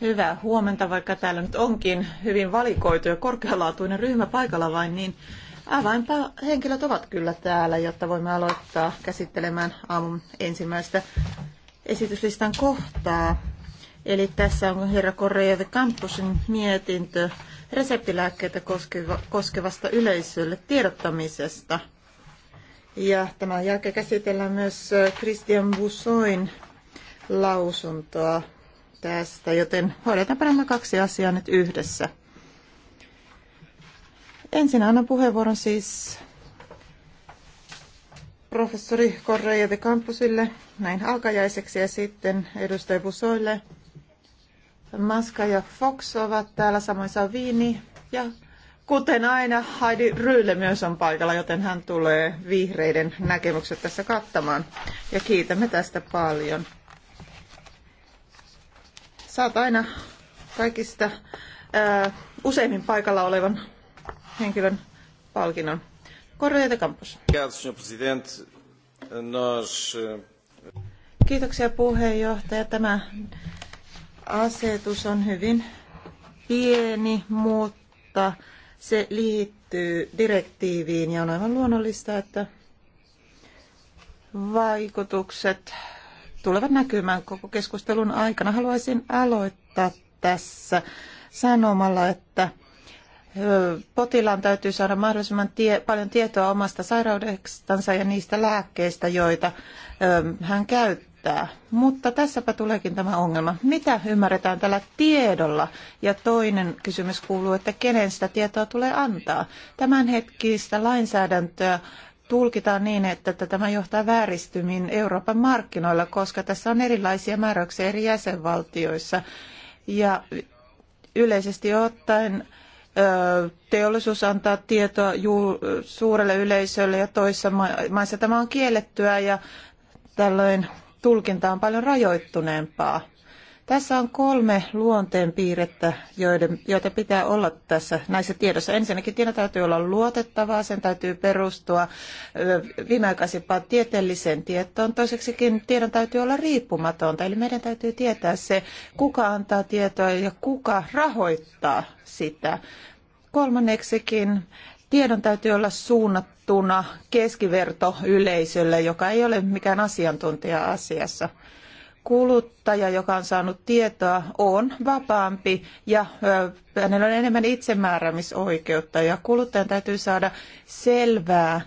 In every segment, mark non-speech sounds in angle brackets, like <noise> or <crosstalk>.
Hyvää huomenta, vaikka täällä nyt onkin hyvin valikoitu ja korkealaatuinen ryhmä paikalla vain, niin avainpää henkilöt ovat kyllä täällä, jotta voimme aloittaa käsittelemään aamun ensimmäistä esityslistan kohtaa. Eli tässä on herra Correa de Camposin mietintö reseptilääkkeitä koskevasta yleisölle tiedottamisesta – ja tämän jälkeen käsitellään myös äh, Christian Busoin lausuntoa tästä, joten hoidetaanpa nämä kaksi asiaa nyt yhdessä. Ensin annan puheenvuoron siis professori Correia de Campusille näin alkajaiseksi ja sitten edustaja Busoille. Maska ja Fox ovat täällä, samoin Salvini ja Kuten aina, Heidi Ryyle myös on paikalla, joten hän tulee vihreiden näkemykset tässä kattamaan. Ja kiitämme tästä paljon. Saat aina kaikista ää, useimmin paikalla olevan henkilön palkinnon. Correa de Campos. Eh, Kiitoksia puheenjohtaja. Tämä asetus on hyvin pieni, mutta mutta se liittyy direktiiviin ja on aivan luonnollista, että vaikutukset tulevat näkymään koko keskustelun aikana. Haluaisin aloittaa tässä sanomalla, että potilaan täytyy saada mahdollisimman tie, paljon tietoa omasta sairaudestansa ja niistä lääkkeistä, joita hän käyttää käyttää. Mutta tässäpä tuleekin tämä ongelma. Mitä ymmärretään tällä tiedolla? Ja toinen kysymys kuuluu, että kenen sitä tietoa tulee antaa? Tämänhetkistä lainsäädäntöä tulkitaan niin, että tämä johtaa vääristymiin Euroopan markkinoilla, koska tässä on erilaisia määräyksiä eri jäsenvaltioissa. Ja yleisesti ottaen teollisuus antaa tietoa suurelle yleisölle ja toissa maissa tämä on kiellettyä ja tällöin tulkinta on paljon rajoittuneempaa. Tässä on kolme luonteen piirrettä, joiden, joita pitää olla tässä näissä tiedossa. Ensinnäkin tiedon täytyy olla luotettavaa, sen täytyy perustua viimeaikaisempaan tieteelliseen tietoon. Toiseksikin tiedon täytyy olla riippumatonta, eli meidän täytyy tietää se, kuka antaa tietoa ja kuka rahoittaa sitä. Kolmanneksikin Tiedon täytyy olla suunnattuna keskiverto yleisölle, joka ei ole mikään asiantuntija asiassa. Kuluttaja, joka on saanut tietoa, on vapaampi ja hänellä on enemmän itsemääräämisoikeutta ja kuluttajan täytyy saada selvää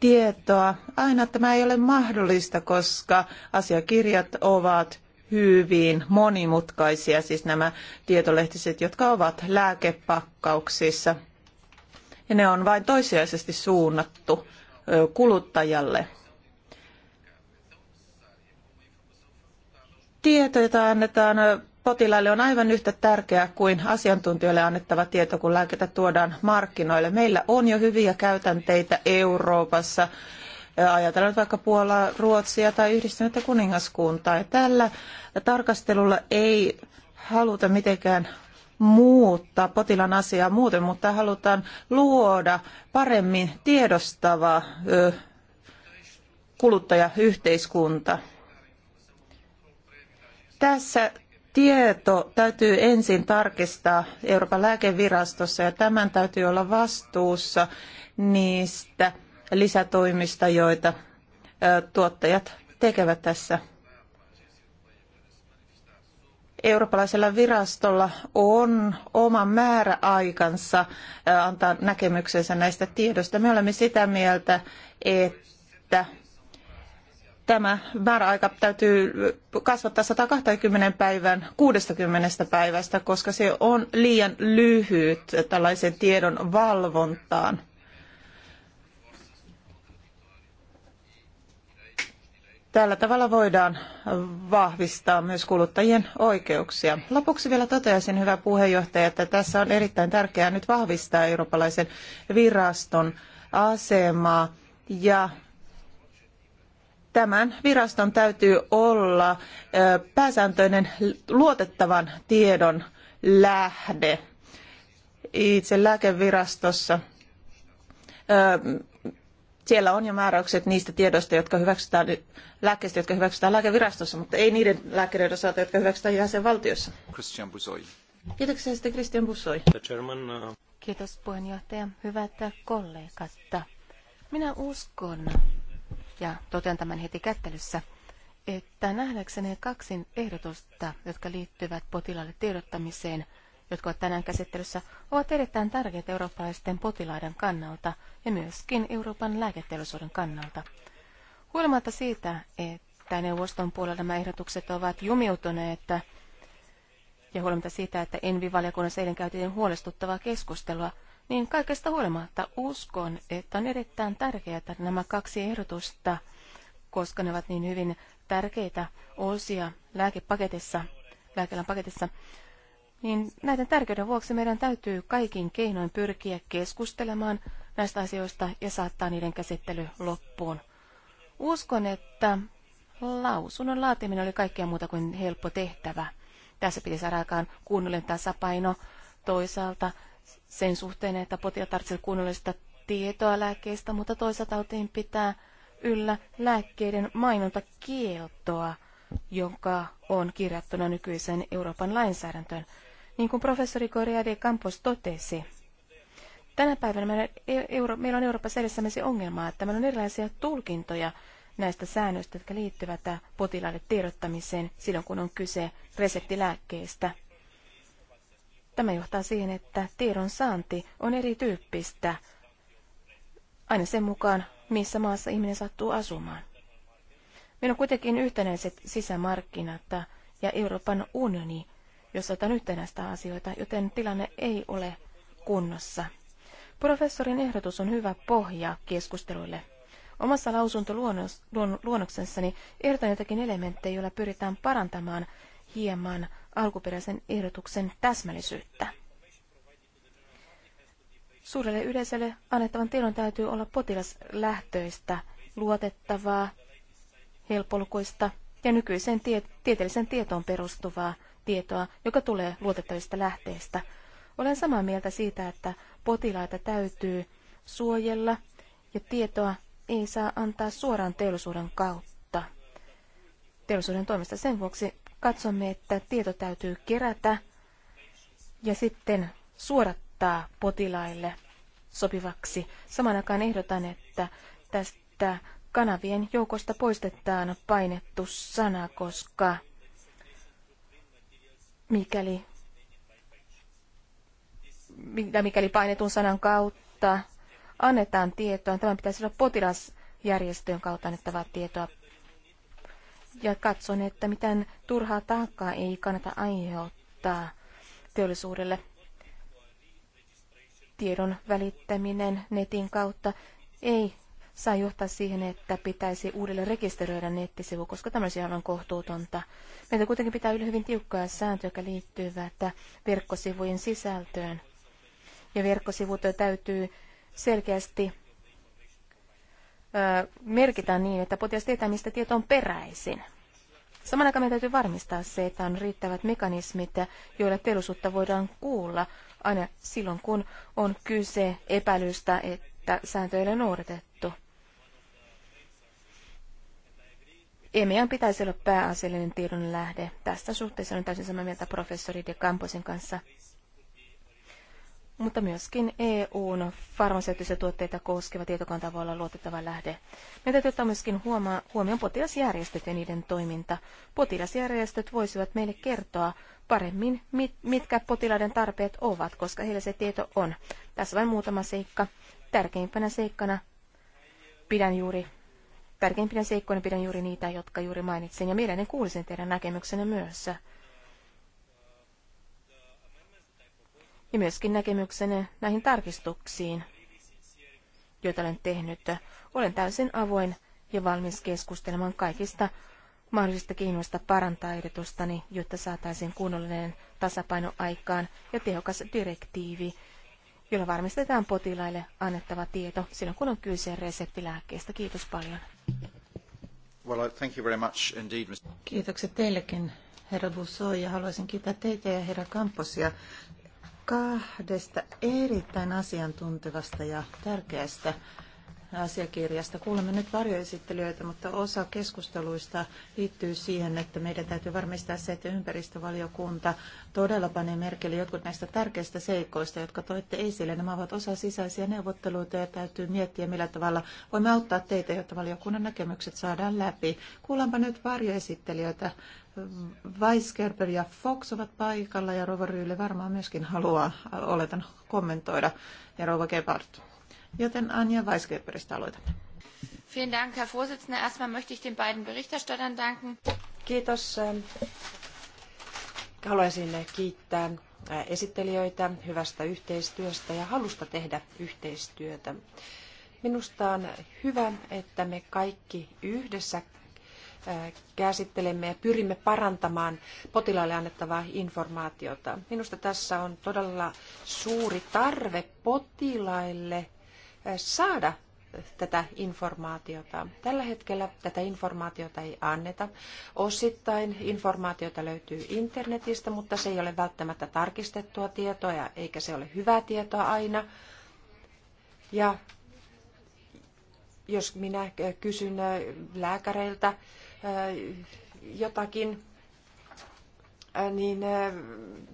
tietoa. Aina tämä ei ole mahdollista, koska asiakirjat ovat hyvin monimutkaisia, siis nämä tietolehtiset, jotka ovat lääkepakkauksissa ja ne on vain toisiaisesti suunnattu kuluttajalle. Tieto, jota annetaan potilaille on aivan yhtä tärkeää kuin asiantuntijoille annettava tieto, kun lääkettä tuodaan markkinoille. Meillä on jo hyviä käytänteitä Euroopassa. Ajatellaan nyt vaikka Puolaa, Ruotsia tai yhdistynyttä kuningaskuntaa. Ja tällä tarkastelulla ei haluta mitenkään muuttaa potilaan asiaa muuten, mutta halutaan luoda paremmin tiedostava ö, kuluttajayhteiskunta. Tässä tieto täytyy ensin tarkistaa Euroopan lääkevirastossa ja tämän täytyy olla vastuussa niistä lisätoimista, joita tuottajat tekevät tässä eurooppalaisella virastolla on oma määräaikansa antaa näkemyksensä näistä tiedoista. Me olemme sitä mieltä, että tämä määräaika täytyy kasvattaa 120 päivän 60 päivästä, koska se on liian lyhyt tällaisen tiedon valvontaan. Tällä tavalla voidaan vahvistaa myös kuluttajien oikeuksia. Lopuksi vielä toteaisin, hyvä puheenjohtaja, että tässä on erittäin tärkeää nyt vahvistaa eurooppalaisen viraston asemaa ja tämän viraston täytyy olla pääsääntöinen luotettavan tiedon lähde. Itse lääkevirastossa siellä on jo määräykset niistä tiedoista, jotka hyväksytään, lääkkeistä, jotka hyväksytään lääkevirastossa, mutta ei niiden lääkäreiden osalta, jotka hyväksytään jäsenvaltiossa. Christian Busoi. Kiitoksia sitten Christian Busoi. Uh, Kiitos puheenjohtaja. Hyvät kollegat. Minä uskon ja totean tämän heti kättelyssä, että nähdäkseni kaksin ehdotusta, jotka liittyvät potilaalle tiedottamiseen – jotka ovat tänään käsittelyssä, ovat erittäin tärkeitä eurooppalaisten potilaiden kannalta ja myöskin Euroopan lääketeollisuuden kannalta. Huolimatta siitä, että neuvoston puolella nämä ehdotukset ovat jumiutuneet ja huolimatta siitä, että Envi-valiokunnassa eilen käytiin huolestuttavaa keskustelua, niin kaikesta huolimatta uskon, että on erittäin tärkeää että nämä kaksi ehdotusta, koska ne ovat niin hyvin tärkeitä osia lääkepaketissa, lääkelän paketissa, niin näiden tärkeyden vuoksi meidän täytyy kaikin keinoin pyrkiä keskustelemaan näistä asioista ja saattaa niiden käsittely loppuun. Uskon, että lausunnon laatiminen oli kaikkea muuta kuin helppo tehtävä. Tässä piti saada aikaan kunnollinen tasapaino toisaalta sen suhteen, että potilaat tarvitsevat kunnollista tietoa lääkkeistä, mutta toisaalta otin pitää yllä lääkkeiden mainontakieltoa, joka on kirjattuna nykyisen Euroopan lainsäädäntöön. Niin kuin professori Correa de Campos totesi, tänä päivänä meillä, e- Euro- meillä on Euroopassa edessämme se ongelma, että meillä on erilaisia tulkintoja näistä säännöistä, jotka liittyvät potilaille tiedottamiseen silloin, kun on kyse reseptilääkkeestä. Tämä johtaa siihen, että tiedon saanti on erityyppistä aina sen mukaan, missä maassa ihminen sattuu asumaan. Meillä on kuitenkin yhtenäiset sisämarkkinat ja Euroopan unioni jos otan yhtenäistä asioita, joten tilanne ei ole kunnossa. Professorin ehdotus on hyvä pohja keskusteluille. Omassa lausuntoluonnoksessani ehdotan jotakin elementtejä, joilla pyritään parantamaan hieman alkuperäisen ehdotuksen täsmällisyyttä. Suurelle yleisölle annettavan tiedon täytyy olla potilaslähtöistä, luotettavaa, helpolkuista ja nykyiseen tie- tieteelliseen tietoon perustuvaa tietoa, joka tulee luotettavista lähteistä. Olen samaa mieltä siitä, että potilaita täytyy suojella ja tietoa ei saa antaa suoraan teollisuuden kautta. Teollisuuden toimesta sen vuoksi katsomme, että tieto täytyy kerätä ja sitten suorattaa potilaille sopivaksi. Saman aikaan ehdotan, että tästä kanavien joukosta poistetaan painettu sana, koska mikäli, mikäli painetun sanan kautta annetaan tietoa. Niin tämän pitäisi olla potilasjärjestöjen kautta annettavaa tietoa. Ja katson, että mitään turhaa taakkaa ei kannata aiheuttaa teollisuudelle. Tiedon välittäminen netin kautta ei saa johtaa siihen, että pitäisi uudelleen rekisteröidä nettisivu, koska tämä olisi aivan kohtuutonta. Meitä kuitenkin pitää yllä hyvin tiukkoja sääntöjä, jotka liittyvät verkkosivujen sisältöön. Ja verkkosivut täytyy selkeästi ö, merkitä niin, että potilas tietää, mistä tieto on peräisin. Samalla aikaan meidän täytyy varmistaa se, että on riittävät mekanismit, joilla teollisuutta voidaan kuulla aina silloin, kun on kyse epäilystä, että sääntöjä ei ole noudatettu. EMEAn pitäisi olla pääasiallinen tiedon lähde. Tästä suhteessa olen täysin samaa mieltä professori De Camposin kanssa. Mutta myöskin EUn farmaseuttisia tuotteita koskeva tietokanta voi olla luotettava lähde. Meidän täytyy ottaa myöskin huomaa, huomioon potilasjärjestöt ja niiden toiminta. Potilasjärjestöt voisivat meille kertoa paremmin, mit, mitkä potilaiden tarpeet ovat, koska heillä se tieto on. Tässä vain muutama seikka. Tärkeimpänä seikkana pidän juuri Tärkeimpinä seikkoina pidän juuri niitä, jotka juuri mainitsin, ja mielelläni kuulisin teidän näkemyksenne myös. Ja myöskin näkemyksenne näihin tarkistuksiin, joita olen tehnyt. Olen täysin avoin ja valmis keskustelemaan kaikista mahdollisista kiinnosta parantaa ehdotustani, jotta saataisiin kunnollinen tasapaino aikaan ja tehokas direktiivi, jolla varmistetaan potilaille annettava tieto silloin, kun on kyse reseptilääkkeestä. Kiitos paljon. Well, thank you very much indeed, Mr. Kiitokset teillekin, herra Busoi, ja haluaisin kiittää teitä ja herra Kamposia kahdesta erittäin asiantuntevasta ja tärkeästä asiakirjasta. Kuulemme nyt varjoesittelyitä, mutta osa keskusteluista liittyy siihen, että meidän täytyy varmistaa se, että ympäristövaliokunta todella panee merkille jotkut näistä tärkeistä seikoista, jotka toitte esille. Nämä ovat osa sisäisiä neuvotteluita ja täytyy miettiä, millä tavalla voimme auttaa teitä, jotta valiokunnan näkemykset saadaan läpi. Kuulemme nyt varjoesittelijöitä. Weisgerber ja Fox ovat paikalla ja Rova Ryyle varmaan myöskin haluaa, oletan, kommentoida. Ja Rova Gebhardt. Joten Anja Weisgerberistä aloitamme. Vielen Dank, Herr Vorsitzender. Erstmal möchte ich den beiden Berichterstattern danken. Kiitos. Haluaisin kiittää esittelijöitä hyvästä yhteistyöstä ja halusta tehdä yhteistyötä. Minusta on hyvä, että me kaikki yhdessä käsittelemme ja pyrimme parantamaan potilaille annettavaa informaatiota. Minusta tässä on todella suuri tarve potilaille saada tätä informaatiota. Tällä hetkellä tätä informaatiota ei anneta. Osittain informaatiota löytyy internetistä, mutta se ei ole välttämättä tarkistettua tietoa ja eikä se ole hyvää tietoa aina. Ja jos minä kysyn lääkäreiltä jotakin, Äh, niin, äh,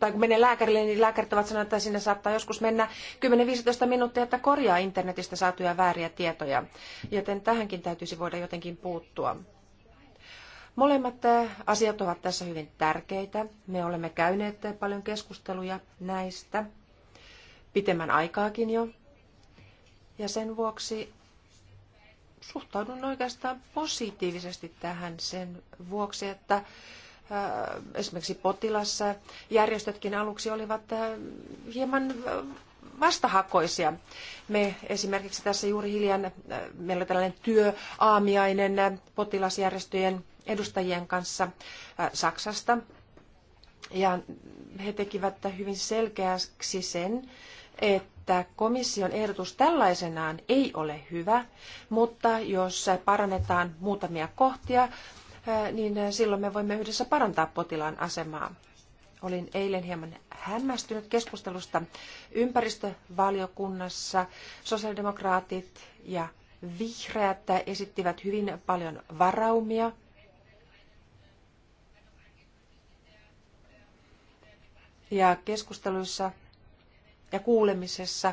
tai kun menee lääkärille, niin lääkärit ovat sanoneet, että siinä saattaa joskus mennä 10-15 minuuttia, että korjaa internetistä saatuja vääriä tietoja. Joten tähänkin täytyisi voida jotenkin puuttua. Molemmat äh, asiat ovat tässä hyvin tärkeitä. Me olemme käyneet paljon keskusteluja näistä pitemmän aikaakin jo. Ja sen vuoksi suhtaudun oikeastaan positiivisesti tähän sen vuoksi, että esimerkiksi potilassa, järjestötkin aluksi olivat hieman vastahakoisia. Me esimerkiksi tässä juuri hiljan, meillä oli tällainen työaamiainen potilasjärjestöjen edustajien kanssa Saksasta. Ja he tekivät hyvin selkeäksi sen, että komission ehdotus tällaisenaan ei ole hyvä, mutta jos parannetaan muutamia kohtia, niin silloin me voimme yhdessä parantaa potilaan asemaa. Olin eilen hieman hämmästynyt keskustelusta ympäristövaliokunnassa. Sosiaalidemokraatit ja vihreät esittivät hyvin paljon varaumia ja keskusteluissa ja kuulemisessa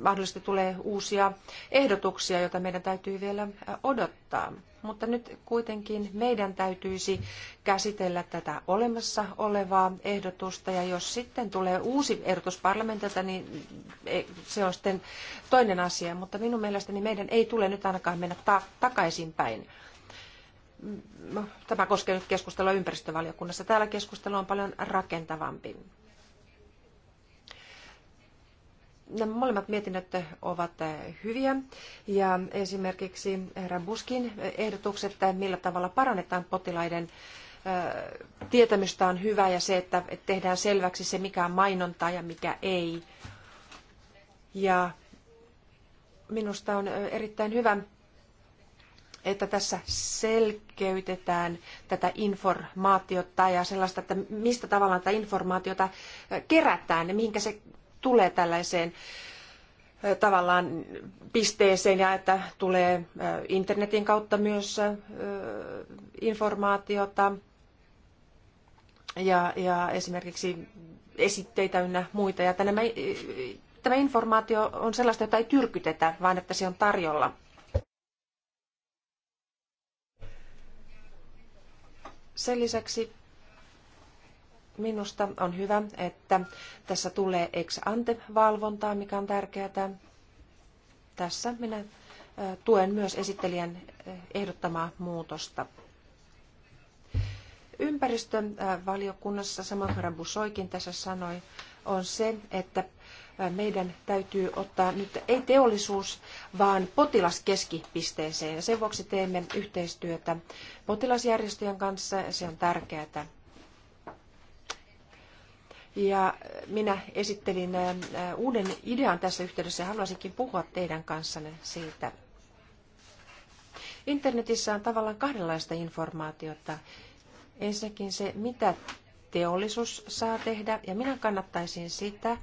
mahdollisesti tulee uusia ehdotuksia, joita meidän täytyy vielä odottaa. Mutta nyt kuitenkin meidän täytyisi käsitellä tätä olemassa olevaa ehdotusta ja jos sitten tulee uusi ehdotus parlamentilta, niin e, se on sitten toinen asia. Mutta minun mielestäni meidän ei tule nyt ainakaan mennä ta- takaisinpäin tämä koskee nyt keskustelua ympäristövaliokunnassa. Täällä keskustelu on paljon rakentavampi. nämä molemmat mietinnöt ovat hyviä ja esimerkiksi herra Buskin ehdotukset, millä tavalla parannetaan potilaiden tietämystä on hyvä ja se, että tehdään selväksi se, mikä on mainontaa ja mikä ei. Ja minusta on erittäin hyvä, että tässä selkeytetään tätä informaatiota ja sellaista, että mistä tavallaan tätä informaatiota kerätään ja mihinkä se tulee tällaiseen tavallaan pisteeseen ja että tulee internetin kautta myös informaatiota ja, ja esimerkiksi esitteitä ynnä muita. Ja tämä, tämä informaatio on sellaista, jota ei tyrkytetä, vaan että se on tarjolla. Sen lisäksi Minusta on hyvä, että tässä tulee ex ante valvontaa, mikä on tärkeää. Tässä minä tuen myös esittelijän ehdottamaa muutosta. Ympäristövaliokunnassa, saman verran Busoikin tässä sanoi, on se, että meidän täytyy ottaa nyt ei teollisuus, vaan potilas keskipisteeseen. Ja sen vuoksi teemme yhteistyötä potilasjärjestöjen kanssa ja se on tärkeää. Ja minä esittelin äh, uuden idean tässä yhteydessä ja haluaisinkin puhua teidän kanssanne siitä. Internetissä on tavallaan kahdenlaista informaatiota. Ensinnäkin se, mitä teollisuus saa tehdä, ja minä kannattaisin sitä,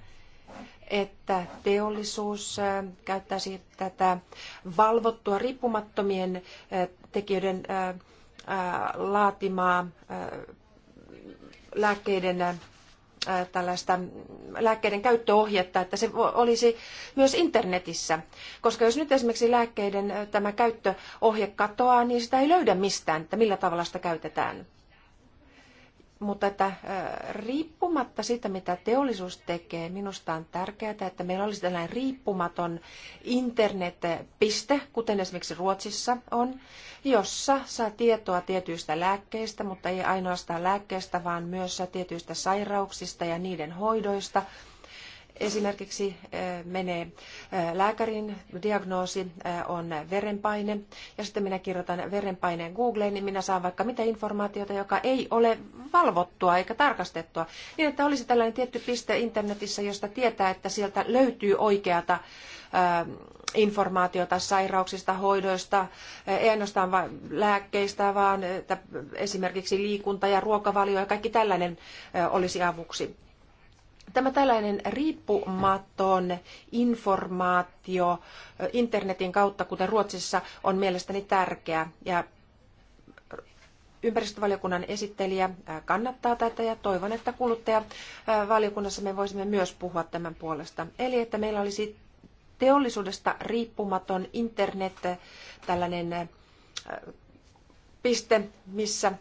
että teollisuus äh, käyttäisi tätä valvottua riippumattomien äh, tekijöiden laatimaa lääkkeiden Äh, tällaista lääkkeiden käyttöohjetta, että se olisi myös internetissä. Koska jos nyt esimerkiksi lääkkeiden äh, tämä käyttöohje katoaa, niin sitä ei löydä mistään, että millä tavalla sitä käytetään. Mutta että riippumatta siitä, mitä teollisuus tekee, minusta on tärkeää, että meillä olisi tällainen riippumaton internetpiste, kuten esimerkiksi Ruotsissa on, jossa saa tietoa tietyistä lääkkeistä, mutta ei ainoastaan lääkkeistä, vaan myös tietyistä sairauksista ja niiden hoidoista – esimerkiksi eh, menee eh, lääkärin, diagnoosi eh, on verenpaine ja sitten minä kirjoitan verenpaineen Googleen, niin minä saan vaikka mitä informaatiota, joka ei ole valvottua eikä tarkastettua, niin että olisi tällainen tietty piste internetissä, josta tietää, että sieltä löytyy oikeata informaatiota sairauksista, hoidoista, ei ainoastaan vain lääkkeistä, vaan esimerkiksi liikunta ja ruokavalio ja kaikki tällainen olisi avuksi. Tämä tällainen riippumaton informaatio internetin kautta, kuten Ruotsissa, on mielestäni tärkeä. Ja ympäristövaliokunnan esittelijä kannattaa tätä ja toivon, että kuluttajavaliokunnassa me voisimme myös puhua tämän puolesta. Eli että meillä olisi teollisuudesta riippumaton internet, tällainen piste, missä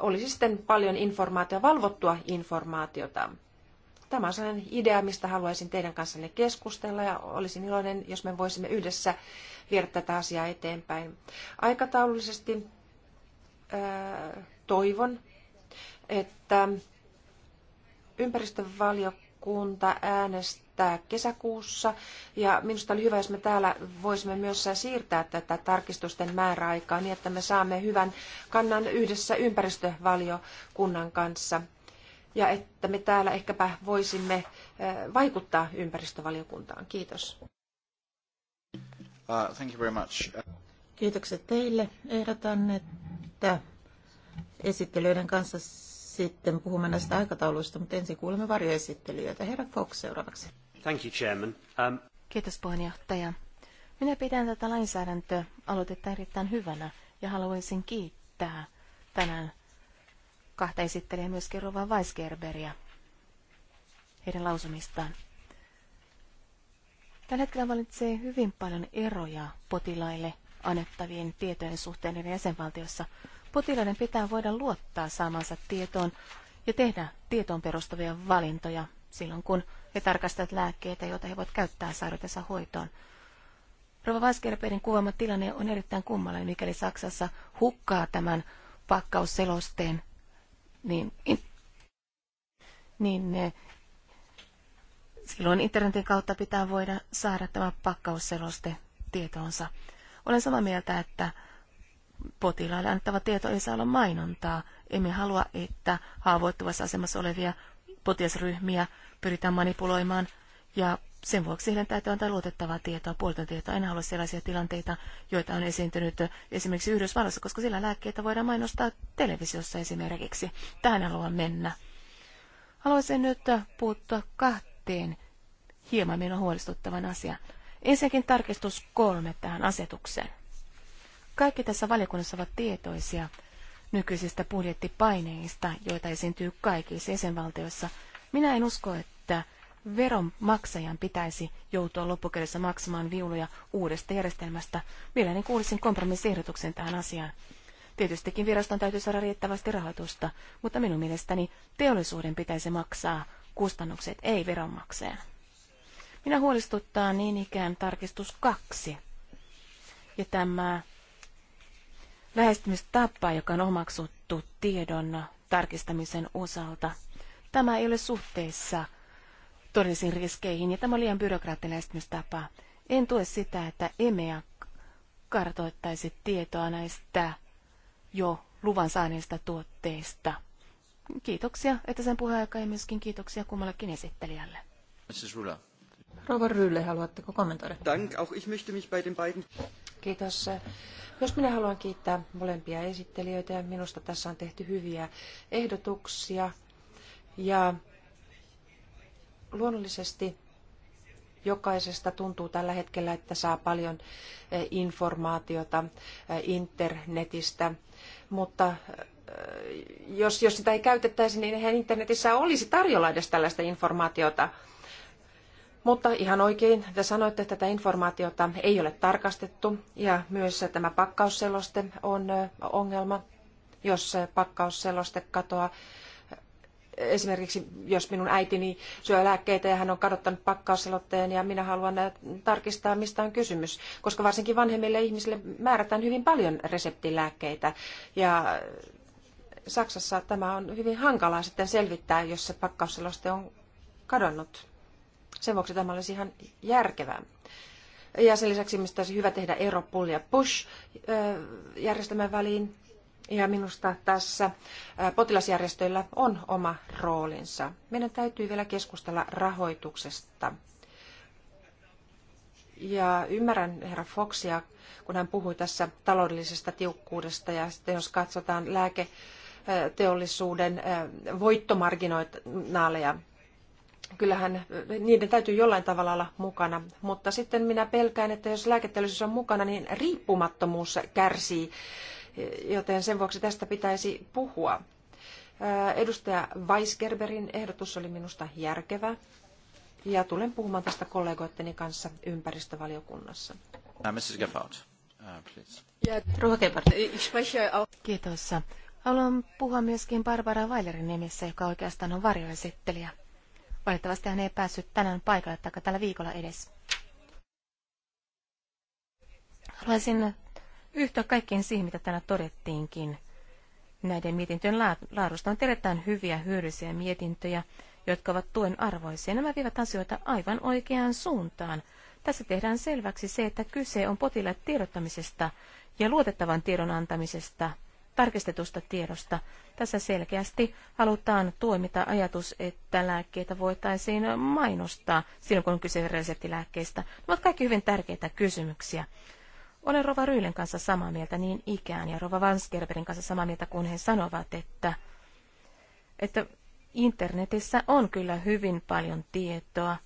olisi sitten paljon informaatiota, valvottua informaatiota. Tämä on sellainen idea, mistä haluaisin teidän kanssanne keskustella ja olisin iloinen, jos me voisimme yhdessä viedä tätä asiaa eteenpäin. Aikataulullisesti äh, toivon, että ympäristövaliokunta äänestää kesäkuussa. Ja minusta oli hyvä, jos me täällä voisimme myös siirtää tätä tarkistusten määräaikaa niin, että me saamme hyvän kannan yhdessä ympäristövaliokunnan kanssa ja että me täällä ehkäpä voisimme eh, vaikuttaa ympäristövaliokuntaan. Kiitos. Uh, thank you very much. Kiitokset teille. Ehdotan, että esittelyiden kanssa sitten puhumme näistä aikatauluista, mutta ensin kuulemme varjoesittelyitä. Herra Fox seuraavaksi. Thank you, Chairman. Um... Kiitos puheenjohtaja. Minä pidän tätä lainsäädäntöaloitetta erittäin hyvänä ja haluaisin kiittää tänään kahta esittelijää myös Rova Weisgerberia heidän lausumistaan. Tällä hetkellä valitsee hyvin paljon eroja potilaille annettavien tietojen suhteen eri jäsenvaltiossa. Potilaiden pitää voida luottaa saamansa tietoon ja tehdä tietoon perustuvia valintoja silloin, kun he tarkastavat lääkkeitä, joita he voivat käyttää sairautensa hoitoon. Rova Weisgerberin kuvaama tilanne on erittäin kummallinen, mikäli Saksassa hukkaa tämän pakkausselosteen niin, niin eh, silloin internetin kautta pitää voida saada tämä pakkausseloste tietoonsa. Olen samaa mieltä, että potilaille annettava tieto ei saa olla mainontaa. Emme halua, että haavoittuvassa asemassa olevia potilasryhmiä pyritään manipuloimaan ja sen vuoksi heidän täytyy antaa luotettavaa tietoa, puolta tietoa. En halua sellaisia tilanteita, joita on esiintynyt esimerkiksi Yhdysvalloissa, koska sillä lääkkeitä voidaan mainostaa televisiossa esimerkiksi. Tähän haluan mennä. Haluaisin nyt puuttua kahteen hieman minua huolestuttavan asian. Ensinnäkin tarkistus kolme tähän asetukseen. Kaikki tässä valiokunnassa ovat tietoisia nykyisistä budjettipaineista, joita esiintyy kaikissa jäsenvaltioissa. Minä en usko, että veronmaksajan pitäisi joutua loppukädessä maksamaan viuluja uudesta järjestelmästä. Mielelläni kuulisin kompromissiehdotuksen tähän asiaan. Tietystikin viraston täytyy saada riittävästi rahoitusta, mutta minun mielestäni teollisuuden pitäisi maksaa kustannukset, ei veronmaksaja. Minä huolestuttaa niin ikään tarkistus kaksi. Ja tämä lähestymistapa, joka on omaksuttu tiedon tarkistamisen osalta, tämä ei ole suhteessa – todellisiin riskeihin, ja tämä on liian byrokraattinen lähestymistapa. En tue sitä, että EMEA kartoittaisi tietoa näistä jo luvan saaneista tuotteista. Kiitoksia, että sen puheaika ja myöskin kiitoksia kummallekin esittelijälle. Mrs. Rova Rylle, haluatteko kommentoida? Dank, auch ich möchte mich bei den beiden... Kiitos. Myös minä haluan kiittää molempia esittelijöitä ja minusta tässä on tehty hyviä ehdotuksia. Ja Luonnollisesti jokaisesta tuntuu tällä hetkellä, että saa paljon eh, informaatiota eh, internetistä, mutta eh, jos, jos sitä ei käytettäisi, niin eihän internetissä olisi tarjolla edes tällaista informaatiota. Mutta ihan oikein, te sanoitte, että tätä informaatiota ei ole tarkastettu ja myös tämä pakkausseloste on ongelma. Jos pakkausseloste katoaa, esimerkiksi jos minun äitini syö lääkkeitä ja hän on kadottanut pakkausselotteen ja minä haluan äh, tarkistaa, mistä on kysymys, koska varsinkin vanhemmille ihmisille määrätään hyvin paljon reseptilääkkeitä ja äh, Saksassa tämä on hyvin hankalaa sitten selvittää, jos se pakkausseloste on kadonnut. Sen vuoksi tämä olisi ihan järkevää. Ja sen lisäksi mistä olisi hyvä tehdä ero pull ja push äh, järjestelmän väliin ja minusta tässä potilasjärjestöillä on oma roolinsa. Meidän täytyy vielä keskustella rahoituksesta. Ja ymmärrän herra Foxia, kun hän puhui tässä taloudellisesta tiukkuudesta ja sitten jos katsotaan lääketeollisuuden voittomarginaaleja, kyllähän niiden täytyy jollain tavalla olla mukana. Mutta sitten minä pelkään, että jos lääketeollisuus on mukana, niin riippumattomuus kärsii joten sen vuoksi tästä pitäisi puhua. Edustaja Weisgerberin ehdotus oli minusta järkevä ja tulen puhumaan tästä kollegoitteni kanssa ympäristövaliokunnassa. Mrs. Gephardt, uh, please. Kiitos. Haluan puhua myöskin Barbara Weilerin nimissä, joka oikeastaan on varjoesittelijä. Valitettavasti hän ei päässyt tänään paikalle tai tällä viikolla edes. Haluaisin yhtä kaikkeen siihen, mitä tänä todettiinkin. Näiden mietintöjen laadusta on erittäin hyviä hyödyllisiä mietintöjä, jotka ovat tuen arvoisia. Nämä vievät asioita aivan oikeaan suuntaan. Tässä tehdään selväksi se, että kyse on potilaat tiedottamisesta ja luotettavan tiedon antamisesta, tarkistetusta tiedosta. Tässä selkeästi halutaan tuomita ajatus, että lääkkeitä voitaisiin mainostaa silloin, kun on kyse reseptilääkkeistä. Ne ovat kaikki hyvin tärkeitä kysymyksiä. Olen Rova Ryylen kanssa samaa mieltä niin ikään ja Rova Vanskerberin kanssa samaa mieltä, kun he sanovat, että, että internetissä on kyllä hyvin paljon tietoa,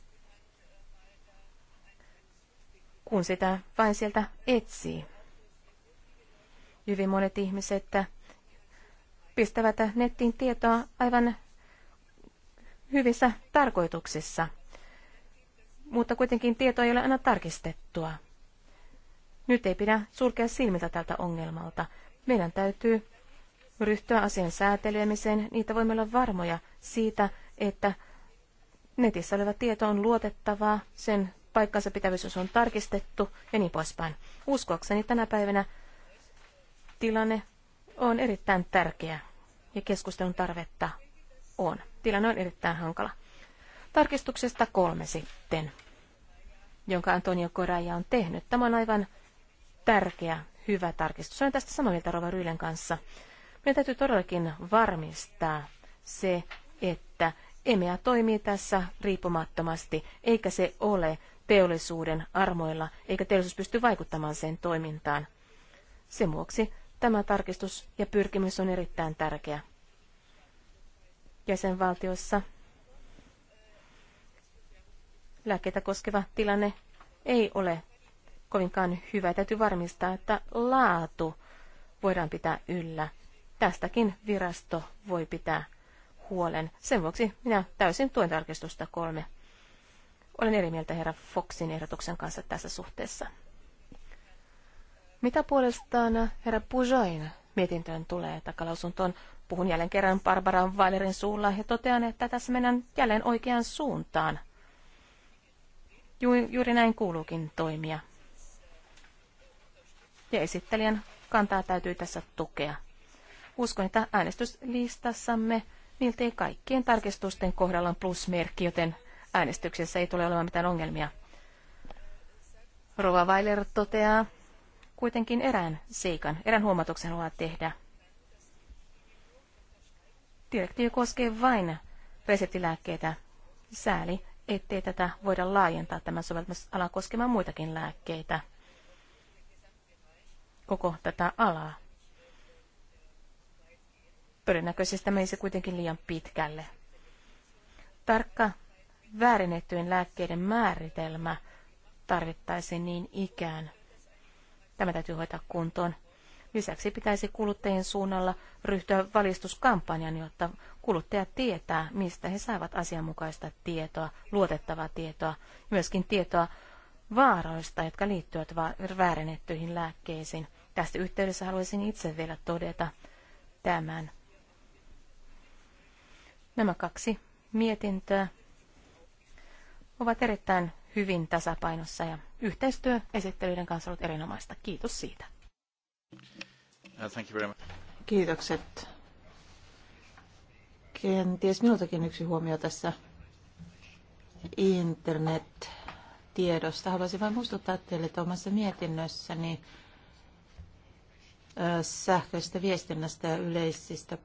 kun sitä vain sieltä etsii. Hyvin monet ihmiset pistävät nettiin tietoa aivan hyvissä tarkoituksissa, mutta kuitenkin tieto ei ole aina tarkistettua. Nyt ei pidä sulkea silmiltä tältä ongelmalta. Meidän täytyy ryhtyä asian säätelemiseen. Niitä voimme olla varmoja siitä, että netissä oleva tieto on luotettavaa, sen paikkansa pitävyys on tarkistettu ja niin poispäin. Uskoakseni tänä päivänä tilanne on erittäin tärkeä ja keskustelun tarvetta on. Tilanne on erittäin hankala. Tarkistuksesta kolme sitten, jonka Antonio Koraja on tehnyt. Tämä on aivan tärkeä, hyvä tarkistus. Olen tästä samaa mieltä Rova Ryylen kanssa. Meidän täytyy todellakin varmistaa se, että EMEA toimii tässä riippumattomasti, eikä se ole teollisuuden armoilla, eikä teollisuus pysty vaikuttamaan sen toimintaan. Sen vuoksi tämä tarkistus ja pyrkimys on erittäin tärkeä. Jäsenvaltiossa lääkkeitä koskeva tilanne ei ole kovinkaan hyvä. Täytyy varmistaa, että laatu voidaan pitää yllä. Tästäkin virasto voi pitää huolen. Sen vuoksi minä täysin tuen tarkistusta kolme. Olen eri mieltä herra Foxin ehdotuksen kanssa tässä suhteessa. Mitä puolestaan herra Pujoin mietintöön tulee takalausuntoon? Puhun jälleen kerran Barbara Weilerin suulla ja totean, että tässä mennään jälleen oikeaan suuntaan. Ju- juuri näin kuuluukin toimia ja esittelijän kantaa täytyy tässä tukea. Uskon, että äänestyslistassamme miltei kaikkien tarkistusten kohdalla on plusmerkki, joten äänestyksessä ei tule olemaan mitään ongelmia. Rova Weiler toteaa kuitenkin erään seikan, erään huomatuksen haluaa tehdä. Direktiivi koskee vain reseptilääkkeitä. Sääli, ettei tätä voida laajentaa tämän soveltamisalan koskemaan muitakin lääkkeitä koko tätä alaa. Todennäköisesti se kuitenkin liian pitkälle. Tarkka väärinettyjen lääkkeiden määritelmä tarvittaisiin niin ikään. Tämä täytyy hoitaa kuntoon. Lisäksi pitäisi kuluttajien suunnalla ryhtyä valistuskampanjan, jotta kuluttajat tietää, mistä he saavat asianmukaista tietoa, luotettavaa tietoa, myöskin tietoa vaaroista, jotka liittyvät väärennettyihin lääkkeisiin. Tästä yhteydessä haluaisin itse vielä todeta tämän. Nämä kaksi mietintöä ovat erittäin hyvin tasapainossa ja yhteistyö esittelyiden kanssa ollut erinomaista. Kiitos siitä. Uh, Kiitokset. Kenties minultakin yksi huomio tässä. Internet tiedosta. Haluaisin vain muistuttaa teille, että omassa mietinnössäni sähköistä viestinnästä ja yleisistä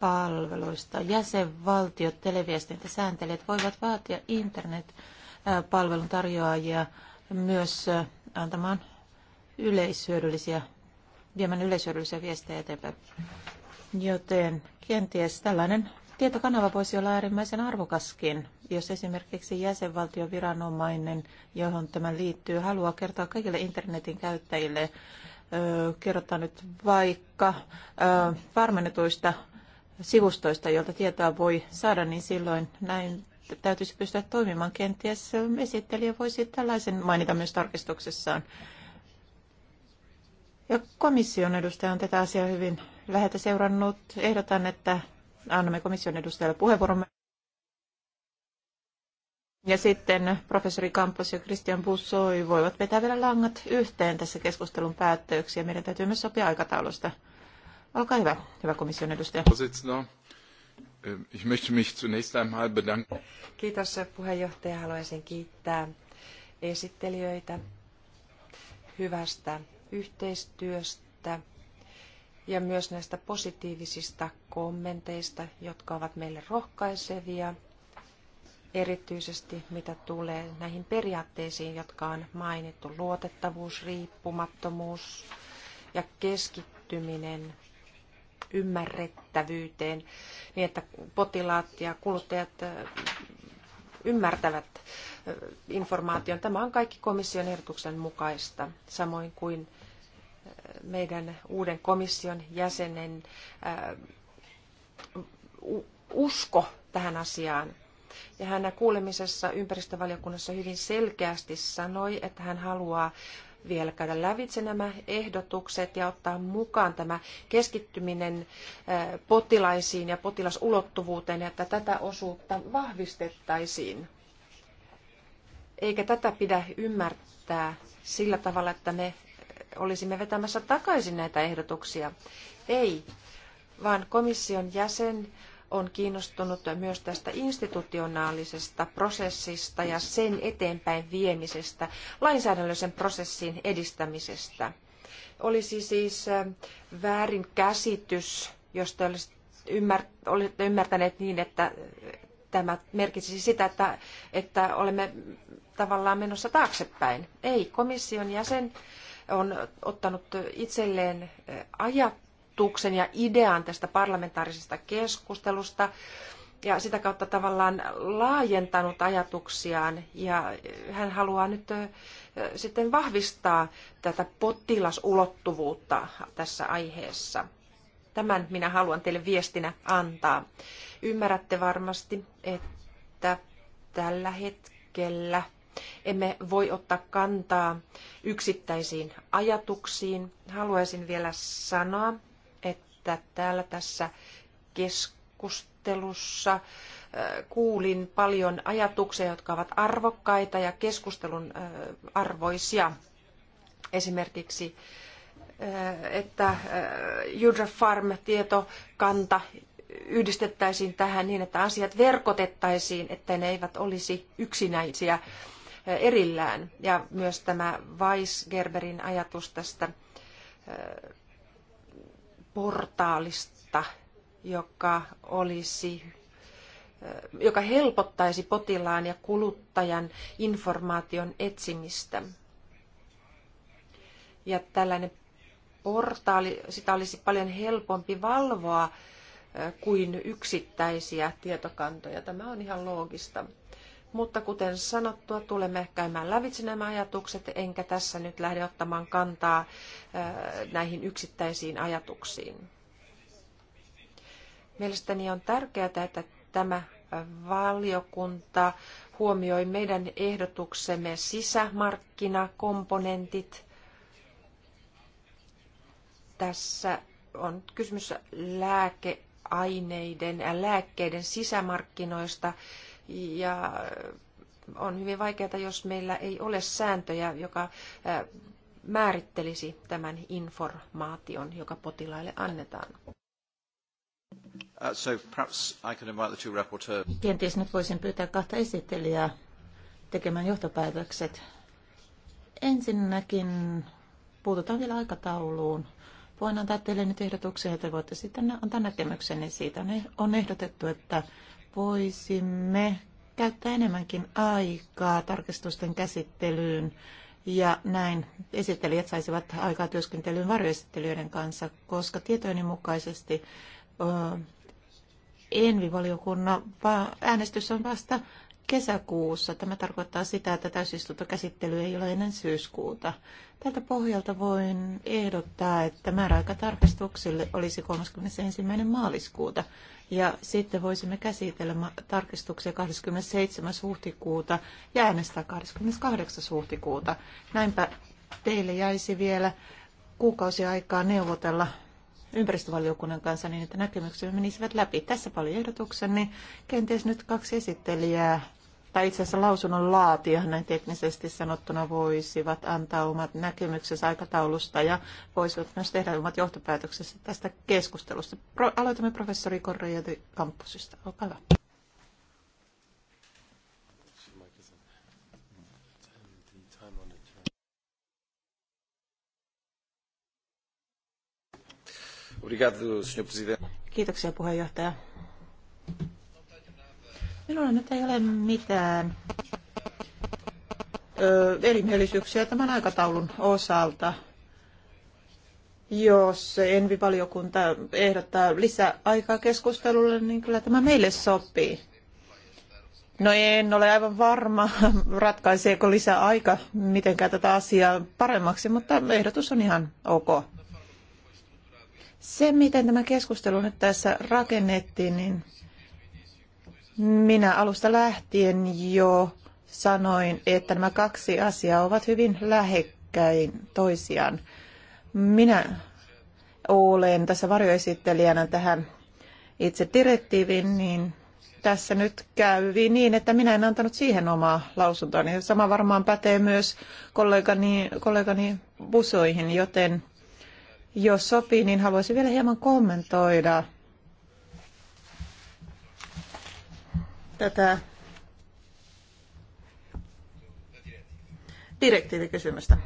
palveluista. Jäsenvaltiot, televiestintäsääntelijät voivat vaatia internetpalvelun tarjoajia myös antamaan yleishyödyllisiä, viemään yleishyödyllisiä viestejä eteenpäin. Joten kenties tällainen Tietokanava voisi olla äärimmäisen arvokaskin, jos esimerkiksi jäsenvaltion viranomainen, johon tämä liittyy, haluaa kertoa kaikille internetin käyttäjille, kerrottaa nyt vaikka varmennetuista sivustoista, joilta tietoa voi saada, niin silloin näin täytyisi pystyä toimimaan. Kenties esittelijä voisi tällaisen mainita myös tarkistuksessaan. Ja komission edustaja on tätä asiaa hyvin läheltä seurannut. Ehdotan, että annamme komission edustajalle puheenvuoron. Ja sitten professori Kampos ja Christian Bussoi voivat vetää vielä langat yhteen tässä keskustelun päätteeksi ja meidän täytyy myös sopia aikataulusta. Olkaa hyvä, hyvä komission edustaja. Eh, Kiitos puheenjohtaja. Haluaisin kiittää esittelijöitä hyvästä yhteistyöstä ja myös näistä positiivisista kommenteista, jotka ovat meille rohkaisevia, erityisesti mitä tulee näihin periaatteisiin, jotka on mainittu, luotettavuus, riippumattomuus ja keskittyminen ymmärrettävyyteen, niin että potilaat ja kuluttajat ymmärtävät informaation. Tämä on kaikki komission ehdotuksen mukaista, samoin kuin meidän uuden komission jäsenen äh, usko tähän asiaan. Ja hän kuulemisessa ympäristövaliokunnassa hyvin selkeästi sanoi, että hän haluaa vielä käydä lävitse nämä ehdotukset ja ottaa mukaan tämä keskittyminen äh, potilaisiin ja potilasulottuvuuteen, että tätä osuutta vahvistettaisiin. Eikä tätä pidä ymmärtää sillä tavalla, että me olisimme vetämässä takaisin näitä ehdotuksia. Ei, vaan komission jäsen on kiinnostunut myös tästä institutionaalisesta prosessista ja sen eteenpäin viemisestä, lainsäädännöllisen prosessin edistämisestä. Olisi siis väärin käsitys, jos te olisitte ymmärtäneet niin, että tämä merkitsisi sitä, että, että olemme tavallaan menossa taaksepäin. Ei, komission jäsen on ottanut itselleen eh, ajatuksen ja idean tästä parlamentaarisesta keskustelusta ja sitä kautta tavallaan laajentanut ajatuksiaan ja eh, hän haluaa nyt eh, sitten vahvistaa tätä potilasulottuvuutta tässä aiheessa. Tämän minä haluan teille viestinä antaa. Ymmärrätte varmasti, että tällä hetkellä emme voi ottaa kantaa yksittäisiin ajatuksiin. Haluaisin vielä sanoa, että täällä tässä keskustelussa kuulin paljon ajatuksia, jotka ovat arvokkaita ja keskustelun arvoisia. Esimerkiksi että Judra Farm-tietokanta yhdistettäisiin tähän niin, että asiat verkotettaisiin, että ne eivät olisi yksinäisiä erillään. Ja myös tämä Weisgerberin ajatus tästä portaalista, joka olisi joka helpottaisi potilaan ja kuluttajan informaation etsimistä. Ja tällainen portaali, sitä olisi paljon helpompi valvoa kuin yksittäisiä tietokantoja. Tämä on ihan loogista. Mutta kuten sanottua, tulemme käymään lävitse nämä ajatukset, enkä tässä nyt lähde ottamaan kantaa äh, näihin yksittäisiin ajatuksiin. Mielestäni on tärkeää, että tämä valiokunta huomioi meidän ehdotuksemme sisämarkkinakomponentit. Tässä on kysymys lääkeaineiden ja lääkkeiden sisämarkkinoista ja on hyvin vaikeaa, jos meillä ei ole sääntöjä, joka määrittelisi tämän informaation, joka potilaille annetaan. Uh, so perhaps I can invite the two rapporteurs. Kenties nyt voisin pyytää kahta esittelijää tekemään johtopäätökset. Ensinnäkin puututaan vielä aikatauluun. Voin antaa teille nyt ehdotuksia, että voitte sitten antaa näkemykseni siitä. On ehdotettu, että voisimme käyttää enemmänkin aikaa tarkistusten käsittelyyn ja näin esittelijät saisivat aikaa työskentelyyn varjoesittelijöiden kanssa, koska tietojeni mukaisesti Envi-valiokunnan äänestys on vasta kesäkuussa. Tämä tarkoittaa sitä, että täysistuntokäsittely ei ole ennen syyskuuta. Tältä pohjalta voin ehdottaa, että määräaika tarkistuksille olisi 31. maaliskuuta. Ja sitten voisimme käsitellä tarkistuksia 27. huhtikuuta ja äänestää 28. huhtikuuta. Näinpä teille jäisi vielä kuukausi aikaa neuvotella ympäristövaliokunnan kanssa niin, että näkemyksemme menisivät läpi. Tässä paljon niin Kenties nyt kaksi esittelijää tai itse asiassa lausunnon laatia näin teknisesti sanottuna voisivat antaa omat näkemyksensä aikataulusta ja voisivat myös tehdä omat johtopäätöksensä tästä keskustelusta. Pro- aloitamme professori Correa kampusista. Olkaa hyvä. Kiitoksia puheenjohtaja. Minulla nyt ei ole mitään öö, erimielisyyksiä tämän aikataulun osalta. Jos Envi-valiokunta ehdottaa lisää aikaa keskustelulle, niin kyllä tämä meille sopii. No en ole aivan varma, ratkaiseeko lisää aika mitenkään tätä asiaa paremmaksi, mutta ehdotus on ihan ok. Se, miten tämä keskustelu nyt tässä rakennettiin, niin minä alusta lähtien jo sanoin, että nämä kaksi asiaa ovat hyvin lähekkäin toisiaan. Minä olen tässä varjoesittelijänä tähän itse direktiiviin, niin tässä nyt kävi niin, että minä en antanut siihen omaa lausuntoani. Niin sama varmaan pätee myös kollegani, kollegani busoihin, joten jos sopii, niin haluaisin vielä hieman kommentoida tätä direktiivikysymystä.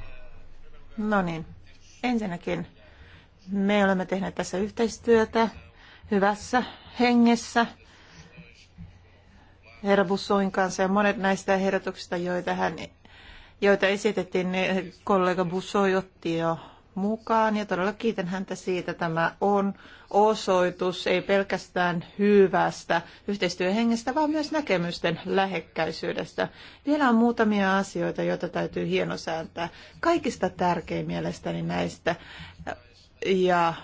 No niin, ensinnäkin me olemme tehneet tässä yhteistyötä hyvässä hengessä herra Bussoin kanssa ja monet näistä ehdotuksista, joita, hän, joita esitettiin, niin kollega Bussoi otti jo mukaan ja todella kiitän häntä siitä. Tämä on osoitus ei pelkästään hyvästä yhteistyöhengestä, vaan myös näkemysten lähekkäisyydestä. Vielä on muutamia asioita, joita täytyy hienosääntää. Kaikista tärkein mielestäni näistä ja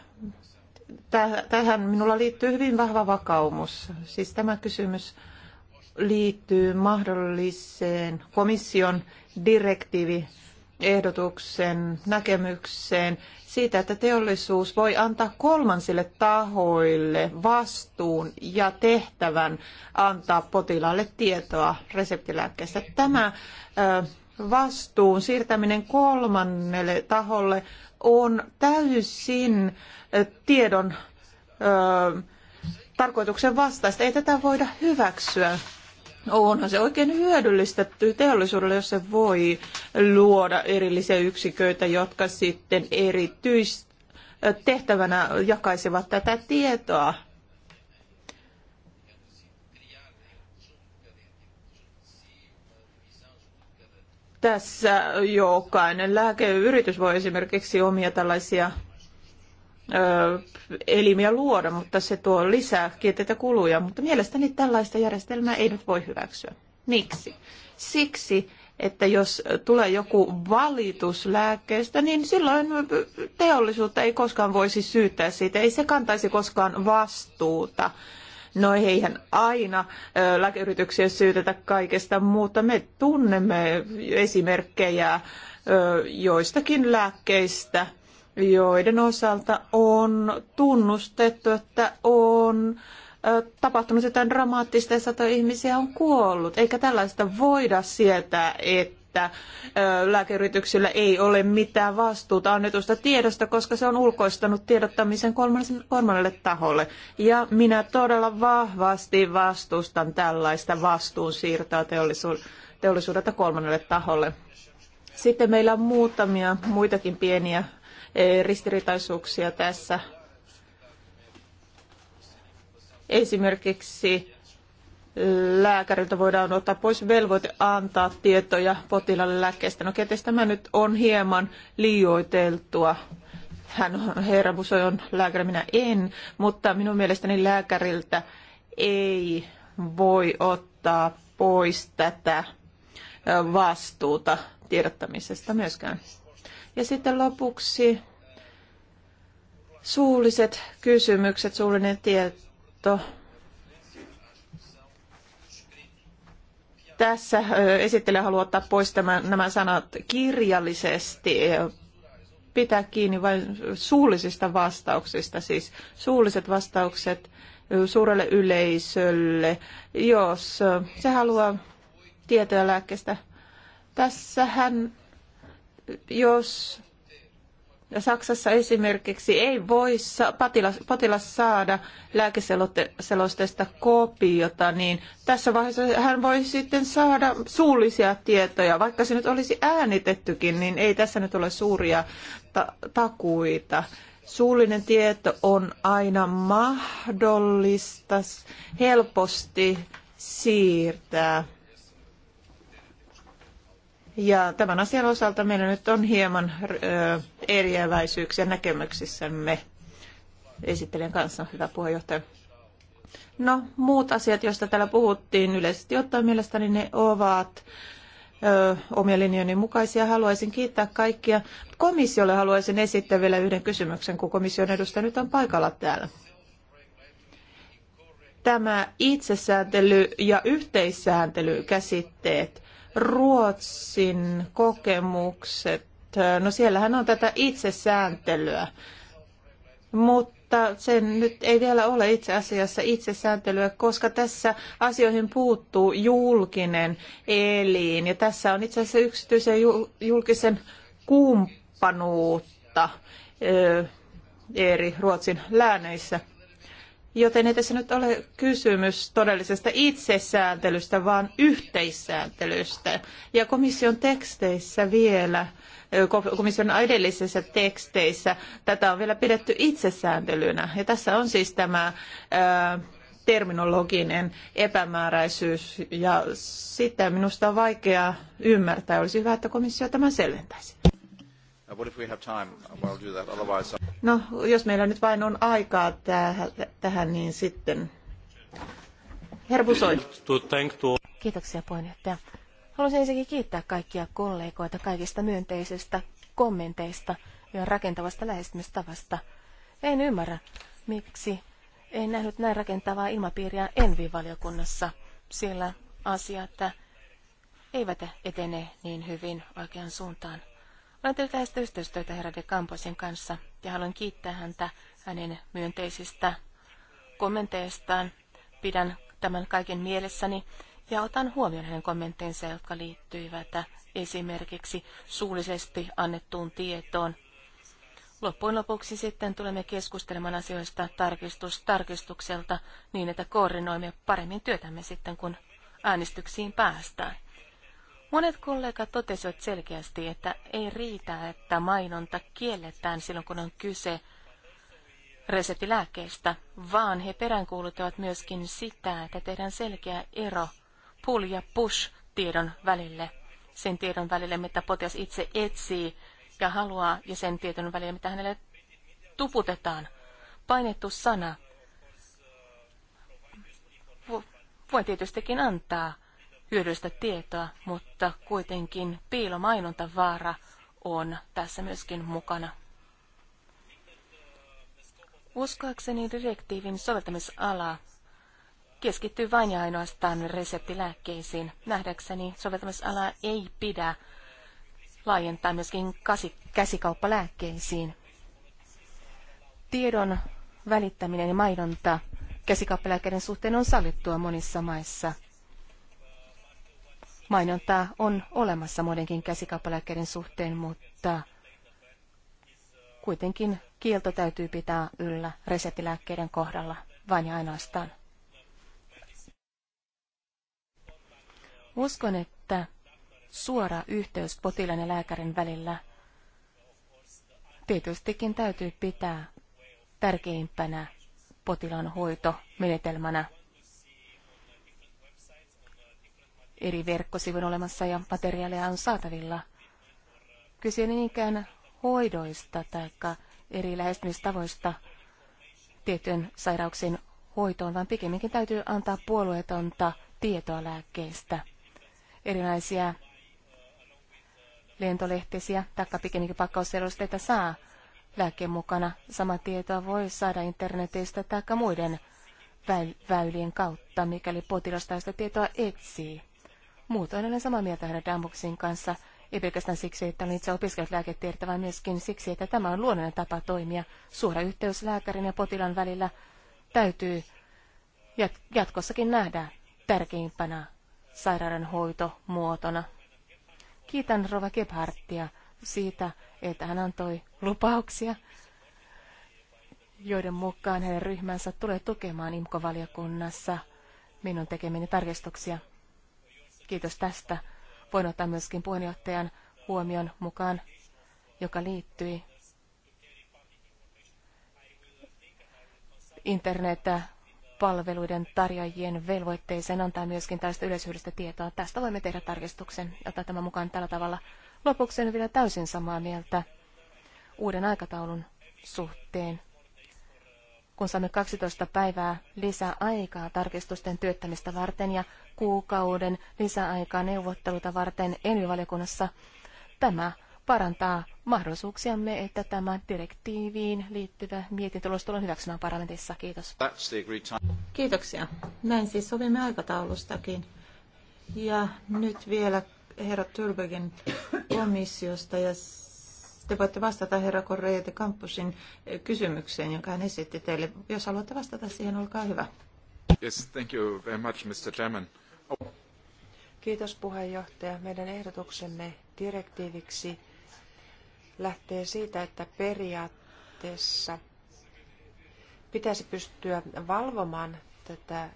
tähän minulla liittyy hyvin vahva vakaumus. Siis tämä kysymys liittyy mahdolliseen komission direktiivi ehdotuksen näkemykseen siitä, että teollisuus voi antaa kolmansille tahoille vastuun ja tehtävän antaa potilaalle tietoa reseptilääkkeestä. Tämä vastuun siirtäminen kolmannelle taholle on täysin tiedon tarkoituksen vastaista. Ei tätä voida hyväksyä onhan se oikein hyödyllistä teollisuudelle, jos se voi luoda erillisiä yksiköitä, jotka sitten erityistehtävänä jakaisivat tätä tietoa. Tässä jokainen lääkeyritys voi esimerkiksi omia tällaisia elimiä luoda, mutta se tuo lisää kiinteitä kuluja. Mutta mielestäni tällaista järjestelmää ei nyt voi hyväksyä. Miksi? Siksi, että jos tulee joku valitus lääkkeestä, niin silloin teollisuutta ei koskaan voisi syyttää siitä. Ei se kantaisi koskaan vastuuta. No eihän aina lääkeyrityksiä syytetä kaikesta, mutta me tunnemme esimerkkejä joistakin lääkkeistä – joiden osalta on tunnustettu, että on tapahtunut jotain dramaattista ja sata ihmisiä on kuollut. Eikä tällaista voida sietää, että lääkeyrityksillä ei ole mitään vastuuta annetusta tiedosta, koska se on ulkoistanut tiedottamisen kolmannelle taholle. Ja minä todella vahvasti vastustan tällaista vastuunsiirtoa teollisuudelta kolmannelle taholle. Sitten meillä on muutamia muitakin pieniä ristiriitaisuuksia tässä. Esimerkiksi lääkäriltä voidaan ottaa pois velvoite antaa tietoja potilaalle lääkkeestä. No kenties tämä nyt on hieman liioiteltua. Hän, herra Busoi on lääkäri, minä en, mutta minun mielestäni lääkäriltä ei voi ottaa pois tätä vastuuta tiedottamisesta myöskään. Ja sitten lopuksi suulliset kysymykset, suullinen tieto. Tässä esittelijä haluaa ottaa pois tämän, nämä sanat kirjallisesti, pitää kiinni vain suullisista vastauksista, siis suulliset vastaukset suurelle yleisölle, jos se haluaa tietoja lääkkeestä. Tässähän jos Saksassa esimerkiksi ei voi potilas, potilas saada lääkeselosteesta kopiota, niin tässä vaiheessa hän voi sitten saada suullisia tietoja. Vaikka se nyt olisi äänitettykin, niin ei tässä nyt ole suuria ta takuita. Suullinen tieto on aina mahdollista helposti siirtää. Ja tämän asian osalta meillä nyt on hieman eriäväisyyksiä näkemyksissämme esittelijän kanssa, hyvä puheenjohtaja. No, muut asiat, joista täällä puhuttiin yleisesti ottaen mielestäni, ne ovat ö, omia linjojeni mukaisia. Haluaisin kiittää kaikkia. Komissiolle haluaisin esittää vielä yhden kysymyksen, kun komission edustaja nyt on paikalla täällä. Tämä itsesääntely ja yhteissääntely käsitteet – Ruotsin kokemukset, no siellähän on tätä itsesääntelyä, mutta sen nyt ei vielä ole itse asiassa itsesääntelyä, koska tässä asioihin puuttuu julkinen elin ja tässä on itse asiassa yksityisen julkisen kumppanuutta eri Ruotsin lääneissä. Joten ei tässä nyt ole kysymys todellisesta itsesääntelystä, vaan yhteissääntelystä. Ja komission teksteissä vielä, komission edellisissä teksteissä, tätä on vielä pidetty itsesääntelynä. Ja tässä on siis tämä ää, terminologinen epämääräisyys, ja sitä minusta on vaikea ymmärtää. Olisi hyvä, että komissio tämän selventäisi. Uh, uh, no, jos meillä nyt vain on aikaa tähän, niin sitten. Herbusoi. Kiitoksia puheenjohtaja. Haluaisin ensinnäkin kiittää kaikkia kollegoita kaikista myönteisistä kommenteista ja rakentavasta lähestymistavasta. En ymmärrä, miksi en nähnyt näin rakentavaa ilmapiiriä Envi-valiokunnassa, sillä asiat eivät etene niin hyvin oikean suuntaan. Olen tehnyt lähes yhteistyötä herra de Camposin kanssa ja haluan kiittää häntä hänen myönteisistä kommenteistaan. Pidän tämän kaiken mielessäni ja otan huomioon hänen kommentteinsa, jotka liittyivät esimerkiksi suullisesti annettuun tietoon. Loppujen lopuksi sitten tulemme keskustelemaan asioista tarkistus tarkistukselta niin, että koordinoimme paremmin työtämme sitten, kun äänestyksiin päästään. Monet kollegat totesivat selkeästi, että ei riitä, että mainonta kielletään silloin, kun on kyse reseptilääkkeistä, vaan he peräänkuuluttavat myöskin sitä, että tehdään selkeä ero pull- ja push-tiedon välille. Sen tiedon välille, mitä potias itse etsii ja haluaa, ja sen tiedon välille, mitä hänelle tuputetaan. Painettu sana voi tietystikin antaa hyödyllistä tietoa, mutta kuitenkin piilomainontavaara on tässä myöskin mukana. Uskoakseni direktiivin soveltamisala keskittyy vain ja ainoastaan reseptilääkkeisiin. Nähdäkseni soveltamisala ei pidä laajentaa myöskin käsikauppalääkkeisiin. Tiedon välittäminen ja mainonta käsikauppalääkkeiden suhteen on sallittua monissa maissa – Mainontaa on olemassa monenkin käsikappalääkkeiden suhteen, mutta kuitenkin kielto täytyy pitää yllä reseptilääkkeiden kohdalla vain ja ainoastaan. Uskon, että suora yhteys potilaan ja lääkärin välillä tietystikin täytyy pitää tärkeimpänä potilaan hoitomenetelmänä eri verkkosivujen olemassa ja materiaaleja on saatavilla. Kyse ei niinkään hoidoista tai eri lähestymistavoista tiettyjen sairauksien hoitoon, vaan pikemminkin täytyy antaa puolueetonta tietoa lääkkeistä. Erilaisia lentolehtisiä tai pikemminkin pakkausselosteita saa lääkkeen mukana. Sama tietoa voi saada internetistä tai muiden väylien kautta, mikäli potilas tästä tietoa etsii. Muutoin olen samaa mieltä herra Damboksin kanssa, ei pelkästään siksi, että olen itse opiskellut lääketiedettä, vaan myöskin siksi, että tämä on luonnollinen tapa toimia. Suora yhteys lääkärin ja potilaan välillä täytyy jatkossakin nähdä tärkeimpänä sairaudenhoitomuotona. Kiitän Rova Gebhardtia siitä, että hän antoi lupauksia, joiden mukaan hänen ryhmänsä tulee tukemaan imkovaliokunnassa minun tekemieni tarkistuksia. Kiitos tästä. Voin ottaa myöskin puheenjohtajan huomion mukaan, joka liittyi internet-palveluiden tarjoajien velvoitteeseen antaa myöskin tästä yleisyydestä tietoa. Tästä voimme tehdä tarkistuksen, ottaa tämän mukaan tällä tavalla. Lopuksi en vielä täysin samaa mieltä uuden aikataulun suhteen kun saamme 12 päivää lisää aikaa tarkistusten työttämistä varten ja kuukauden lisäaikaa neuvotteluta varten elyvaliokunnassa. tämä parantaa mahdollisuuksiamme, että tämä direktiiviin liittyvä mietintölos tulee hyväksymään parlamentissa. Kiitos. Kiitoksia. Näin siis sovimme aikataulustakin. Ja nyt vielä herra Tylbergen komissiosta ja te voitte vastata herra Correa de Campusin eh, kysymykseen, jonka hän esitti teille. Jos haluatte vastata siihen, olkaa hyvä. Yes, thank you very much, Mr. Chairman. Oh. Kiitos puheenjohtaja. Meidän ehdotuksemme direktiiviksi lähtee siitä, että periaatteessa pitäisi pystyä valvomaan tätä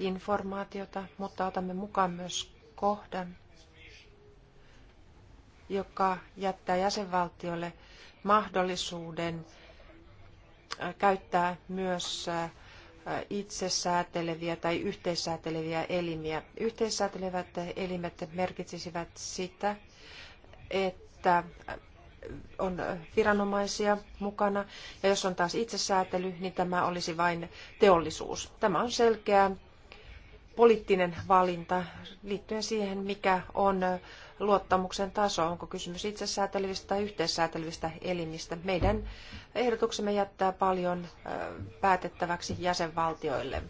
informaatiota, mutta otamme mukaan myös kohdan, joka jättää jäsenvaltiolle mahdollisuuden äh, käyttää myös äh, itsesääteleviä tai yhteissääteleviä elimiä. Yhteissäätelevät elimet merkitsisivät sitä, että on viranomaisia mukana, ja jos on taas itsesäätely, niin tämä olisi vain teollisuus. Tämä on selkeä poliittinen valinta liittyen siihen, mikä on luottamuksen taso, onko kysymys itsesäätelevistä tai yhteissäätelevistä elimistä. Meidän ehdotuksemme jättää paljon päätettäväksi jäsenvaltioille.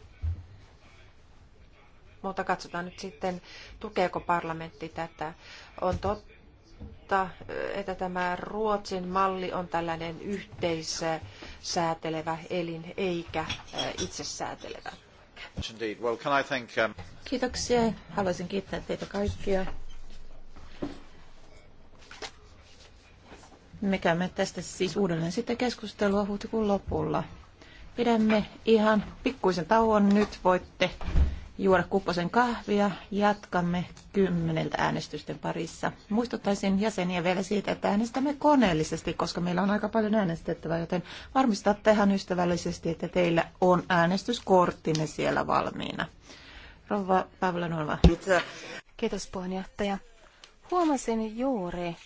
Mutta katsotaan nyt sitten, tukeeko parlamentti tätä. On totta, että tämä Ruotsin malli on tällainen yhteissäätelevä elin eikä itsesäätelevä. Um, Kiitoksia. Haluaisin kiittää teitä kaikkia Me käymme tästä siis uudelleen sitten keskustelua huhtikuun lopulla. Pidämme ihan pikkuisen tauon nyt. Voitte juoda kupposen kahvia. Jatkamme kymmeneltä äänestysten parissa. Muistuttaisin jäseniä vielä siitä, että äänestämme koneellisesti, koska meillä on aika paljon äänestettävää, joten varmistatte ihan ystävällisesti, että teillä on äänestyskorttinne siellä valmiina. Rouva Pavlanova. Kiitos puheenjohtaja. Huomasin juuri,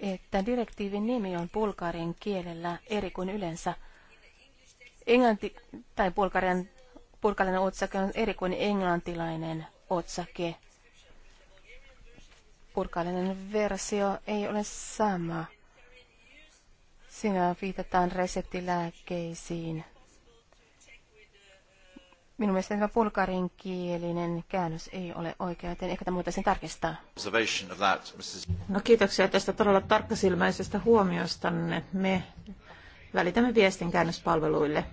että direktiivin nimi on bulgarin kielellä eri kuin yleensä. Englanti, tai bulgarian, bulgarian otsake on eri kuin englantilainen otsake. Bulgarian versio ei ole sama. Siinä viitataan reseptilääkkeisiin Minun mielestäni tämä bulgarin kielinen käännös ei ole oikea, joten ehkä tämä sen tarkistaa. No kiitoksia tästä todella tarkkasilmäisestä huomiostanne. Me välitämme viestin käännöspalveluille.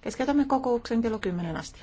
Keskeytämme kokouksen kello 10 asti.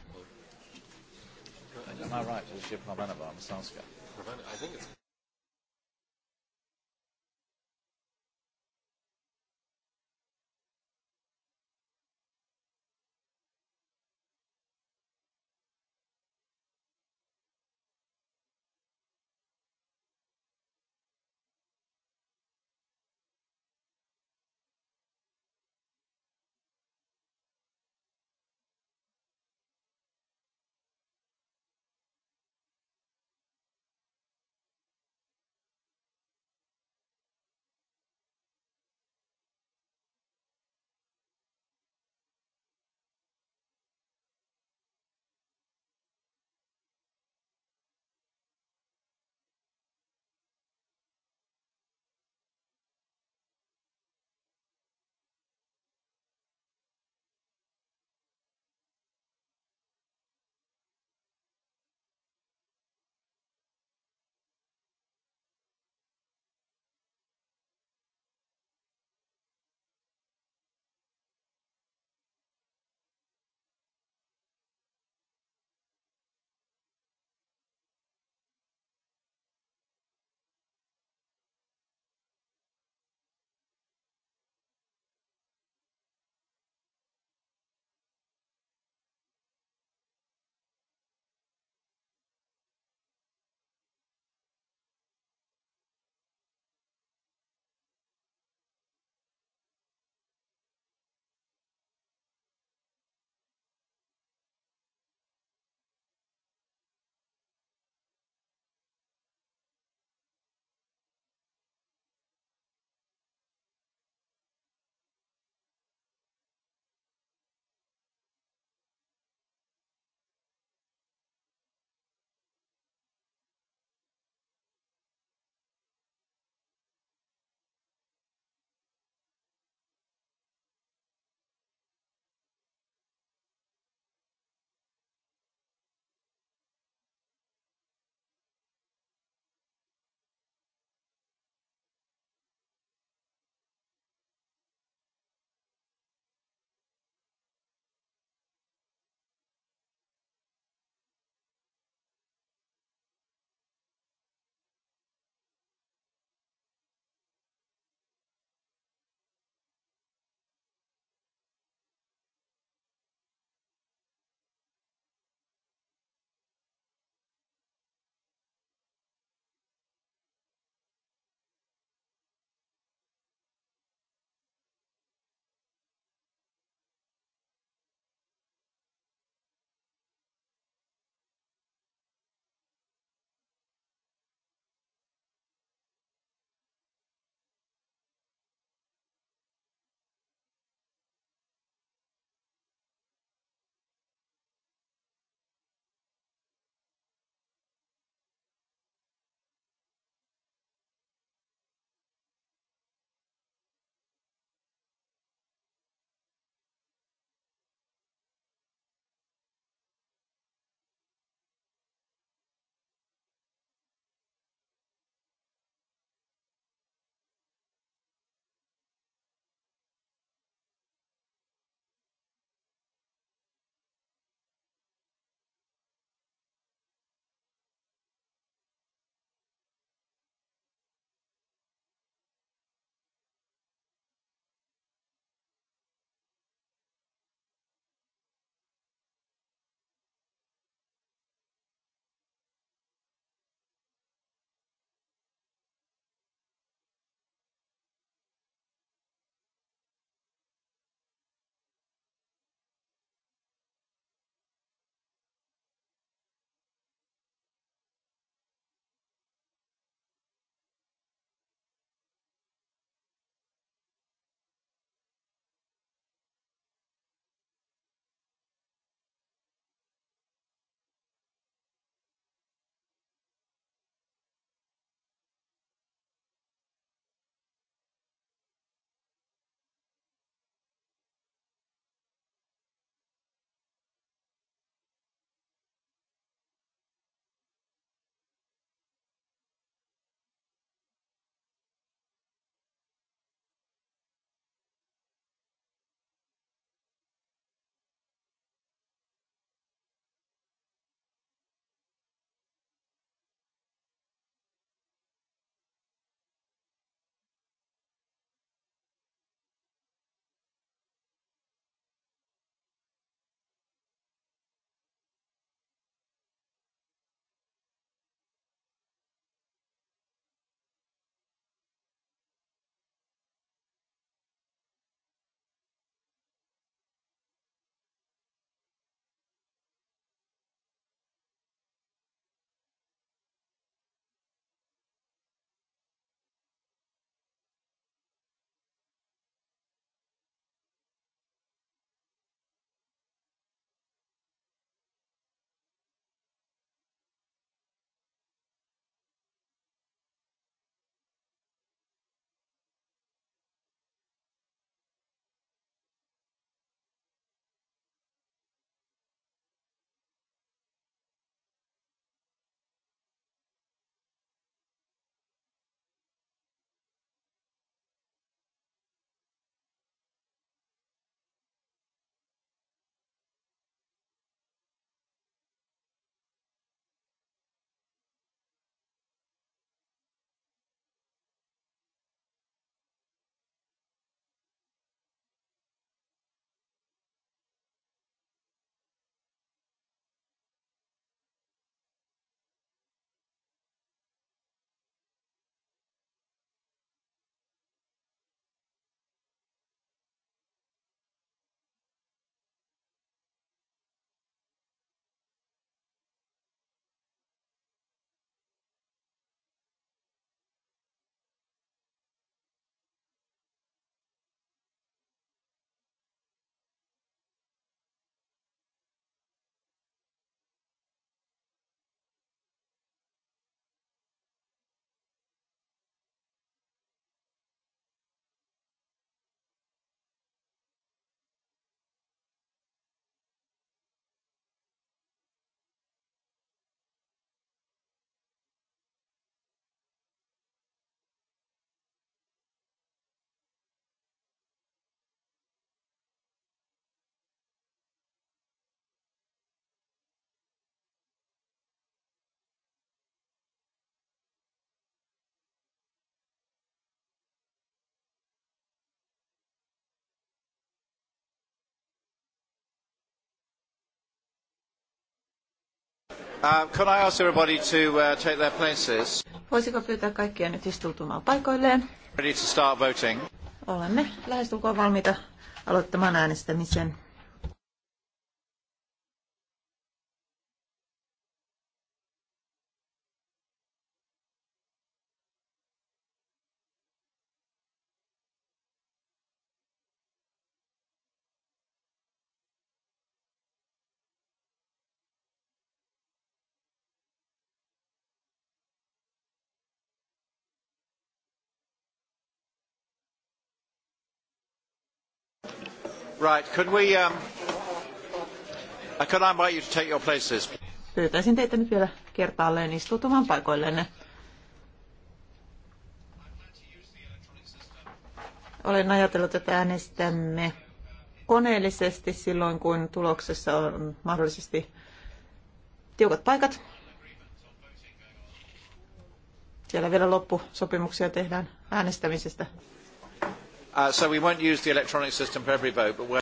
Um, can I ask everybody to uh, take their places? Voisiko pyytää kaikkia nyt istuutumaan paikoilleen? Ready to start voting. Olemme lähestulkoon valmiita aloittamaan äänestämisen. Right, could we, um, could invite you to take your places? Pyytäisin teitä nyt vielä kertaalleen istutumaan paikoillenne. Olen ajatellut, että äänestämme koneellisesti silloin, kun tuloksessa on mahdollisesti tiukat paikat. Siellä vielä loppusopimuksia tehdään äänestämisestä. Uh, so we won't use the electronic system for every vote, but we're...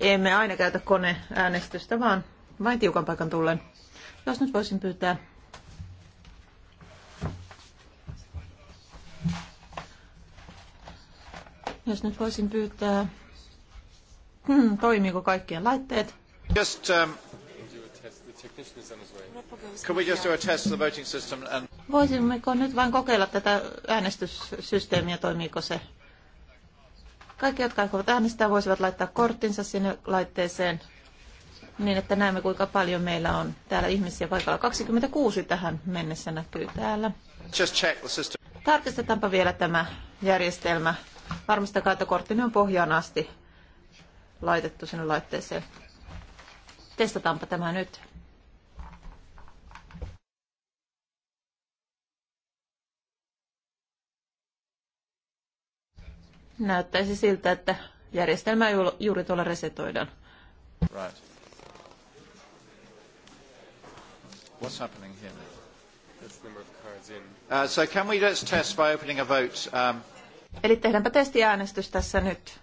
Emme aina käytä koneäänestystä, vaan vain tiukan paikan tullen. Jos nyt voisin pyytää Jos nyt voisin pyytää, hmm, toimiiko kaikkien laitteet? Just, um, we just do a test of the voting system and... Voisimmeko nyt vain kokeilla tätä äänestyssysteemiä, toimiiko se? Kaikki, jotka aikovat äänestää, voisivat laittaa korttinsa sinne laitteeseen niin, että näemme kuinka paljon meillä on täällä ihmisiä paikalla. 26 tähän mennessä näkyy täällä. Just check the Tarkistetaanpa vielä tämä järjestelmä. Varmistakaa, että korttini on pohjaan asti laitettu sinne laitteeseen. Testataanpa tämä nyt. näyttäisi siltä, että järjestelmä juuri tuolla resetoidaan. Right. What's happening here? Uh, so can we just test by opening a vote? Um... Eli tehdäänpä testiäänestys tässä nyt.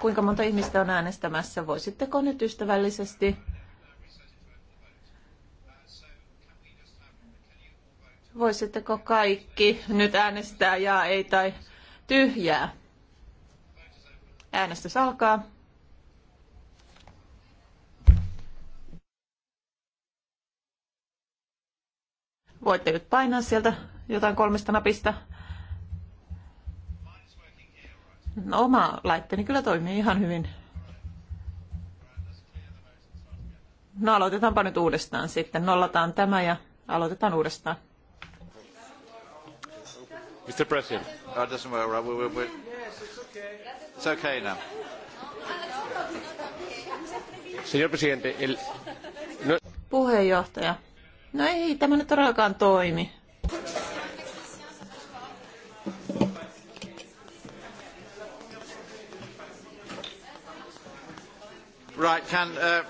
Kuinka monta ihmistä on äänestämässä? Voisitteko nyt ystävällisesti Voisitteko kaikki nyt äänestää jaa ei tai Tyhjää. Äänestys alkaa. Voitte nyt painaa sieltä jotain kolmesta napista. No, oma laitteeni kyllä toimii ihan hyvin. No aloitetaanpa nyt uudestaan sitten. Nollataan tämä ja aloitetaan uudestaan. Mr. President. Oh, it doesn't work. We're, we're, we're... it's okay. now. Señor presidente, el... no... Puheenjohtaja. No ei, tämä nyt todellakaan toimi. Right, can... Uh...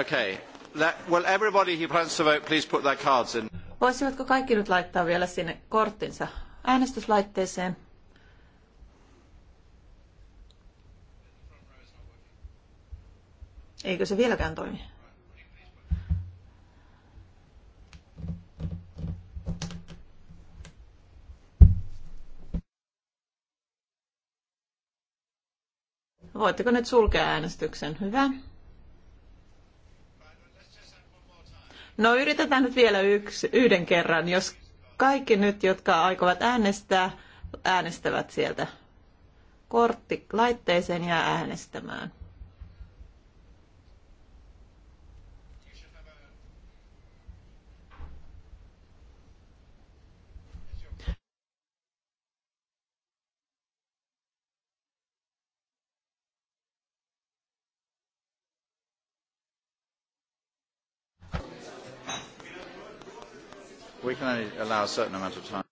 Okay. Let, well, everybody who plans to vote please put their cards in Voisivatko kaikki nyt laittaa vielä sinne korttinsa äänestyslaitteeseen? Eikö se vieläkään toimi? Voitteko nyt sulkea äänestyksen? Hyvä. No yritetään nyt vielä yksi, yhden kerran, jos kaikki nyt, jotka aikovat äänestää, äänestävät sieltä kortti laitteeseen ja äänestämään. we can only allow a certain amount of time.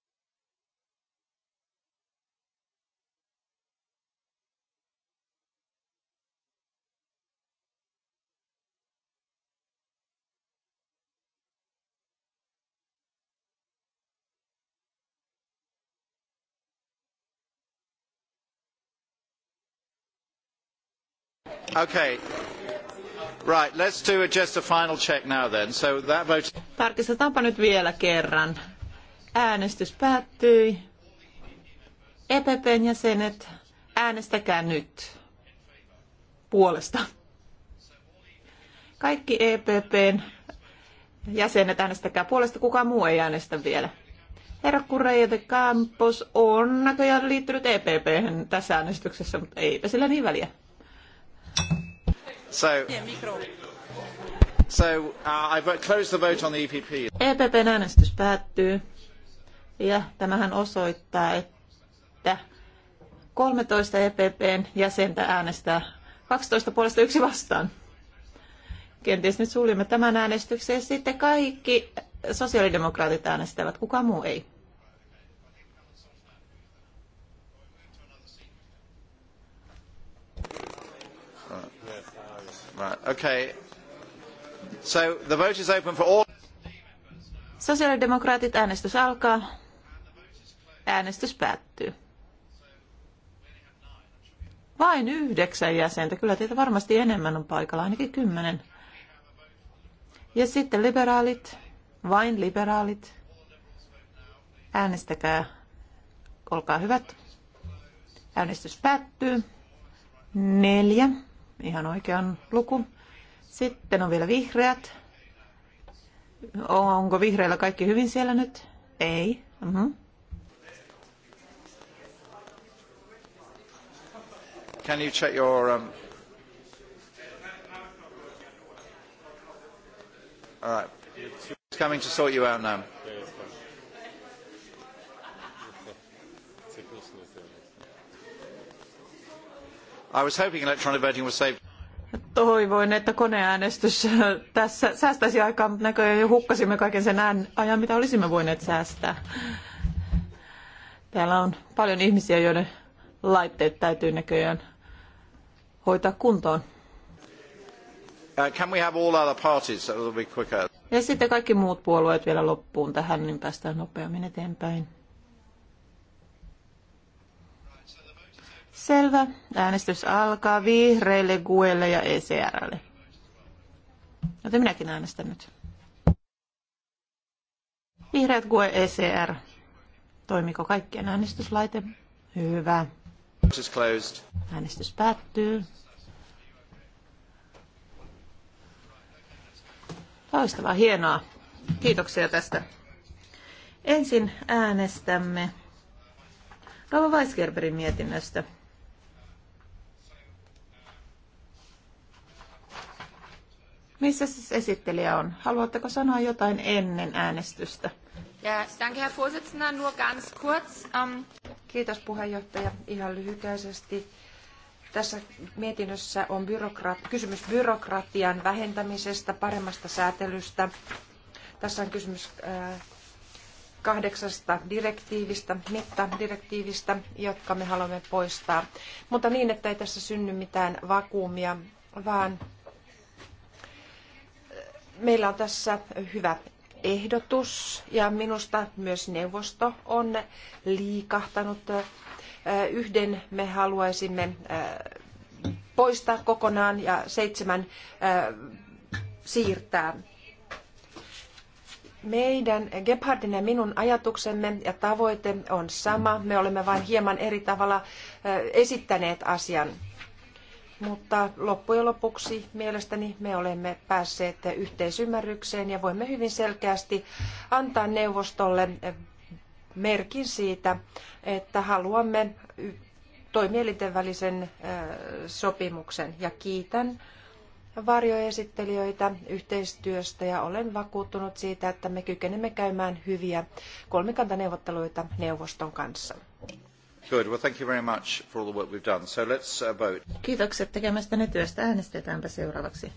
Okay, Right, let's do just a final check now then. So that vote... Tarkistetaanpa nyt vielä kerran. Äänestys päättyi. EPPn jäsenet, äänestäkää nyt puolesta. Kaikki EPPn jäsenet äänestäkää puolesta, kukaan muu ei äänestä vielä. Herra Correia de Campos on näköjään liittynyt EPP tässä äänestyksessä, mutta eipä sillä niin väliä. So, EPPn uh, e e äänestys päättyy. Ja tämähän osoittaa, että 13 EPPn jäsentä äänestää 12 puolesta yksi vastaan. Kenties nyt suljemme tämän äänestyksen ja sitten kaikki sosiaalidemokraatit äänestävät, kuka muu ei. Right, Sosiaalidemokraatit, äänestys alkaa. Äänestys päättyy. Vain yhdeksän jäsentä. Kyllä teitä varmasti enemmän on paikalla, ainakin kymmenen. Ja sitten liberaalit, vain liberaalit. Äänestäkää. Olkaa hyvät. Äänestys päättyy. Neljä. Ihan oikean luku. Sitten on vielä vihreät. Onko vihreillä kaikki hyvin siellä nyt? Ei. Uh-huh. Can you check your um... All right. It's coming to sort you out now. I was hoping electronic voting Toivoin, että koneäänestys tässä säästäisi aikaa, mutta näköjään jo hukkasimme kaiken sen ään, ajan, mitä olisimme voineet säästää. Täällä on paljon ihmisiä, joiden laitteet täytyy näköjään hoitaa kuntoon. Uh, can we have all other parties? be quicker. Ja sitten kaikki muut puolueet vielä loppuun tähän, niin päästään nopeammin eteenpäin. Selvä. Äänestys alkaa vihreille, GUElle ja ECRlle. Joten minäkin äänestän nyt. Vihreät GUE ECR. Toimiko kaikkien äänestyslaite? Hyvä. Äänestys päättyy. Loistavaa, hienoa. Kiitoksia tästä. Ensin äänestämme Rova Weisgerberin mietinnöstä. Missä siis esittelijä on? Haluatteko sanoa jotain ennen äänestystä? Ja, danke, Herr Vorsitzender. Nur ganz kurz. Um... Kiitos puheenjohtaja. Ihan lyhykäisesti. Tässä mietinnössä on byrokrat- kysymys byrokratian vähentämisestä, paremmasta säätelystä. Tässä on kysymys äh, kahdeksasta direktiivistä, mittadirektiivistä, jotka me haluamme poistaa. Mutta niin, että ei tässä synny mitään vakuumia, vaan meillä on tässä hyvä ehdotus ja minusta myös neuvosto on liikahtanut yhden me haluaisimme poistaa kokonaan ja seitsemän siirtää. Meidän Gebhardin ja minun ajatuksemme ja tavoite on sama. Me olemme vain hieman eri tavalla esittäneet asian mutta loppujen lopuksi mielestäni me olemme päässeet yhteisymmärrykseen ja voimme hyvin selkeästi antaa neuvostolle merkin siitä, että haluamme toimielinten välisen sopimuksen. Ja kiitän varjoesittelijöitä yhteistyöstä ja olen vakuuttunut siitä, että me kykenemme käymään hyviä kolmikantaneuvotteluita neuvoston kanssa. Good. Well, thank you very much for all the work we've done. So let's uh, vote. Kiitokset työstä. Äänestetäänpä seuraavaksi.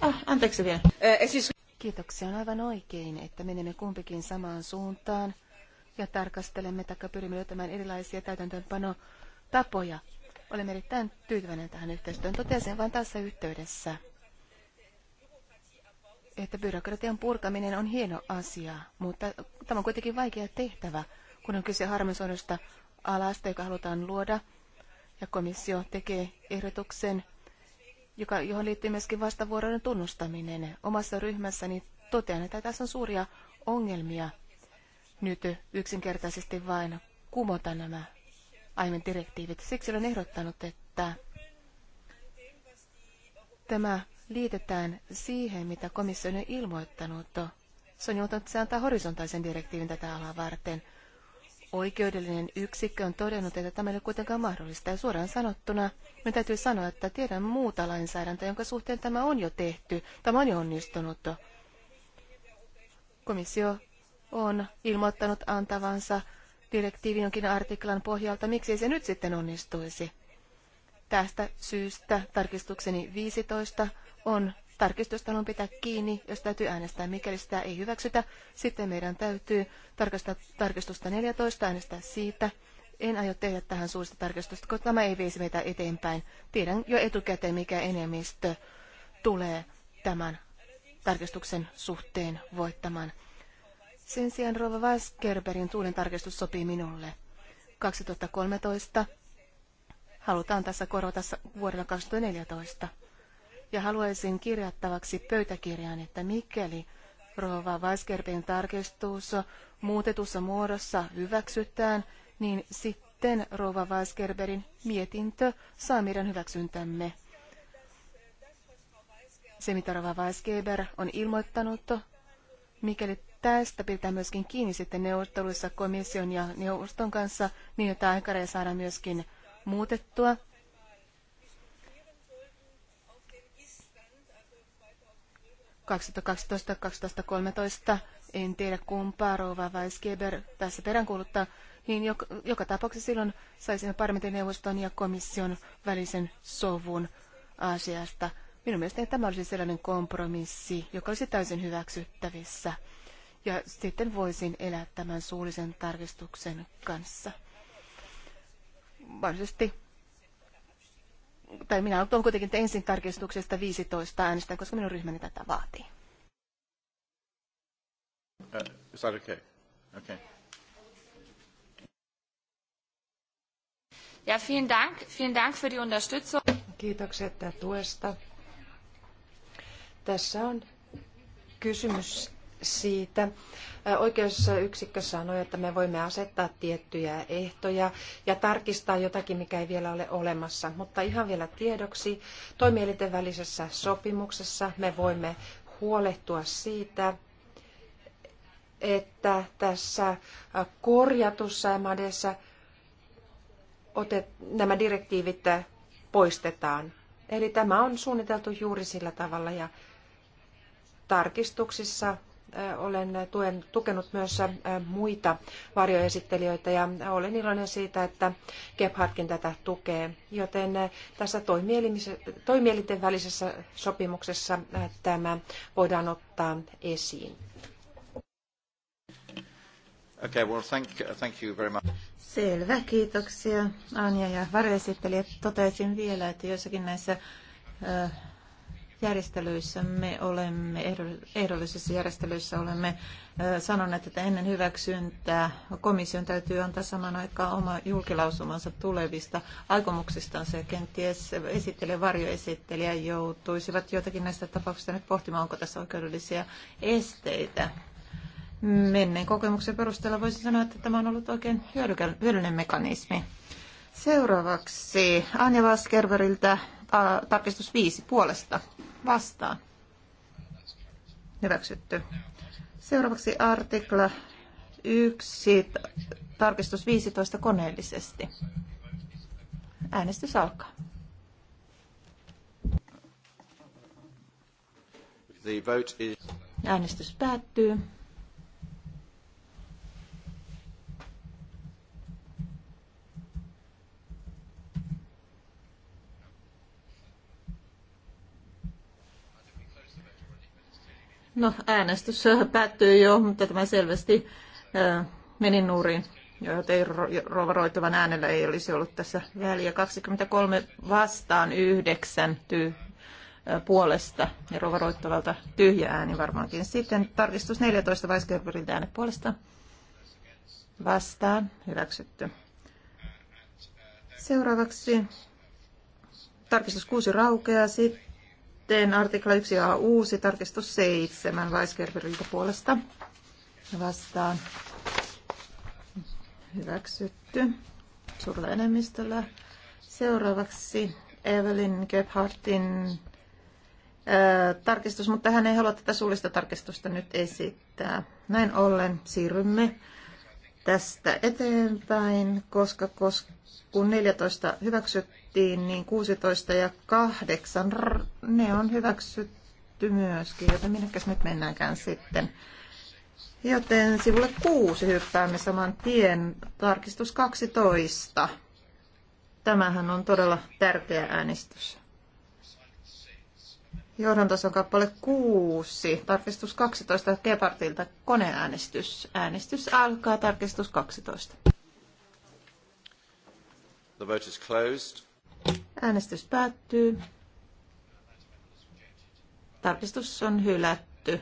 Ah, anteeksi vielä. Eh, siis- Kiitoksia. On aivan oikein, että menemme kumpikin samaan suuntaan ja tarkastelemme tai pyrimme löytämään erilaisia täytäntöönpanotapoja. Olen erittäin tyytyväinen tähän yhteistyöhön. Totesin vain tässä yhteydessä, että byrokratian purkaminen on hieno asia, mutta tämä on kuitenkin vaikea tehtävä, kun on kyse harmonisoidusta alasta, joka halutaan luoda, ja komissio tekee ehdotuksen, joka, johon liittyy myöskin vastavuoroinen tunnustaminen. Omassa ryhmässäni totean, että tässä on suuria ongelmia nyt yksinkertaisesti vain kumota nämä aiemmin direktiivit. Siksi olen ehdottanut, että tämä liitetään siihen, mitä komissio on ilmoittanut. Se on joutunut, että se antaa horisontaisen direktiivin tätä alaa varten – oikeudellinen yksikkö on todennut, että tämä ei ole kuitenkaan mahdollista. Ja suoraan sanottuna, me täytyy sanoa, että tiedän muuta lainsäädäntöä, jonka suhteen tämä on jo tehty. Tämä on jo onnistunut. Komissio on ilmoittanut antavansa direktiivin jonkin artiklan pohjalta. Miksi se nyt sitten onnistuisi? Tästä syystä tarkistukseni 15 on Tarkistusta on pitää kiinni, jos täytyy äänestää. Mikäli sitä ei hyväksytä, sitten meidän täytyy tarkastaa tarkistusta 14, äänestää siitä. En aio tehdä tähän suurista tarkistusta, koska tämä ei viisi meitä eteenpäin. Tiedän jo etukäteen, mikä enemmistö tulee tämän tarkistuksen suhteen voittamaan. Sen sijaan Rova Weisgerberin tuulen tarkistus sopii minulle. 2013 halutaan tässä korvata vuodella 2014 ja haluaisin kirjattavaksi pöytäkirjaan, että mikäli Rova Weisgerbin tarkistus muutetussa muodossa hyväksytään, niin sitten Rova Weisgerberin mietintö saa meidän hyväksyntämme. Se, mitä Rova Weisgerber on ilmoittanut, mikäli tästä pidetään myöskin kiinni sitten neuvotteluissa komission ja neuvoston kanssa, niin että aikaraja saadaan myöskin muutettua 2012-2013, en tiedä kumpaa, Rova vai Skeber tässä peräänkuuluttaa, niin joka, joka tapauksessa silloin saisimme parlamentin neuvoston ja komission välisen sovun asiasta. Minun mielestäni tämä olisi sellainen kompromissi, joka olisi täysin hyväksyttävissä. Ja sitten voisin elää tämän suullisen tarkistuksen kanssa. Mahdollisesti tai minä olen kuitenkin ensin tarkistuksesta 15 äänestä, koska minun ryhmäni tätä vaatii. Uh, is that okay? Okay. Ja, vielen Dank. Vielen Dank für die Unterstützung. Kiitokset tuesta. Tässä on kysymys siitä. Oikeusyksikkö sanoi, että me voimme asettaa tiettyjä ehtoja ja tarkistaa jotakin, mikä ei vielä ole olemassa. Mutta ihan vielä tiedoksi, toimielinten välisessä sopimuksessa me voimme huolehtua siitä, että tässä korjatussa MADessa nämä direktiivit poistetaan. Eli tämä on suunniteltu juuri sillä tavalla ja tarkistuksissa olen tuen, tukenut myös muita varjoesittelijöitä ja olen iloinen siitä, että Gebhardkin tätä tukee. Joten tässä toimielinten välisessä sopimuksessa tämä voidaan ottaa esiin. Okay, well, thank, thank you very much. Selvä, kiitoksia Anja ja varjoesittelijät. Totesin vielä, että joissakin näissä järjestelyissä me olemme, ehdollisissa järjestelyissä olemme sanoneet, että ennen hyväksyntää komission täytyy antaa saman aikaan oma julkilausumansa tulevista aikomuksistansa ja kenties esittelijä varjoesittelijä joutuisivat jotakin näistä tapauksista nyt pohtimaan, onko tässä oikeudellisia esteitä. Menneen kokemuksen perusteella voisi sanoa, että tämä on ollut oikein hyödyllinen mekanismi. Seuraavaksi Anja Vaskerveriltä tarkistus 5 puolesta vastaan. Hyväksytty. Seuraavaksi artikla 1, tarkistus 15 koneellisesti. Äänestys alkaa. Äänestys päättyy. No, äänestys äh, päättyy jo, mutta tämä selvästi äh, meni nurin. Joten Rova äänellä ei olisi ollut tässä väliä. 23 vastaan 9 tyy äh, puolesta ja rovaroittavalta tyhjä ääni varmaankin. Sitten tarkistus 14 Weisgerberiltä äänet puolesta vastaan hyväksytty. Seuraavaksi tarkistus 6 raukeaa sitten. Sitten artikla 1a uusi, tarkistus 7, Weisgerberiltä puolesta vastaan hyväksytty suurella enemmistöllä. Seuraavaksi Evelyn Gebhardtin ää, äh, tarkistus, mutta hän ei halua tätä suullista tarkistusta nyt esittää. Näin ollen siirrymme tästä eteenpäin, koska, koska kun 14 hyväksyttiin, niin 16 ja 8, ne on hyväksytty myöskin, joten minnekäs nyt mennäänkään sitten. Joten sivulle 6 hyppäämme saman tien, tarkistus 12. Tämähän on todella tärkeä äänestys. Johdantason kappale 6, tarkistus 12 Gepartilta koneäänestys. Äänestys alkaa, tarkistus 12. The vote is closed. Äänestys päättyy. Tarkistus on hylätty.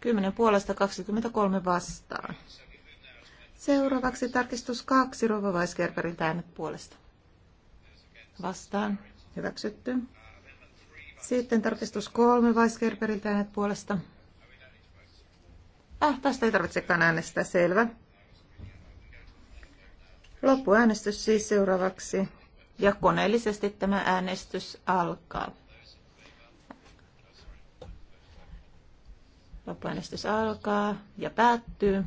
10 puolesta 23 vastaan. Seuraavaksi tarkistus 2 Rovovaiskerperiltä äänet puolesta. Vastaan. Hyväksytty. Sitten tarkistus 3 Vaiskerperiltä äänet puolesta. Ah, tästä ei tarvitsekaan äänestää. Selvä. Loppuäänestys siis seuraavaksi. Ja koneellisesti tämä äänestys alkaa. Loppuäänestys alkaa ja päättyy.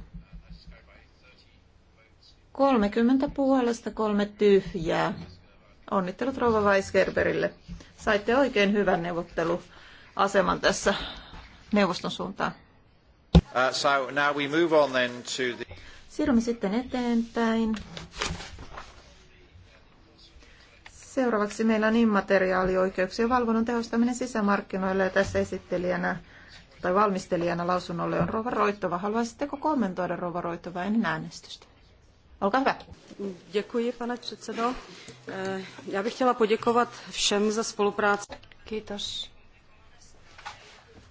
30 puolesta, kolme tyhjää. Onnittelut Rova Weisgerberille. Saitte oikein hyvän neuvotteluaseman tässä neuvoston suuntaan. Uh, so now we move on then to the... Siirrymme sitten eteenpäin. Seuraavaksi meillä on immateriaalioikeuksien valvonnan tehostaminen sisämarkkinoille ja tässä esittelijänä tai valmistelijana lausunnolle on Rova Roittova. Haluaisitteko kommentoida Rova Roittova ennen äänestystä? Olkaa hyvä. Děkuji, pane předsedo. Eh, já bych chtěla poděkovat všem za spolupráci. Kiitos.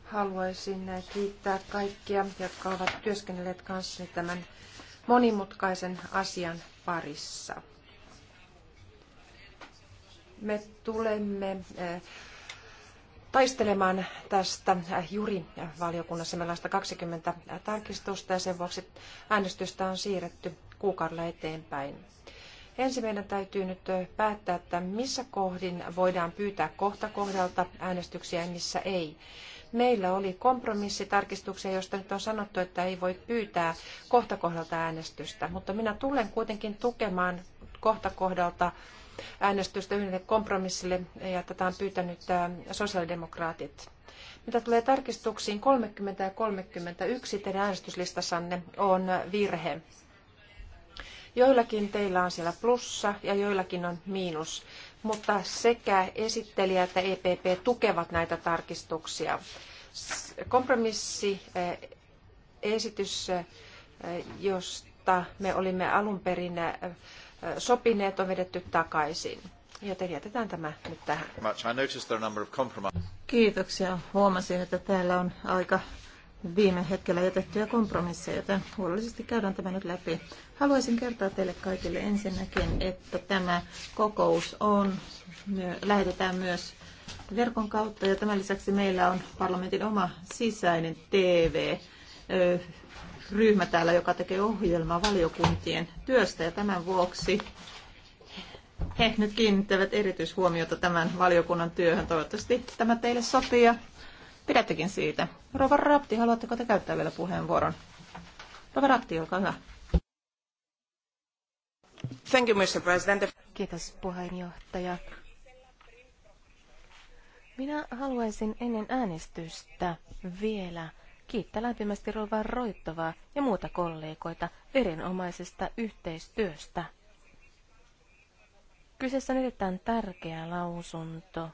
Haluaisin kiittää kaikkia, jotka ovat työskennelleet kanssani tämän monimutkaisen asian parissa me tulemme eh, taistelemaan tästä jurivaliokunnassa. Meillä on 20 tarkistusta ja sen vuoksi äänestystä on siirretty kuukaudella eteenpäin. Ensin meidän täytyy nyt eh, päättää, että missä kohdin voidaan pyytää kohta kohdalta äänestyksiä ja missä ei. Meillä oli kompromissitarkistuksia, josta nyt on sanottu, että ei voi pyytää kohta kohdalta äänestystä, mutta minä tulen kuitenkin tukemaan kohta kohdalta äänestystä yhdelle kompromissille ja tätä on pyytänyt sosiaalidemokraatit. Mitä tulee tarkistuksiin 30 ja 31 teidän äänestyslistassanne on virhe. Joillakin teillä on siellä plussa ja joillakin on miinus, mutta sekä esittelijä että EPP tukevat näitä tarkistuksia. Kompromissi esitys, josta me olimme alun perin sopineet on vedetty takaisin. Joten jätetään tämä nyt tähän. Kiitoksia. Huomasin, että täällä on aika viime hetkellä jätettyjä kompromisseja, joten huolellisesti käydään tämä nyt läpi. Haluaisin kertoa teille kaikille ensinnäkin, että tämä kokous on, lähetetään myös verkon kautta ja tämän lisäksi meillä on parlamentin oma sisäinen TV ryhmä täällä, joka tekee ohjelmaa valiokuntien työstä ja tämän vuoksi he nyt kiinnittävät erityishuomiota tämän valiokunnan työhön. Toivottavasti tämä teille sopii ja pidättekin siitä. Rova Rapti, haluatteko te käyttää vielä puheenvuoron? Rova Rapti, olkaa hyvä. Thank you, Mr. President. Kiitos puheenjohtaja. Minä haluaisin ennen äänestystä vielä kiittää lämpimästi Rova Roittovaa ja muuta kollegoita erinomaisesta yhteistyöstä. Kyseessä on erittäin tärkeä lausunto,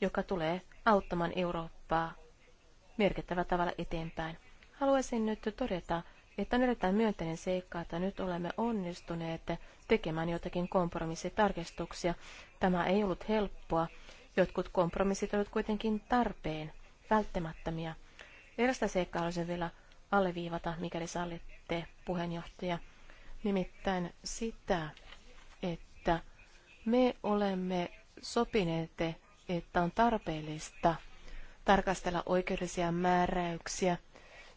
joka tulee auttamaan Eurooppaa merkittävällä tavalla eteenpäin. Haluaisin nyt todeta, että on erittäin myönteinen seikka, että nyt olemme onnistuneet tekemään jotakin kompromissitarkistuksia. Tämä ei ollut helppoa. Jotkut kompromissit ovat kuitenkin tarpeen, välttämättömiä – Erästä seikkaa haluaisin vielä alleviivata, mikäli sallitte, puheenjohtaja. Nimittäin sitä, että me olemme sopineet, että on tarpeellista tarkastella oikeudellisia määräyksiä,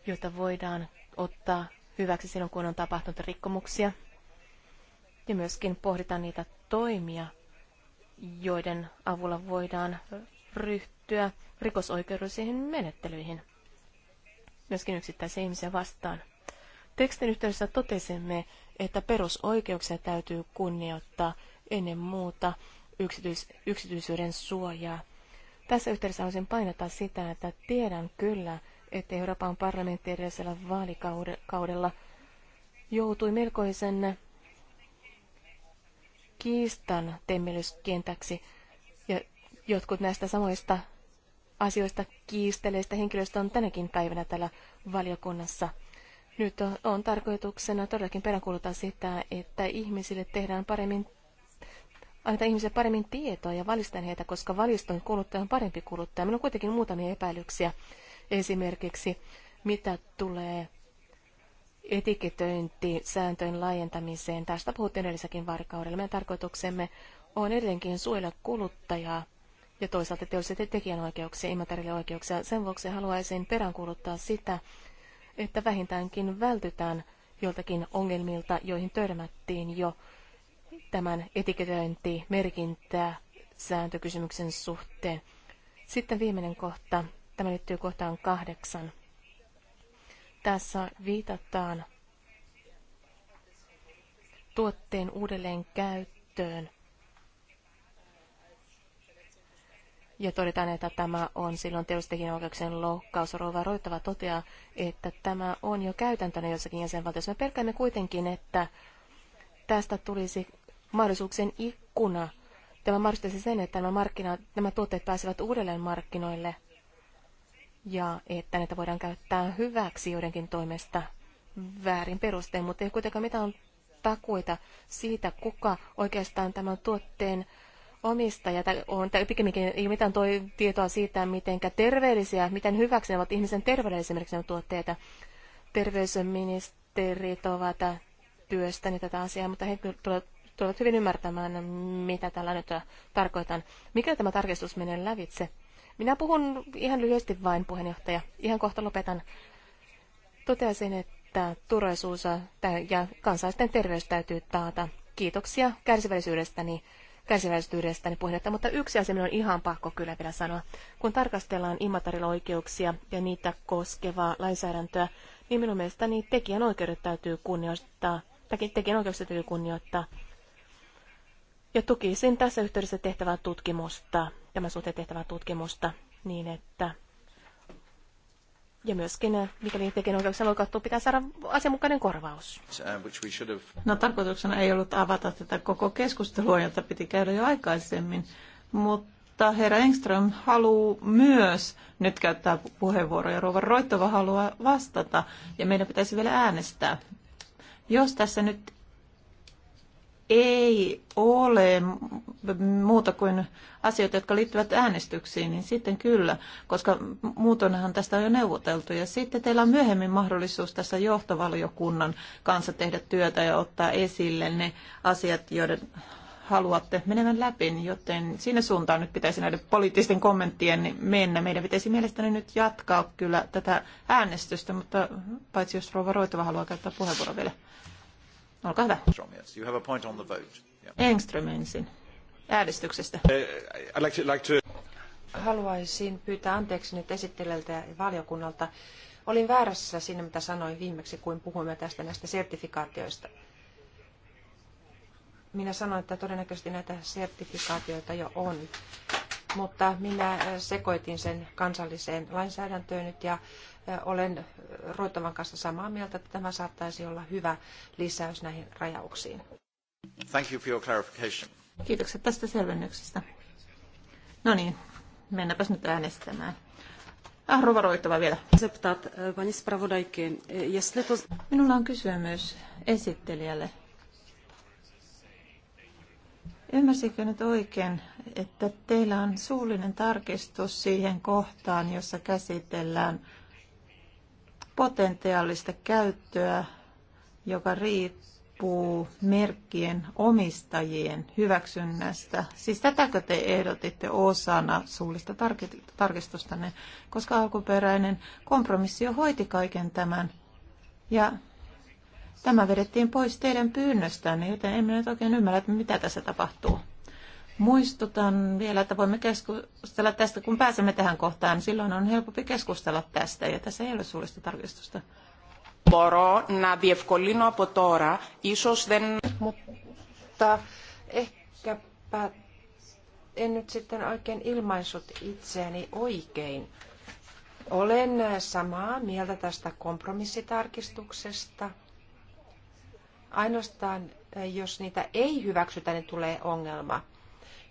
joita voidaan ottaa hyväksi silloin, kun on tapahtunut rikkomuksia. Ja myöskin pohditaan niitä toimia, joiden avulla voidaan ryhtyä rikosoikeudellisiin menettelyihin myöskin yksittäisiä ihmisiä vastaan. Tekstin yhteydessä totesimme, että perusoikeuksia täytyy kunnioittaa ennen muuta yksityis- yksityisyyden suojaa. Tässä yhteydessä haluaisin painottaa sitä, että tiedän kyllä, että Euroopan parlamentti edellisellä vaalikaudella joutui melkoisen kiistan temmelyskentäksi. Ja jotkut näistä samoista asioista kiisteleistä henkilöistä on tänäkin päivänä täällä valiokunnassa. Nyt on tarkoituksena todellakin peräänkuuluttaa sitä, että ihmisille tehdään paremmin annetaan ihmisille paremmin tietoa ja valistetaan heitä, koska valiston kuluttaja on parempi kuluttaja. Minulla on kuitenkin muutamia epäilyksiä esimerkiksi, mitä tulee etiketöintisääntöjen laajentamiseen. Tästä puhuttiin edellisäkin varkaudella. Meidän tarkoituksemme on edelleenkin suojella kuluttajaa ja toisaalta teolliset tekijänoikeuksia, immateriaalioikeuksia. Sen vuoksi haluaisin peräänkuuluttaa sitä, että vähintäänkin vältytään joltakin ongelmilta, joihin törmättiin jo tämän merkintää sääntökysymyksen suhteen. Sitten viimeinen kohta, tämä liittyy kohtaan kahdeksan. Tässä viitataan tuotteen uudelleen käyttöön – ja todetaan, että tämä on silloin teollistekin oikeuksien loukkaus. Rouva Roittava toteaa, että tämä on jo käytäntönä jossakin jäsenvaltiossa. Me pelkäämme kuitenkin, että tästä tulisi mahdollisuuksien ikkuna. Tämä mahdollistaisi sen, että nämä, markkina, nämä tuotteet pääsevät uudelleen markkinoille ja että näitä voidaan käyttää hyväksi joidenkin toimesta väärin perustein, mutta ei kuitenkaan mitään takuita siitä, kuka oikeastaan tämän tuotteen omistaja, on, tai pikemminkin ei ole mitään toi tietoa siitä, miten terveellisiä, miten hyväksi ne ovat ihmisen terveellisiä esimerkiksi ne tuotteita. Terveysministerit ovat työstäni tätä asiaa, mutta he tulevat, tulevat hyvin ymmärtämään, mitä tällä nyt tarkoitan. Mikä tämä tarkistus menee lävitse? Minä puhun ihan lyhyesti vain, puheenjohtaja. Ihan kohta lopetan. Toteaisin, että turvallisuus ja kansalaisten terveys täytyy taata. Kiitoksia kärsivällisyydestäni kärsivällisyydestänne puhetta, mutta yksi asia minun on ihan pakko kyllä vielä sanoa. Kun tarkastellaan immateriaalioikeuksia ja niitä koskevaa lainsäädäntöä, niin minun mielestäni tekijänoikeudet täytyy kunnioittaa, tai tekijänoikeuksia täytyy kunnioittaa. Ja tukisin tässä yhteydessä tehtävää tutkimusta, tämän suhteen tehtävää tutkimusta, niin että ja myöskin, eh, mikäli tekijänoikeuksia loukattuu, pitää saada asianmukainen korvaus. Uh, no tarkoituksena ei ollut avata tätä koko keskustelua, jota piti käydä jo aikaisemmin, mutta herra Engström haluaa myös nyt käyttää puheenvuoroja. Rouva Roittova haluaa vastata ja meidän pitäisi vielä äänestää. Jos tässä nyt ei ole muuta kuin asioita, jotka liittyvät äänestyksiin, niin sitten kyllä, koska muutoinhan tästä on jo neuvoteltu. Ja sitten teillä on myöhemmin mahdollisuus tässä johtovaliokunnan kanssa tehdä työtä ja ottaa esille ne asiat, joiden haluatte menevän läpi, joten sinne suuntaan nyt pitäisi näiden poliittisten kommenttien mennä. Meidän pitäisi mielestäni nyt jatkaa kyllä tätä äänestystä, mutta paitsi jos Rova Roitova haluaa käyttää puheenvuoron vielä. Olkaa hyvä. You have a point on the vote. Yeah. Engström ensin. Äänestyksestä. Uh, like to, like to... Haluaisin pyytää anteeksi nyt esittelijältä ja valiokunnalta. Olin väärässä siinä, mitä sanoin viimeksi, kun puhuimme tästä näistä sertifikaatioista. Minä sanoin, että todennäköisesti näitä sertifikaatioita jo on, mutta minä sekoitin sen kansalliseen lainsäädäntöön nyt ja olen Roittavan kanssa samaa mieltä, että tämä saattaisi olla hyvä lisäys näihin rajauksiin. Thank you for your clarification. Kiitokset tästä selvennyksestä. No niin, mennäpäs nyt äänestämään. Ah, rovaroittava vielä. E, e, Minulla on kysymys esittelijälle. Ymmärsikö nyt oikein, että teillä on suullinen tarkistus siihen kohtaan, jossa käsitellään potentiaalista käyttöä, joka riippuu merkkien omistajien hyväksynnästä. Siis tätäkö te ehdotitte osana suullista tarkistustanne, koska alkuperäinen kompromissi jo hoiti kaiken tämän. Ja tämä vedettiin pois teidän pyynnöstänne, joten emme nyt oikein ymmärrä, mitä tässä tapahtuu. Muistutan vielä, että voimme keskustella tästä, kun pääsemme tähän kohtaan. Silloin on helpompi keskustella tästä, ja tässä ei ole suullista tarkistusta. Poro, να διευκολύνω από τώρα, ίσως Mutta ehkäpä en nyt sitten oikein ilmaissut itseäni oikein. Olen samaa mieltä tästä kompromissitarkistuksesta. Ainoastaan jos niitä ei hyväksytä, niin tulee ongelma.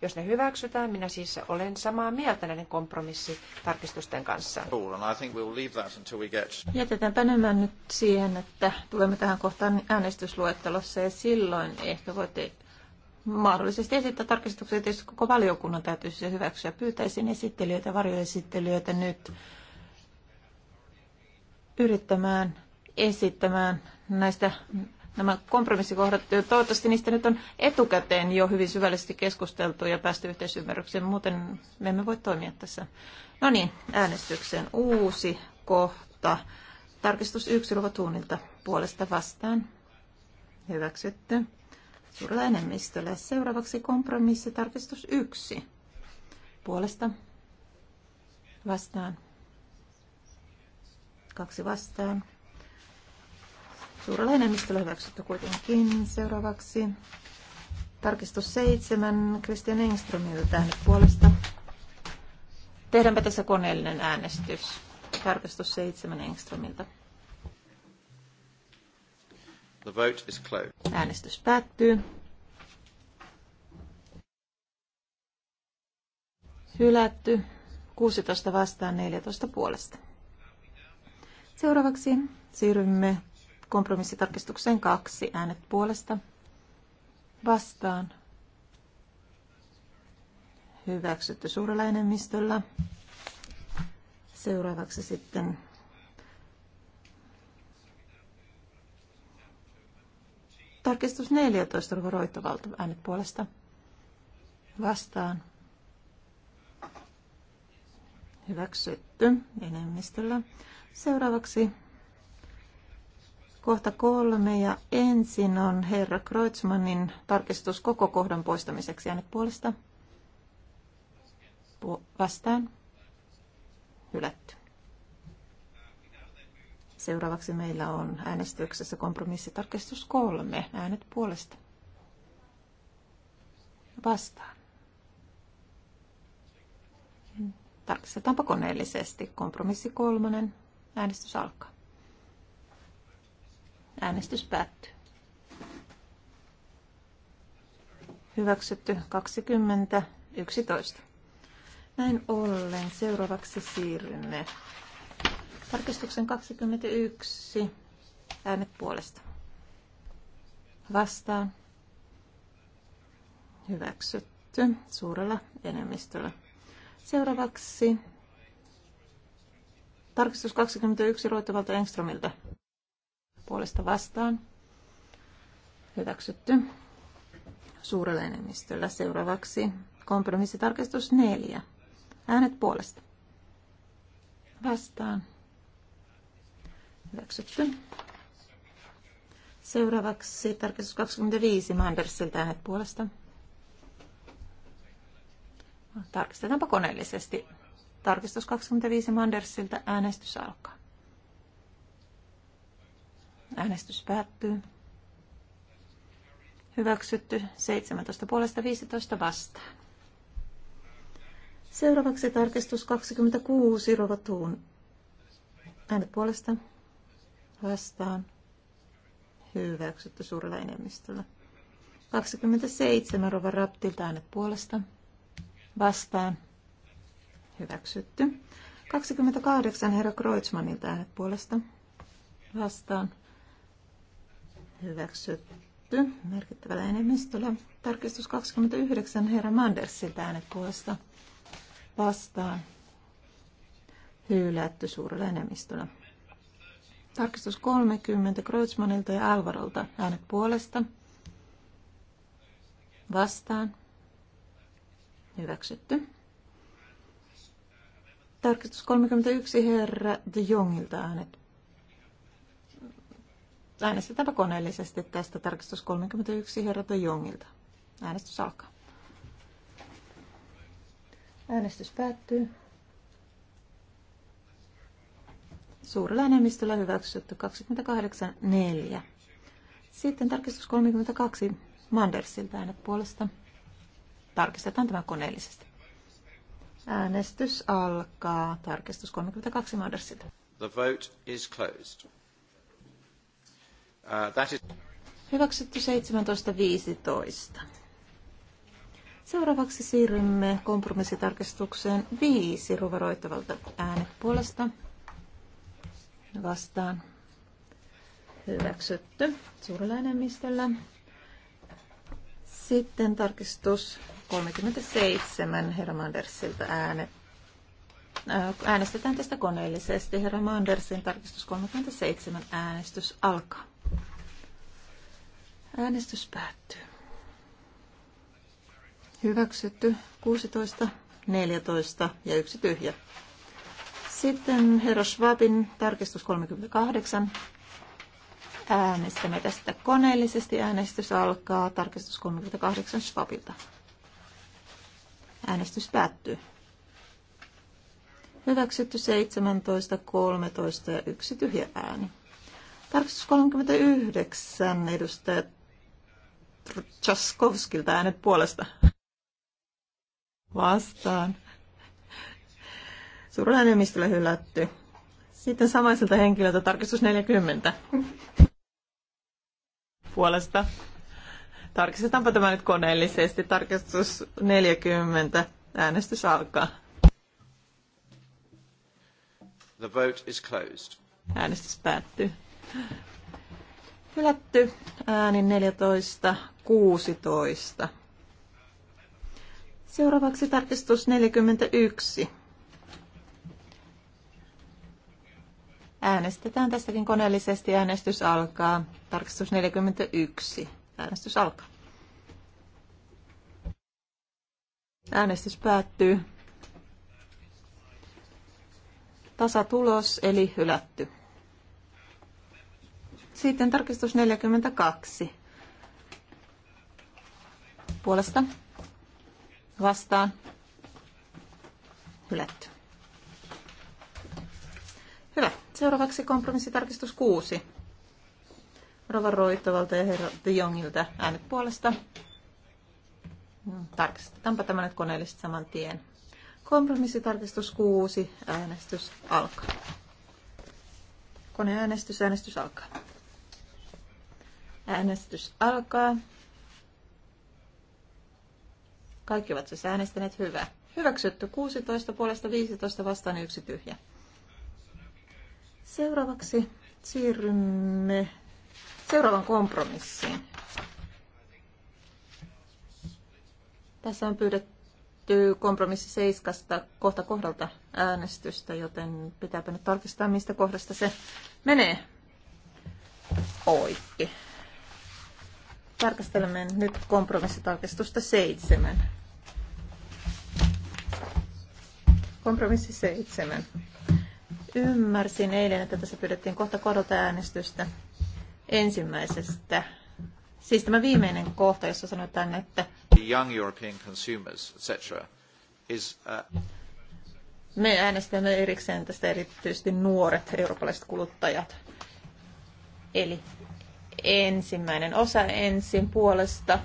Jos ne hyväksytään, minä siis olen samaa mieltä näiden kompromissitarkistusten kanssa. Jätetäänpä nämä nyt siihen, että tulemme tähän kohtaan äänestysluettelossa ja silloin ehkä voitte mahdollisesti esittää tarkistuksia. jos koko valiokunnan täytyisi se hyväksyä. Pyytäisin esittelijöitä, varjoesittelijöitä nyt yrittämään esittämään näistä nämä kompromissikohdat. Toivottavasti niistä nyt on etukäteen jo hyvin syvällisesti keskusteltu ja päästy yhteisymmärrykseen, muuten me emme voi toimia tässä. No niin, äänestykseen uusi kohta. Tarkistus yksi tuunnilta puolesta vastaan. Hyväksytty. Suurella enemmistöllä. Seuraavaksi kompromissi tarkistus yksi. Puolesta vastaan. Kaksi vastaan. Suurella enemmistöllä hyväksytty kuitenkin. Seuraavaksi tarkistus seitsemän Christian Engströmiltä äänet puolesta. Tehdäänpä tässä koneellinen äänestys. Tarkistus seitsemän Engströmiltä. The vote is closed. Äänestys päättyy. Hylätty. 16 vastaan 14 puolesta. Seuraavaksi siirrymme Kompromissitarkistuksen kaksi äänet puolesta vastaan. Hyväksytty suurella enemmistöllä. Seuraavaksi sitten tarkistus 14 Roittovalta, äänet puolesta vastaan. Hyväksytty enemmistöllä. Seuraavaksi Kohta kolme ja ensin on herra Kreutzmannin tarkistus koko kohdan poistamiseksi äänet puolesta. Pu- vastaan. Hylätty. Seuraavaksi meillä on äänestyksessä kompromissitarkistus kolme. Äänet puolesta. Vastaan. Tarkistetaanpa koneellisesti. Kompromissi kolmonen. Äänestys alkaa. Äänestys päättyy. Hyväksytty 20, 11. Näin ollen seuraavaksi siirrymme tarkistuksen 21. Äänet puolesta. Vastaan. Hyväksytty suurella enemmistöllä. Seuraavaksi tarkistus 21 Roittavalta Engströmiltä puolesta vastaan. Hyväksytty suurella enemmistöllä. Seuraavaksi kompromissitarkistus 4. Äänet puolesta. Vastaan. Hyväksytty. Seuraavaksi tarkistus 25 Mandersilta äänet puolesta. Tarkistetaanpa koneellisesti. Tarkistus 25 Mandersilta äänestys alkaa. Äänestys päättyy. Hyväksytty 17 puolesta 15 vastaan. Seuraavaksi tarkistus 26 Rovatuun. Äänet puolesta vastaan. Hyväksytty suurella enemmistöllä. 27 Rova Raptilta äänet puolesta vastaan. Hyväksytty. 28 herra Kreutzmannilta äänet puolesta vastaan hyväksytty merkittävällä enemmistöllä. Tarkistus 29 herra Mandersilta äänet puolesta vastaan hylätty suurella enemmistöllä. Tarkistus 30 Kreutzmannilta ja Alvarolta äänet puolesta vastaan hyväksytty. Tarkistus 31 herra De Jongilta äänet Äänestetäänpä koneellisesti tästä tarkistus 31 herrata Jongilta. Äänestys alkaa. Äänestys päättyy. Suurella enemmistöllä hyväksytty 28.4. Sitten tarkistus 32 Mandersilta äänet puolesta. Tarkistetaan tämä koneellisesti. Äänestys alkaa. Tarkistus 32 Mandersilta. The vote is closed. Uh, is... Hyväksytty 17.15. Seuraavaksi siirrymme kompromissitarkistukseen viisi ruvaroittavalta äänet puolesta vastaan. Hyväksytty suurella enemmistöllä. Sitten tarkistus 37 herra Mandersilta äänet. Äänestetään tästä koneellisesti. Herra Mandersin tarkistus 37 äänestys alkaa. Äänestys päättyy. Hyväksytty 16, 14 ja yksi tyhjä. Sitten herra Schwabin tarkistus 38. Äänestämme tästä koneellisesti. Äänestys alkaa. Tarkistus 38 Schwabilta. Äänestys päättyy. Hyväksytty 17, 13 ja yksi tyhjä ääni. Tarkistus 39 edustajat Trzaskowskilta äänet puolesta. Vastaan. Suurella hylätty. Sitten samaiselta henkilöltä tarkistus 40. Puolesta. Tarkistetaanpa tämä nyt koneellisesti. Tarkistus 40. Äänestys alkaa. The vote is closed. Äänestys päättyy. Hylätty ääni 14.16. Seuraavaksi tarkistus 41. Äänestetään tästäkin koneellisesti. Äänestys alkaa. Tarkistus 41. Äänestys alkaa. Äänestys päättyy. Tasatulos eli hylätty. Sitten tarkistus 42. Puolesta. Vastaan. Hylätty. Hyvä. Seuraavaksi kompromissitarkistus 6. Rova Roittavalta ja herra De Jongilta äänet puolesta. Tarkistetaanpa tämä nyt koneellisesti saman tien. Kompromissitarkistus 6. Äänestys alkaa. Koneäänestys, äänestys alkaa. Äänestys alkaa. Kaikki ovat siis äänestäneet. Hyvä. Hyväksytty 16 puolesta 15 vastaan yksi tyhjä. Seuraavaksi siirrymme seuraavan kompromissiin. Tässä on pyydetty kompromissi seiskasta kohta kohdalta äänestystä, joten pitääpä nyt tarkistaa, mistä kohdasta se menee Oikein. Tarkastelemme nyt kompromissitarkistusta seitsemän. Kompromissi seitsemän. Ymmärsin eilen, että tässä pyydettiin kohta kohdalta äänestystä ensimmäisestä. Siis tämä viimeinen kohta, jossa sanotaan, että young European consumers, etc. Is, uh... Me äänestämme erikseen tästä erityisesti nuoret eurooppalaiset kuluttajat. Eli ensimmäinen osa ensin puolesta.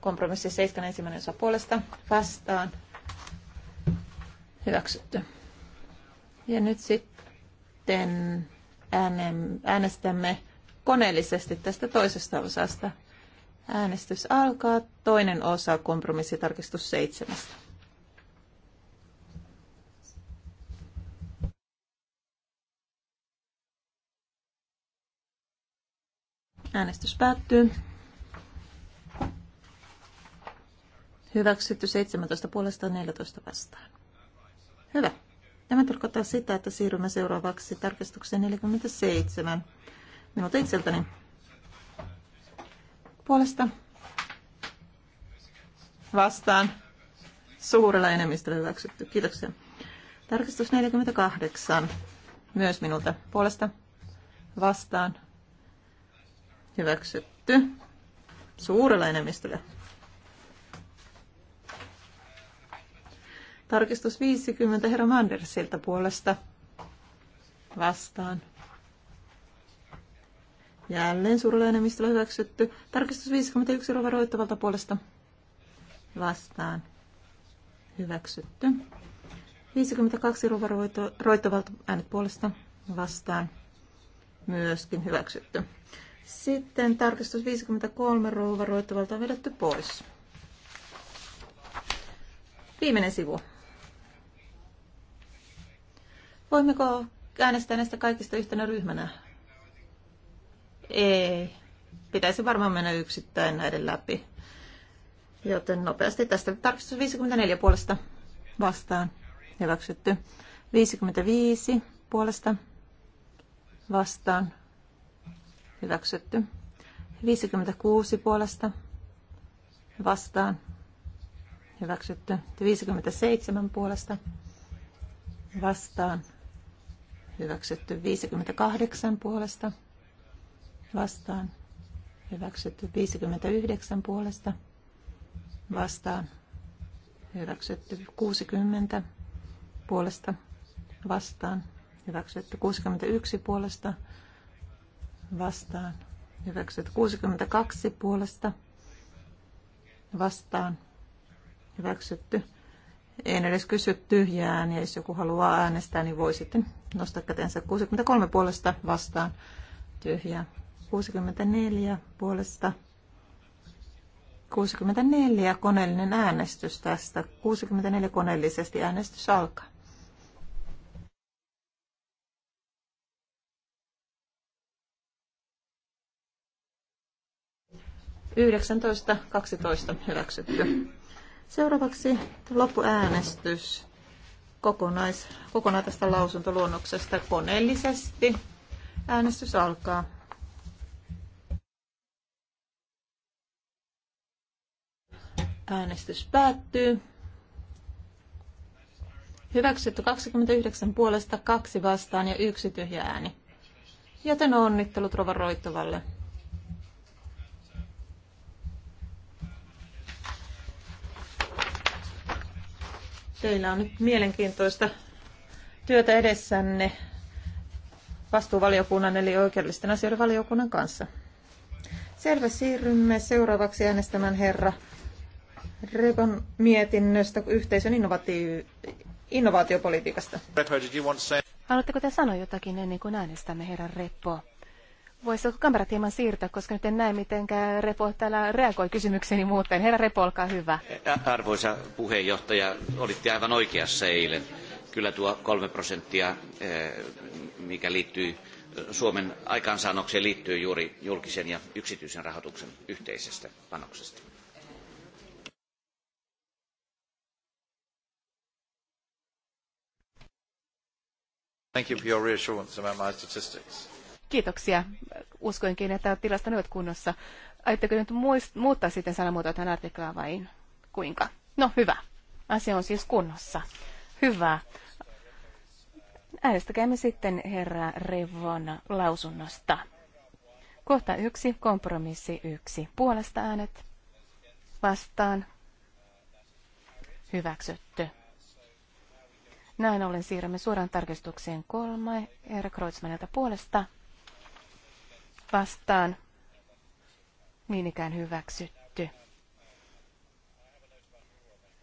Kompromissi 7 ensimmäinen osa puolesta vastaan. Hyväksytty. Ja nyt sitten äänestämme koneellisesti tästä toisesta osasta. Äänestys alkaa. Toinen osa kompromissitarkistus seitsemästä. Äänestys päättyy. Hyväksytty 17 puolesta 14 vastaan. Hyvä. Tämä tarkoittaa sitä, että siirrymme seuraavaksi tarkistukseen 47. Minulta itseltäni. Puolesta vastaan suurella enemmistöllä hyväksytty. Kiitoksia. Tarkistus 48. Myös minulta puolesta vastaan Hyväksytty. Suurella enemmistöllä. Tarkistus 50 herra Mandersilta puolesta vastaan. Jälleen suurella enemmistöllä hyväksytty. Tarkistus 51 rovaroittavalta puolesta vastaan. Hyväksytty. 52 rovaroittavalta äänet puolesta vastaan. Myöskin hyväksytty. Sitten tarkistus 53 rouva Roittovalta on vedetty pois. Viimeinen sivu. Voimmeko äänestää näistä kaikista yhtenä ryhmänä? Ei. Pitäisi varmaan mennä yksittäin näiden läpi. Joten nopeasti tästä tarkistus 54 puolesta vastaan. Hyväksytty. 55 puolesta vastaan Hyväksytty. 56 puolesta vastaan. Hyväksytty. 57 puolesta vastaan. Hyväksytty. 58 puolesta vastaan. Hyväksytty. 59 puolesta vastaan. Hyväksytty. 60 puolesta vastaan. Hyväksytty. 61 puolesta vastaan vastaan. Hyväksyt 62 puolesta vastaan. Hyväksytty. En edes kysy tyhjään ja jos joku haluaa äänestää, niin voi sitten nostaa kätensä 63 puolesta vastaan. Tyhjää. 64 puolesta 64 koneellinen äänestys tästä. 64 koneellisesti äänestys alkaa. 19.12 hyväksytty. Seuraavaksi loppuäänestys kokonais, kokonaan tästä lausuntoluonnoksesta koneellisesti. Äänestys alkaa. Äänestys päättyy. Hyväksytty 29 puolesta, kaksi vastaan ja yksi tyhjä ääni. Joten onnittelut Rova Roittovalle. Teillä on nyt mielenkiintoista työtä edessänne vastuuvaliokunnan eli oikeudellisten asioiden valiokunnan kanssa. Selvä, siirrymme seuraavaksi äänestämään herra Rekon mietinnöstä yhteisön innovatiiv- innovaatiopolitiikasta. Haluatteko te sanoa jotakin ennen kuin äänestämme herran Reppoa? Voisitko kamerat hieman siirtää, koska nyt en näe, miten Repo täällä reagoi kysymykseni muuten. Herra Repo, olkaa hyvä. Arvoisa puheenjohtaja, olitte aivan oikeassa eilen. Kyllä tuo kolme prosenttia, mikä liittyy Suomen aikaansaannokseen, liittyy juuri julkisen ja yksityisen rahoituksen yhteisestä panoksesta. Thank you for your reassurance about my statistics. Kiitoksia. Uskoinkin, että tilasta nyt kunnossa. Aitteko nyt muist- muuttaa sitten sanamuotoa tähän artiklaan vai kuinka? No hyvä. Asia on siis kunnossa. Hyvä. Äänestäkäämme sitten herra Revon lausunnosta. Kohta yksi, kompromissi yksi. Puolesta äänet vastaan. Hyväksytty. Näin ollen siirrämme suoraan tarkistukseen kolme. Herra Kreutzmanilta puolesta vastaan niin ikään hyväksytty.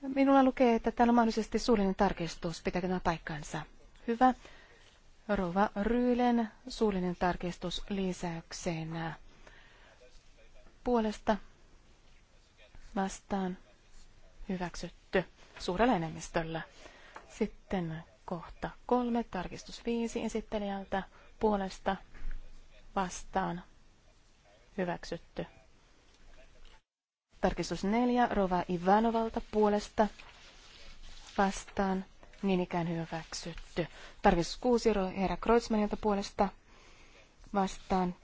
Minulla lukee, että täällä on mahdollisesti suullinen tarkistus. Pitääkö tämä paikkansa? Hyvä. Rova Ryylen suullinen tarkistus lisäykseen Puolesta vastaan hyväksytty suurella enemmistöllä. Sitten kohta kolme, tarkistus viisi esittelijältä puolesta vastaan hyväksytty. Tarkistus 4 Rova Ivanovalta puolesta vastaan niin ikään hyväksytty. Tarkistus 6 Herra Kreutzmannilta puolesta vastaan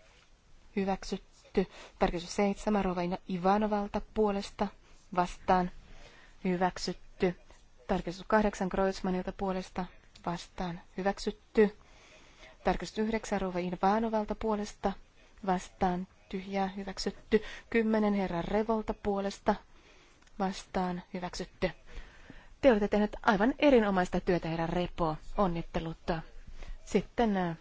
hyväksytty. Tarkistus 7 Rova Ivanovalta puolesta vastaan hyväksytty. Tarkistus 8 Kreutzmannilta puolesta vastaan hyväksytty. Tarkistus 9 Rova Invanovalta puolesta vastaan tyhjää hyväksytty. 10 Herran Revolta puolesta vastaan hyväksytty. Te olette tehneet aivan erinomaista työtä, herra Repo. Onnittelut. Sitten äh,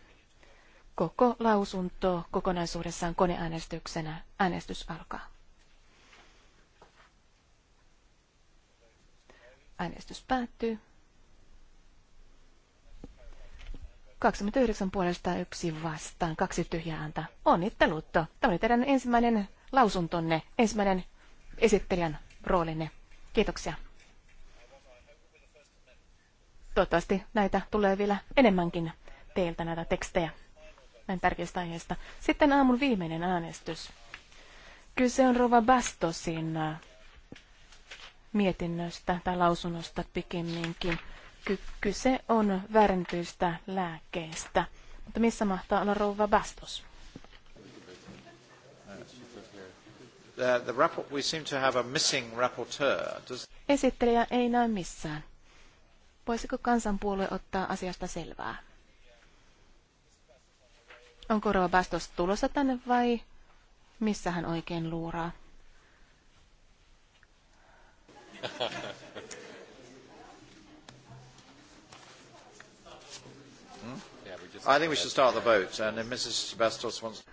koko lausunto kokonaisuudessaan koneäänestyksenä. Äänestys alkaa. Äänestys päättyy. 29 puolesta yksi vastaan, kaksi tyhjää ääntä. Onnittelut. Tämä oli teidän ensimmäinen lausuntonne, ensimmäinen esittelijän roolinne. Kiitoksia. Toivottavasti näitä tulee vielä enemmänkin teiltä näitä tekstejä näin tärkeistä aiheista. Sitten aamun viimeinen äänestys. Kyse on Rova Bastosin mietinnöstä tai lausunnosta pikemminkin kyse on väärentyistä lääkkeistä. Mutta missä mahtaa olla rouva Bastos? Esittelijä ei näy missään. Voisiko kansanpuolue ottaa asiasta selvää? Onko rouva Bastos tulossa tänne vai missä hän oikein luuraa? <laughs> I think we should start the vote, and if Mrs. Bastos wants...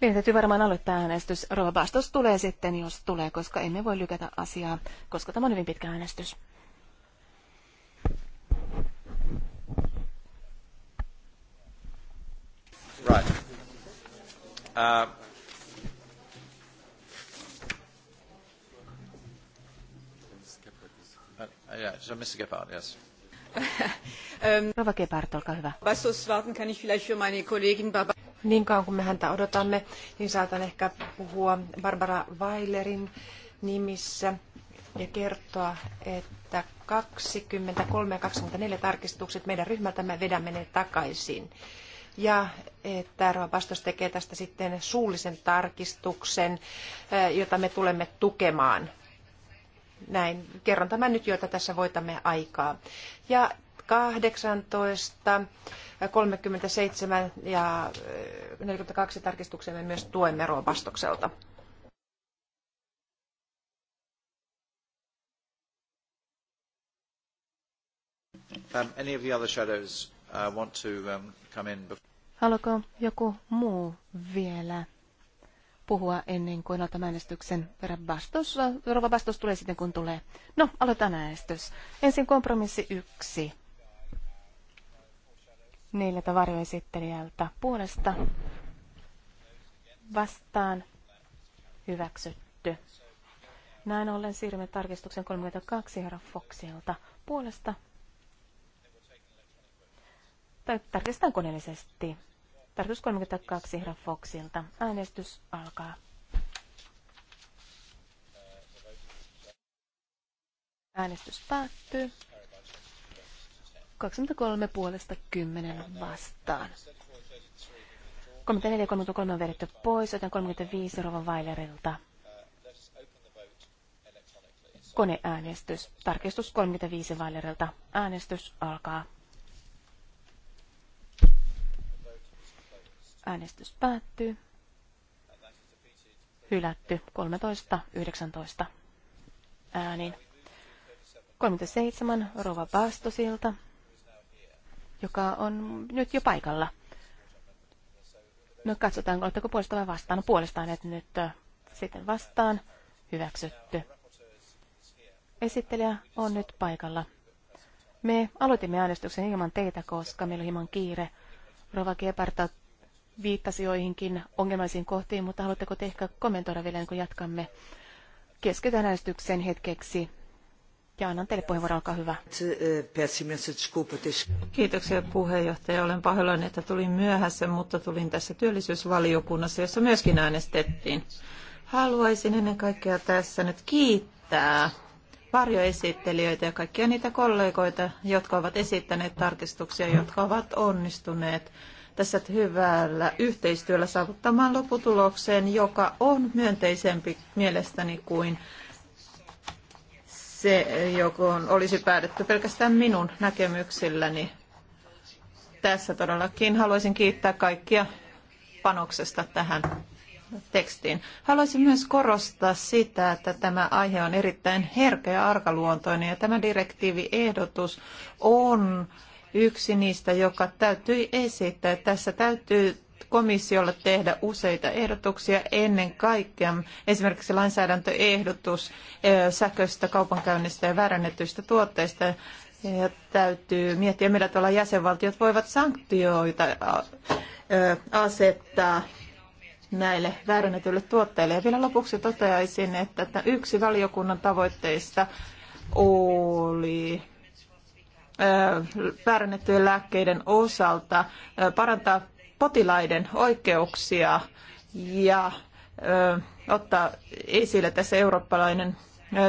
Meidän täytyy varmaan aloittaa äänestys. Rova Bastos tulee sitten, jos tulee, koska emme voi lykätä asiaa, koska tämä on hyvin pitkä äänestys. Right. Uh, uh, yeah, so Mr. Gephardt, yes. Ähm, Rova Gebhardt, olkaa hyvä. Niin kauan kuin me häntä odotamme, niin saatan ehkä puhua Barbara Weilerin nimissä ja kertoa, että kaksikymmentäkolme ja kaksikymmentäneljä tarkistukset meidän ryhmältämme vedämme ne takaisin. Ja että rouva Bastos tekee tästä sitten suullisen tarkistuksen, eh, jota me tulemme tukemaan näin. Kerron tämän nyt, joita tässä voitamme aikaa. Ja 18, 37 ja 42 eh, tarkistuksemme myös tuemme vastokselta. Um, any of the other shadows uh, want to um, come in before? Haluaako joku muu vielä puhua ennen kuin otamme äänestyksen verran vastus. tulee sitten, kun tulee. No, aloitetaan äänestys. Ensin kompromissi yksi. Neljältä varjoesittelijältä puolesta vastaan hyväksytty. Näin ollen siirrymme tarkistuksen 32 herra Foxilta puolesta. tarkistetaan koneellisesti. Tarkoitus 32 herra Foxilta. Äänestys alkaa. Äänestys päättyy. 23 puolesta 10 vastaan. 34 ja 33 on vedetty pois, joten 35 Rovan Weilerilta. Koneäänestys. Tarkistus 35 Weilerilta. Äänestys alkaa. Äänestys päättyy. Hylätty 13.19 äänin. 37 Rova Paastosilta, joka on nyt jo paikalla. No katsotaan, oletteko puolesta vai vastaan. No puolestaan, että nyt sitten vastaan hyväksytty. Esittelijä on nyt paikalla. Me aloitimme äänestyksen ilman teitä, koska meillä on hieman kiire. Rova Geparta viittasi joihinkin ongelmaisiin kohtiin, mutta haluatteko te ehkä kommentoida vielä, kun jatkamme? Keskitytään äänestykseen hetkeksi. Ja annan teille puheenvuoron, olkaa hyvä. Kiitoksia puheenjohtaja. Olen pahoillani, että tulin myöhässä, mutta tulin tässä työllisyysvaliokunnassa, jossa myöskin äänestettiin. Haluaisin ennen kaikkea tässä nyt kiittää varjoesittelijöitä ja kaikkia niitä kollegoita, jotka ovat esittäneet tarkistuksia, jotka ovat onnistuneet tässä hyvällä yhteistyöllä saavuttamaan loputulokseen, joka on myönteisempi mielestäni kuin se, joka olisi päädytty pelkästään minun näkemyksilläni. Tässä todellakin haluaisin kiittää kaikkia panoksesta tähän tekstiin. Haluaisin myös korostaa sitä, että tämä aihe on erittäin herkä ja arkaluontoinen ja tämä direktiiviehdotus on yksi niistä, joka täytyy esittää. Tässä täytyy komissiolle tehdä useita ehdotuksia ennen kaikkea. Esimerkiksi lainsäädäntöehdotus eh, sähköisestä kaupankäynnistä ja väärännetyistä tuotteista. Ja täytyy miettiä, millä tavalla jäsenvaltiot voivat sanktioita eh, asettaa näille väärännetyille tuotteille. Ja vielä lopuksi toteaisin, että yksi valiokunnan tavoitteista oli väärennettyjen lääkkeiden osalta parantaa potilaiden oikeuksia ja ottaa esille tässä eurooppalainen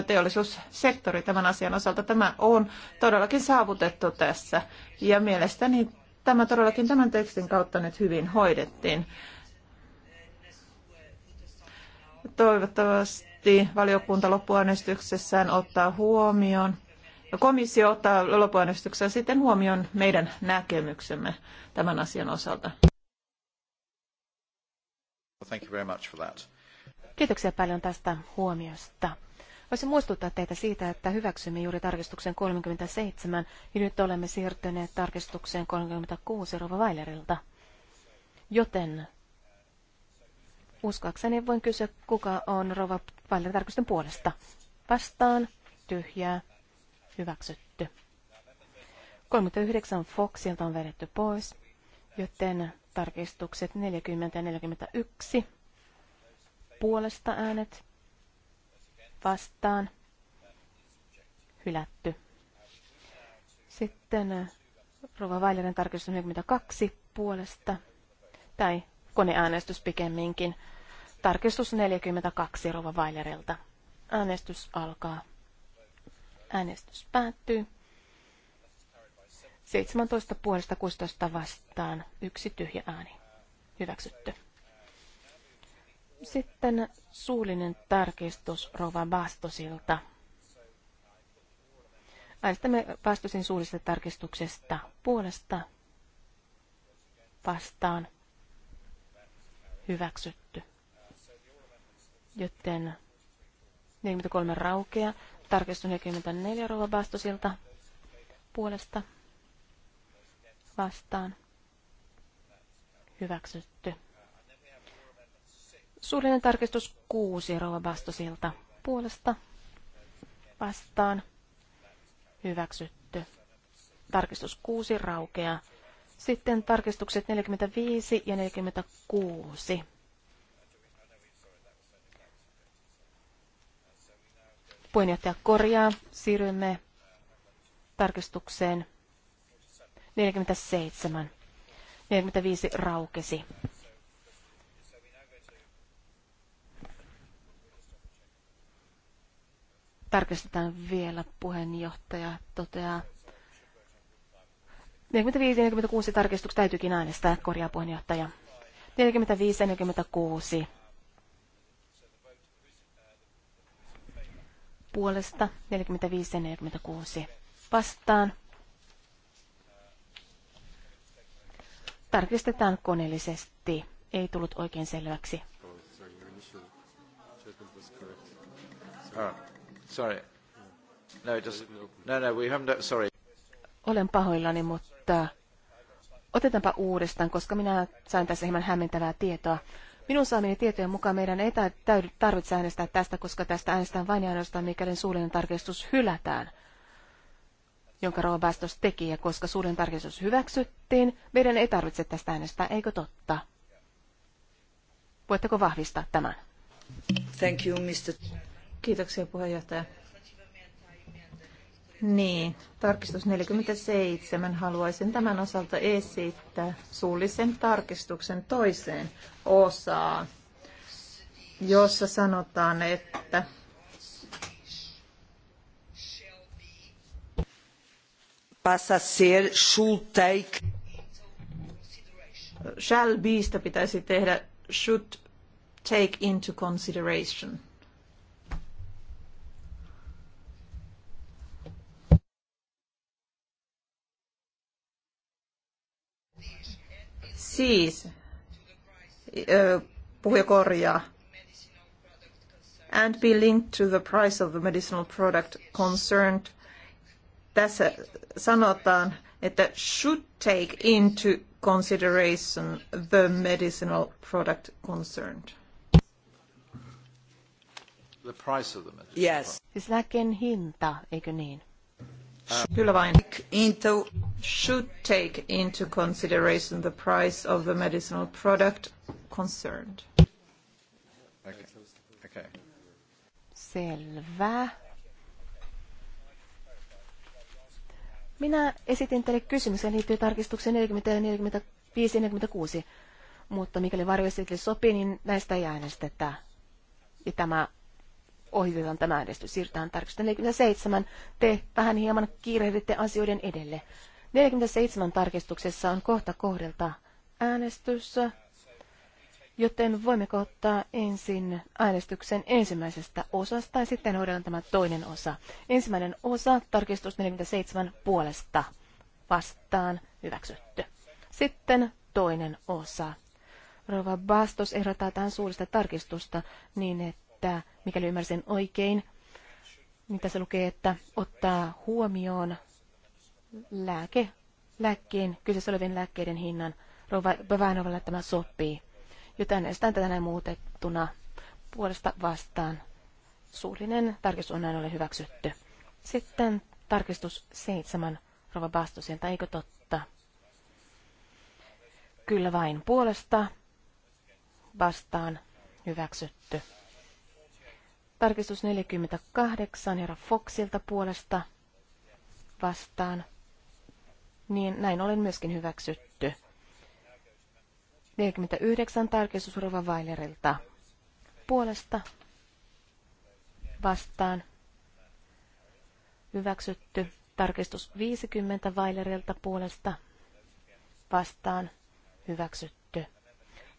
teollisuussektori tämän asian osalta. Tämä on todellakin saavutettu tässä ja mielestäni tämä todellakin tämän tekstin kautta nyt hyvin hoidettiin. Toivottavasti valiokunta loppuäänestyksessään ottaa huomioon komissio ottaa loppuäänestyksessä sitten huomioon meidän näkemyksemme tämän asian osalta. Thank you very much for that. Kiitoksia paljon tästä huomiosta. Voisin muistuttaa teitä siitä, että hyväksymme juuri tarkistuksen 37 ja nyt olemme siirtyneet tarkistukseen 36 Rova Weilerilta. Joten uskoakseni voin kysyä, kuka on Rova Weiler tarkistuksen puolesta. Vastaan, tyhjää, hyväksytty. 39 Foxilta on vedetty pois, joten tarkistukset 40 ja 41 puolesta äänet vastaan hylätty. Sitten äh, Rova Vailinen tarkistus 42 puolesta, tai koneäänestys pikemminkin. Tarkistus 42 Rova Vailerilta. Äänestys alkaa. Äänestys päättyy. 17 puolesta 16 vastaan. Yksi tyhjä ääni. Hyväksytty. Sitten suullinen tarkistus Rova Bastosilta. Äänestämme Bastosin suullisesta tarkistuksesta puolesta vastaan hyväksytty. Joten 43 raukea. Tarkistus 44 rouva Bastosilta puolesta vastaan. Hyväksytty. Suullinen tarkistus 6 rouva Bastosilta puolesta vastaan. Hyväksytty. Tarkistus 6 raukeaa. Sitten tarkistukset 45 ja 46 Puheenjohtaja korjaa. Siirrymme tarkistukseen 47. 45 raukesi. Tarkistetaan vielä puheenjohtaja toteaa. 45-46 tarkistukset täytyykin äänestää, korjaa puheenjohtaja. 45-46 puolesta 45 ja 46 vastaan. Tarkistetaan koneellisesti. Ei tullut oikein selväksi. Ah, no, no, no, Olen pahoillani, mutta otetaanpa uudestaan, koska minä sain tässä hieman hämmentävää tietoa. Minun saamieni tietojen mukaan meidän ei tarvitse äänestää tästä, koska tästä äänestetään vain ja ainoastaan, mikäli suullinen tarkistus hylätään jonka Rova Bastos teki, ja koska suullinen tarkistus hyväksyttiin, meidän ei tarvitse tästä äänestää, eikö totta? Voitteko vahvistaa tämän? Thank you, Mr. Kiitoksia puheenjohtaja. Niin, tarkistus 47. Haluaisin tämän osalta esittää suullisen tarkistuksen toiseen osaan, jossa sanotaan, että passa ser should take. Shall beista pitäisi tehdä should take into consideration. Siis, puhuja korjaa, and be linked to the price of the medicinal product concerned. Tässä sanotaan, että should take into consideration the medicinal product concerned. The price of the medicinal yes. Siis lääkkeen hinta, eikö niin? Uh, Kyllä vain. Into, should take into consideration the price of the medicinal product concerned. Okay. Okay. Selvä. Minä esitin teille kysymyksen liittyy tarkistukseen 40 ja 45 ja 46, mutta mikäli varjoesitys sopii, niin näistä ei äänestetä. tämä ohitetaan tämä äänestys, siirrytään tarkistukseen 47. Te vähän hieman kiirehditte asioiden edelle. 47 tarkistuksessa on kohta kohdelta äänestys, joten voimme ottaa ensin äänestyksen ensimmäisestä osasta ja sitten hoidetaan tämä toinen osa. Ensimmäinen osa, tarkistus 47 puolesta vastaan hyväksytty. Sitten toinen osa. Rova Bastos ehdottaa tähän suurista tarkistusta niin, että että, mikäli ymmärsin oikein, niin tässä lukee, että ottaa huomioon lääke, lääkkeen, kyseessä olevien lääkkeiden hinnan. Bavanovalle tämä sopii. Joten estän tätä näin muutettuna puolesta vastaan. Suullinen tarkistus on näin ole hyväksytty. Sitten tarkistus seitsemän Rova Bastosilta, eikö totta? Kyllä vain puolesta vastaan hyväksytty. Tarkistus 48 herra Foxilta puolesta vastaan. Niin näin olen myöskin hyväksytty. 49 tarkistus Rova Weilerilta puolesta vastaan. Hyväksytty. Tarkistus 50 Weilerilta puolesta vastaan. Hyväksytty.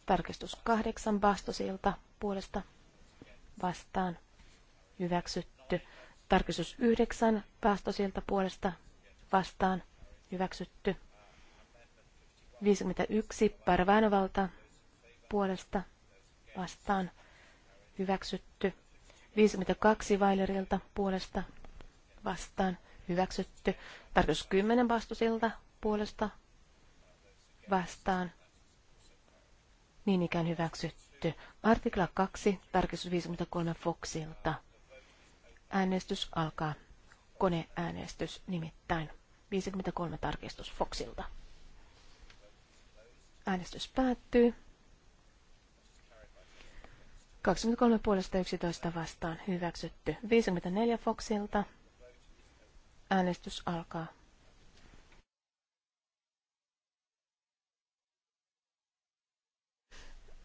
Tarkistus 8 Bastosilta puolesta vastaan hyväksytty. Tarkistus yhdeksän vastasilta puolesta vastaan hyväksytty. 51 Parvainovalta puolesta vastaan hyväksytty. 52 Vailerilta puolesta vastaan hyväksytty. Tarkistus 10 vastusilta puolesta vastaan niin ikään hyväksytty. Artikla 2, tarkistus 53 Foxilta Äänestys alkaa. Koneäänestys nimittäin. 53 tarkistus Foxilta. Äänestys päättyy. 23 puolesta 11 vastaan hyväksytty. 54 Foxilta. Äänestys alkaa.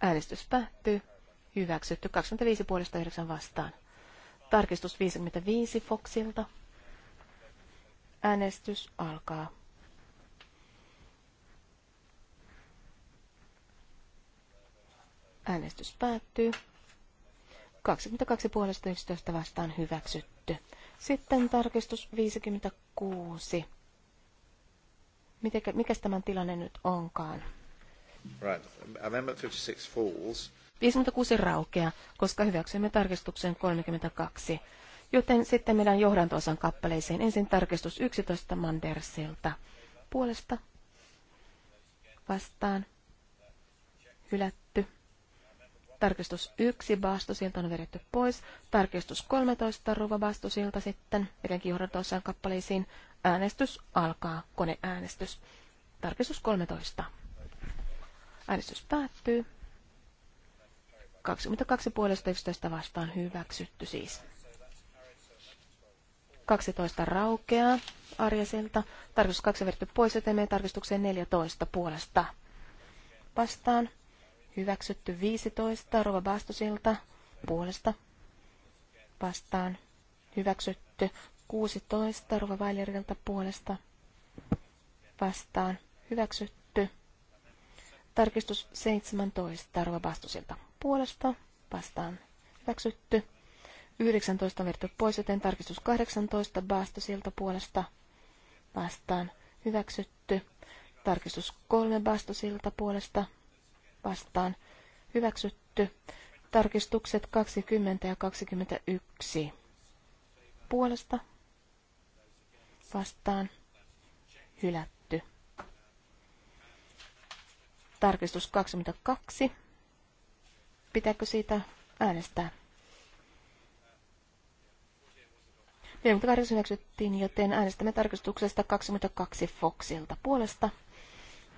Äänestys päättyy. Hyväksytty 25 puolesta 9 vastaan. Tarkistus 55 Foxilta. Äänestys alkaa. Äänestys päättyy. 22 puolesta 11 vastaan hyväksytty. Sitten tarkistus 56. Miten, mikäs tämän tilanne nyt onkaan? Right. Amendment 56 falls. 56 raukea, koska hyväksymme tarkistuksen 32. Joten sitten meidän johdantoosan kappaleeseen ensin tarkistus 11 Mandersilta. Puolesta vastaan hylätty. Tarkistus 1 Baastosilta on vedetty pois. Tarkistus 13 Ruva Baastosilta sitten edelleenkin johdantoosan kappaleisiin. Äänestys alkaa, koneäänestys. Tarkistus 13. Äänestys päättyy. 22 puolesta 11 vastaan hyväksytty siis. 12 raukeaa Arjaselta. Tarkistus 2 vertty pois, joten menee tarkistukseen 14 puolesta. Vastaan hyväksytty 15 Rova Bastosilta puolesta. Vastaan hyväksytty 16 Rova Vailerilta puolesta. Vastaan hyväksytty Tarkistus 17 Rova Bastosilta puolesta vastaan hyväksytty. 19 on vedetty pois, joten tarkistus 18 Baasto siltä puolesta vastaan hyväksytty. Tarkistus 3 Baasto siltä puolesta vastaan hyväksytty. Tarkistukset 20 ja 21 puolesta vastaan hylätty. Tarkistus 22 Pitääkö siitä äänestää? 48 hyväksyttiin, joten äänestämme tarkistuksesta 22 Foxilta puolesta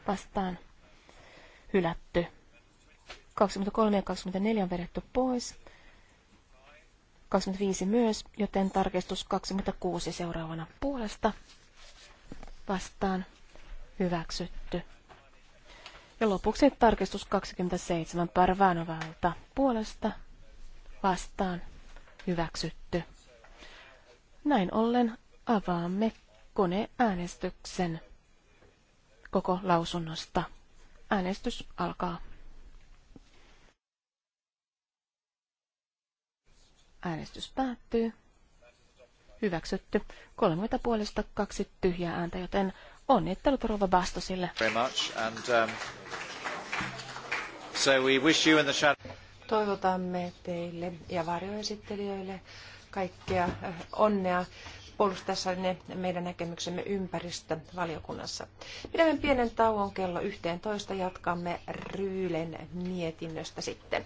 vastaan hylätty. 23 ja 24 on vedetty pois. 25 myös, joten tarkistus 26 seuraavana puolesta vastaan hyväksytty. Ja lopuksi tarkistus 27 Parvanovalta puolesta vastaan hyväksytty. Näin ollen avaamme koneäänestyksen koko lausunnosta. Äänestys alkaa. Äänestys päättyy. Hyväksytty. 30 puolesta kaksi tyhjää ääntä, joten Onnittelut Rova Bastosille. Toivotamme teille ja varjoesittelijöille kaikkea äh, onnea puolustaessanne meidän näkemyksemme valiokunnassa. Pidämme pienen tauon kello 11. Jatkamme Ryylen mietinnöstä sitten.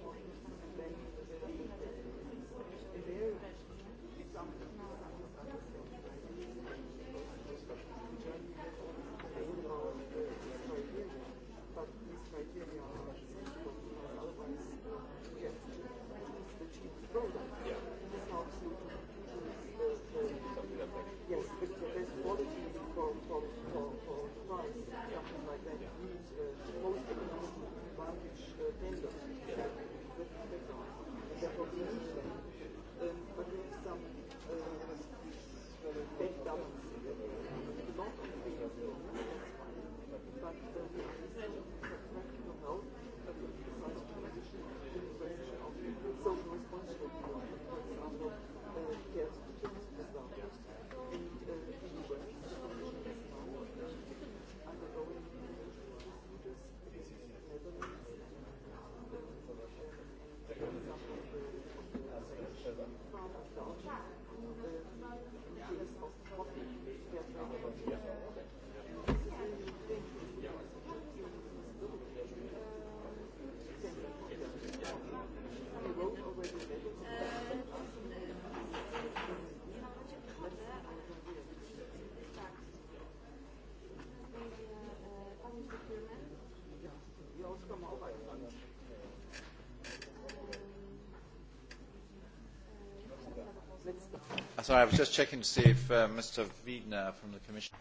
Sorry, I was just checking to see if uh, Mr. Wiedner from the Commission...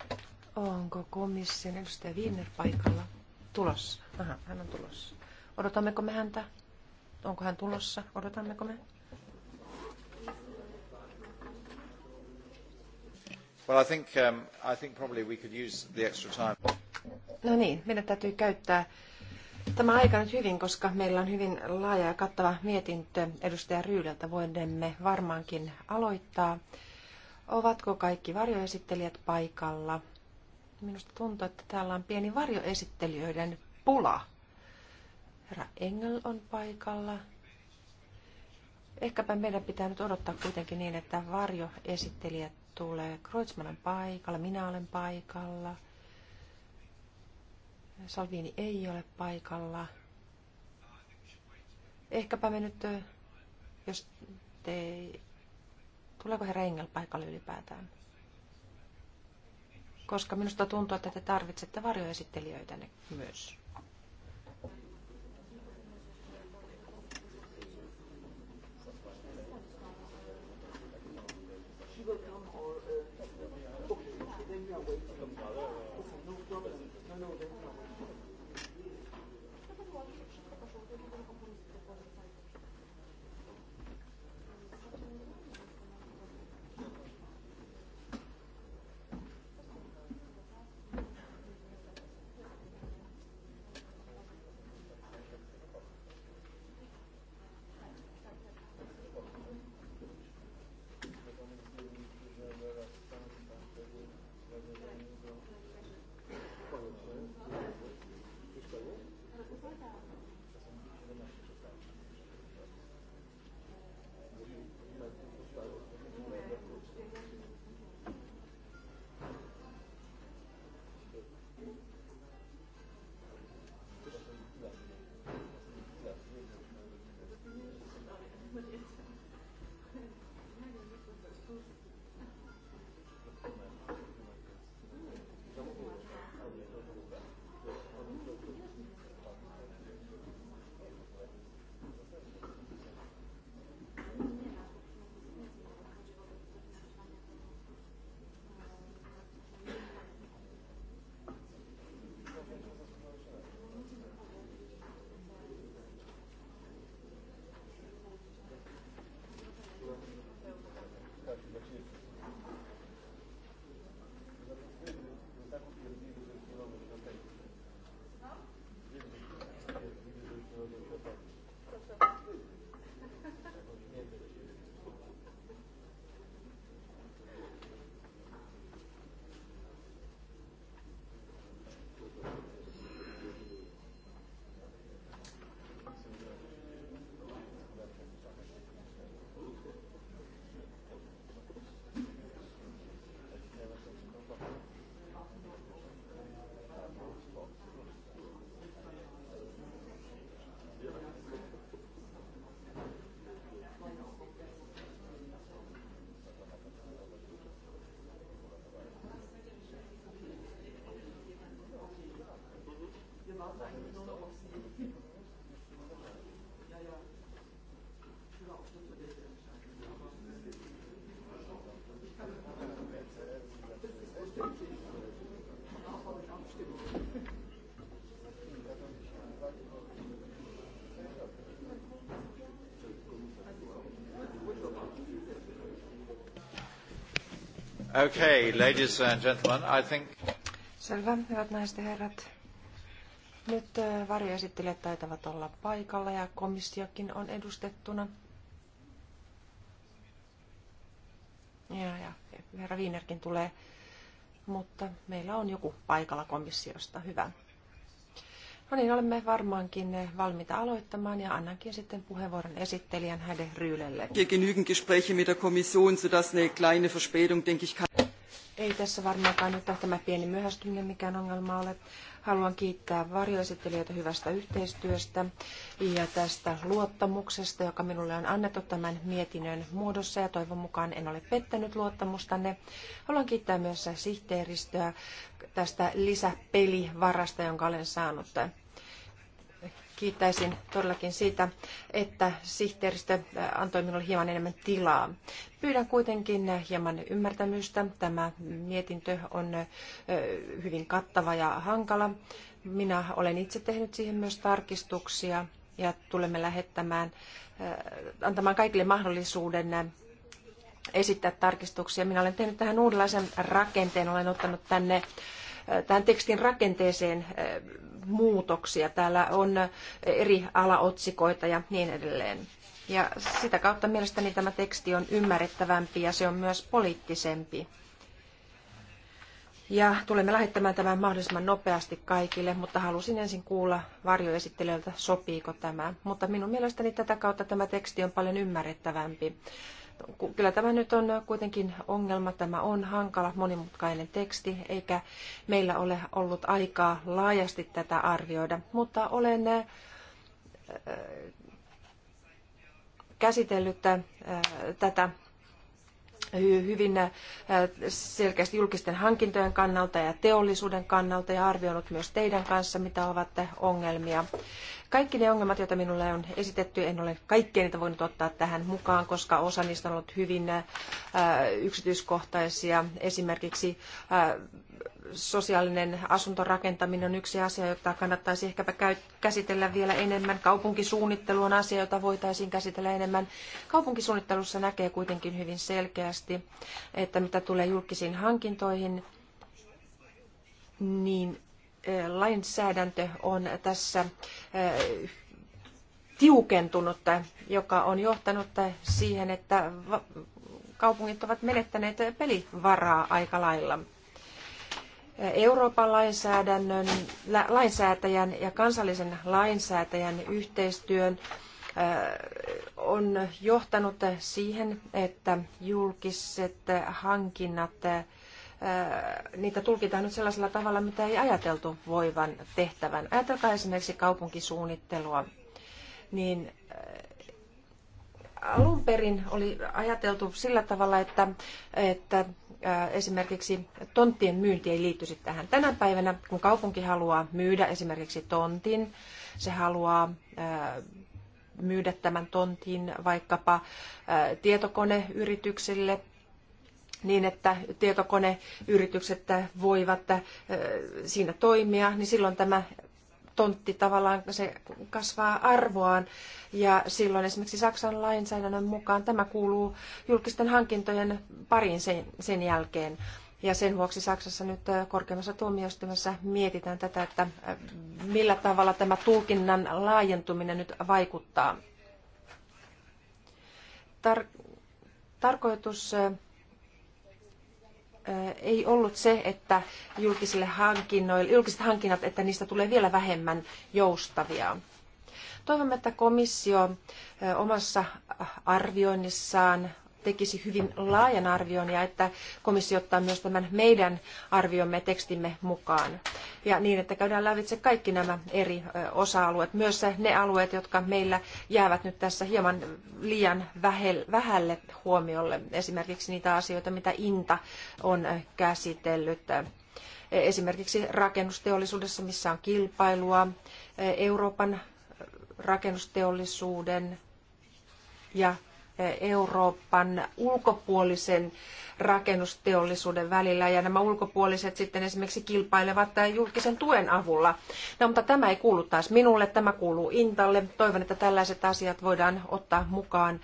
Onko komission edustaja Wiedner paikalla? Tulossa. Aha, hän on tulossa. Odotammeko me häntä? Onko hän tulossa? Odotammeko me? Well, I think, um, I think probably we could use the extra time. No niin, meidän täytyy käyttää Tämä aika nyt hyvin, koska meillä on hyvin laaja ja kattava mietintö edustaja Ryylältä. Voimme varmaankin aloittaa. Ovatko kaikki varjoesittelijät paikalla? Minusta tuntuu, että täällä on pieni varjoesittelijöiden pula. Herra Engel on paikalla. Ehkäpä meidän pitää nyt odottaa kuitenkin niin, että varjoesittelijät tulee. Kreutzmann on paikalla, minä olen paikalla – Salvini ei ole paikalla. Ehkäpä me nyt, jos te... Tuleeko herra Engel paikalle ylipäätään? Koska minusta tuntuu, että te tarvitsette varjoesittelijöitä myös. Okay, ladies and gentlemen, I think... Selvä, hyvät naiset ja herrat. Nyt äh, varjoesittelijät taitavat olla paikalla ja komissiokin on edustettuna. Ja, ja herra Wienerkin tulee, mutta meillä on joku paikalla komissiosta. Hyvä. No niin, olemme varmaankin valmiita aloittamaan ja annankin sitten puheenvuoron esittelijän Häde Ryylelle. Wir genügen Gespräche mit der Kommission, sodass eine kleine Verspätung, denke ich, kann... Ei tässä varmaankaan nyt tämä pieni myöhästyminen mikään ongelma ole. Haluan kiittää varjoesittelijöitä hyvästä yhteistyöstä ja tästä luottamuksesta, joka minulle on annettu tämän mietinnön muodossa ja toivon mukaan en ole pettänyt luottamustanne. Haluan kiittää myös sihteeristöä tästä lisäpelivarasta, jonka olen saanut kiittäisin todellakin siitä, että sihteeristö antoi minulle hieman enemmän tilaa. Pyydän kuitenkin hieman ymmärtämystä. Tämä mietintö on hyvin kattava ja hankala. Minä olen itse tehnyt siihen myös tarkistuksia ja tulemme lähettämään, antamaan kaikille mahdollisuuden esittää tarkistuksia. Minä olen tehnyt tähän uudenlaisen rakenteen, olen ottanut tänne tähän tekstin rakenteeseen muutoksia. Täällä on eri alaotsikoita ja niin edelleen. Ja sitä kautta mielestäni tämä teksti on ymmärrettävämpi ja se on myös poliittisempi. Ja tulemme lähettämään tämän mahdollisimman nopeasti kaikille, mutta halusin ensin kuulla varjoesittelijöiltä, sopiiko tämä. Mutta minun mielestäni tätä kautta tämä teksti on paljon ymmärrettävämpi kyllä tämä nyt on kuitenkin ongelma. Tämä on hankala, monimutkainen teksti, eikä meillä ole ollut aikaa laajasti tätä arvioida. Mutta olen eh, käsitellyt eh, tätä hyvin äh, selkeästi julkisten hankintojen kannalta ja teollisuuden kannalta ja arvioinut myös teidän kanssa, mitä ovat ongelmia. Kaikki ne ongelmat, joita minulle on esitetty, en ole kaikkia niitä voinut ottaa tähän mukaan, koska osa niistä on ollut hyvin äh, yksityiskohtaisia. Esimerkiksi äh, sosiaalinen asuntorakentaminen on yksi asia, jota kannattaisi ehkäpä käsitellä vielä enemmän. Kaupunkisuunnittelu on asia, jota voitaisiin käsitellä enemmän. Kaupunkisuunnittelussa näkee kuitenkin hyvin selkeästi, että mitä tulee julkisiin hankintoihin, niin lainsäädäntö on tässä tiukentunut, joka on johtanut siihen, että kaupungit ovat menettäneet pelivaraa aika lailla. Euroopan lainsäädännön, lainsäätäjän ja kansallisen lainsäätäjän yhteistyön äh, on johtanut siihen, että julkiset hankinnat, äh, niitä tulkitaan nyt sellaisella tavalla, mitä ei ajateltu voivan tehtävän. Ajatelkaa esimerkiksi kaupunkisuunnittelua, niin äh, alun perin oli ajateltu sillä tavalla, että, että Äh, esimerkiksi tonttien myynti ei liittyisi tähän. Tänä päivänä, kun kaupunki haluaa myydä esimerkiksi tontin, se haluaa äh, myydä tämän tontin vaikkapa äh, tietokoneyrityksille niin, että tietokoneyritykset voivat siinä toimia, niin silloin tämä tontti tavallaan se kasvaa arvoaan. Ja silloin esimerkiksi Saksan lainsäädännön mukaan tämä kuuluu julkisten hankintojen pariin sen, sen jälkeen. Ja sen vuoksi Saksassa nyt korkeimmassa tuomioistuimessa mietitään tätä, että millä tavalla tämä tulkinnan laajentuminen nyt vaikuttaa. Tar- tarkoitus ei ollut se, että julkisille hankinnoille, julkiset hankinnat, että niistä tulee vielä vähemmän joustavia. Toivomme, että komissio omassa arvioinnissaan tekisi hyvin laajan arvion ja että komissio ottaa myös tämän meidän arviomme tekstimme mukaan. Ja niin, että käydään lävitse kaikki nämä eri osa-alueet, myös ne alueet, jotka meillä jäävät nyt tässä hieman liian vähälle huomiolle, esimerkiksi niitä asioita, mitä Inta on käsitellyt esimerkiksi rakennusteollisuudessa, missä on kilpailua, Euroopan rakennusteollisuuden ja Euroopan ulkopuolisen rakennusteollisuuden välillä ja nämä ulkopuoliset sitten esimerkiksi kilpailevat julkisen tuen avulla. No, mutta tämä ei kuulu taas minulle, tämä kuuluu Intalle. Toivon, että tällaiset asiat voidaan ottaa mukaan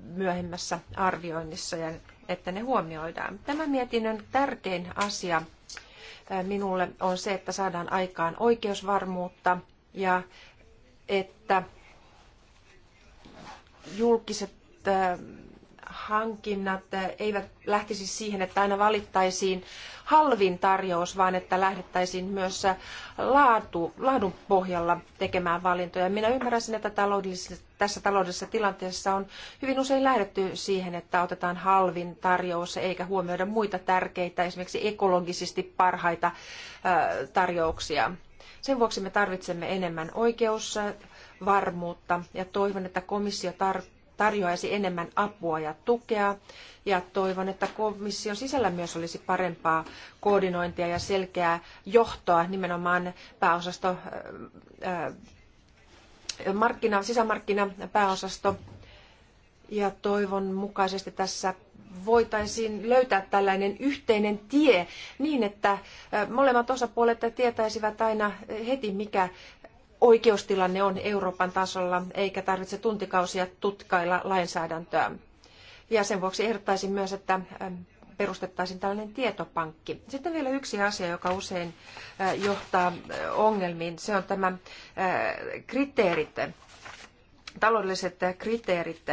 myöhemmässä arvioinnissa ja että ne huomioidaan. Tämän mietinnön tärkein asia minulle on se, että saadaan aikaan oikeusvarmuutta ja että julkiset äh, hankinnat äh, eivät lähtisi siihen, että aina valittaisiin halvin tarjous, vaan että lähdettäisiin myös äh, laatu, laadun pohjalla tekemään valintoja. Minä ymmärräsin, että taloudellisessa, tässä taloudellisessa tilanteessa on hyvin usein lähdetty siihen, että otetaan halvin tarjous eikä huomioida muita tärkeitä, esimerkiksi ekologisesti parhaita tarjouksia. Sen vuoksi me tarvitsemme enemmän oikeus varmuutta ja toivon, että komissio tarjoaisi enemmän apua ja tukea ja toivon, että komission sisällä myös olisi parempaa koordinointia ja selkeää johtoa nimenomaan pääosasto, ää, äh, äh, markkina, sisämarkkina pääosasto ja toivon mukaisesti tässä voitaisiin löytää tällainen yhteinen tie niin, että äh, molemmat osapuolet tietäisivät aina heti, mikä oikeustilanne on Euroopan tasolla, eikä tarvitse tuntikausia tutkailla lainsäädäntöä. Ja sen vuoksi ehdottaisin myös, että ähm, perustettaisiin tällainen tietopankki. Sitten vielä yksi asia, joka usein äh, johtaa äh, ongelmiin, se on tämä äh, kriteerit, taloudelliset kriteerit.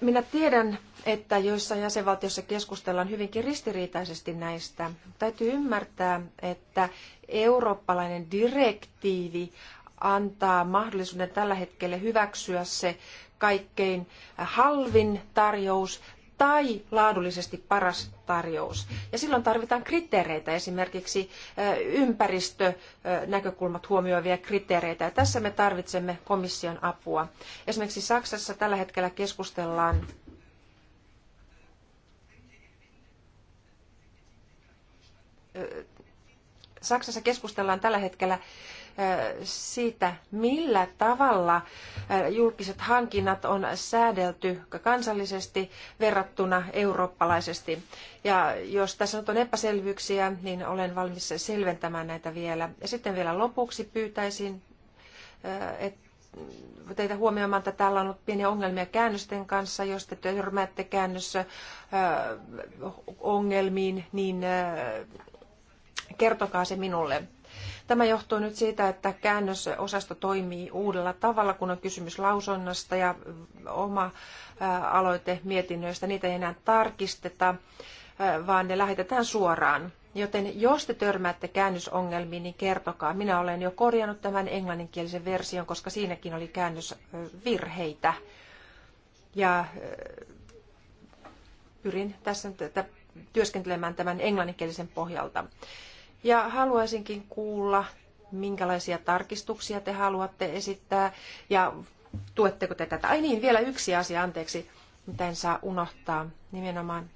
Minä tiedän että joissain jäsenvaltioissa keskustellaan hyvinkin ristiriitaisesti näistä. Täytyy ymmärtää, että eurooppalainen direktiivi antaa mahdollisuuden tällä hetkellä hyväksyä se kaikkein halvin tarjous tai laadullisesti paras tarjous. Ja silloin tarvitaan kriteereitä, esimerkiksi ympäristönäkökulmat huomioivia kriteereitä. Ja tässä me tarvitsemme komission apua. Esimerkiksi Saksassa tällä hetkellä keskustellaan Saksassa keskustellaan tällä hetkellä siitä, millä tavalla julkiset hankinnat on säädelty kansallisesti verrattuna eurooppalaisesti. Ja jos tässä nyt on epäselvyyksiä, niin olen valmis selventämään näitä vielä. Ja sitten vielä lopuksi pyytäisin että teitä huomioimaan, että täällä on ollut pieniä ongelmia käännösten kanssa. Jos te törmäätte käännössä ongelmiin, niin Kertokaa se minulle. Tämä johtuu nyt siitä, että käännösosasto toimii uudella tavalla, kun on kysymys lausunnasta ja oma aloite mietinnöistä. Niitä ei enää tarkisteta, vaan ne lähetetään suoraan. Joten jos te törmäätte käännösongelmiin, niin kertokaa. Minä olen jo korjannut tämän englanninkielisen version, koska siinäkin oli käännösvirheitä. Ja pyrin tässä työskentelemään tämän englanninkielisen pohjalta. Ja haluaisinkin kuulla, minkälaisia tarkistuksia te haluatte esittää ja tuetteko te tätä. Ai niin, vielä yksi asia, anteeksi, mitä en saa unohtaa, nimenomaan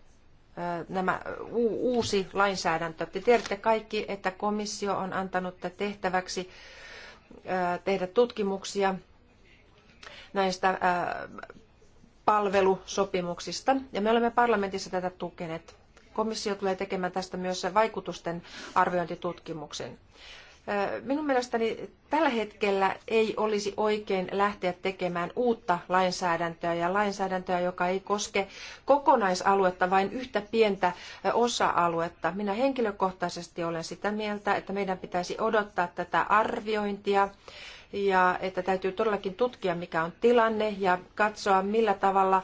nämä uusi lainsäädäntö. Te tiedätte kaikki, että komissio on antanut tehtäväksi tehdä tutkimuksia näistä palvelusopimuksista. Ja me olemme parlamentissa tätä tukeneet komissio tulee tekemään tästä myös vaikutusten arviointitutkimuksen. Minun mielestäni tällä hetkellä ei olisi oikein lähteä tekemään uutta lainsäädäntöä ja lainsäädäntöä, joka ei koske kokonaisaluetta, vain yhtä pientä osa-aluetta. Minä henkilökohtaisesti olen sitä mieltä, että meidän pitäisi odottaa tätä arviointia ja että täytyy todellakin tutkia, mikä on tilanne ja katsoa, millä tavalla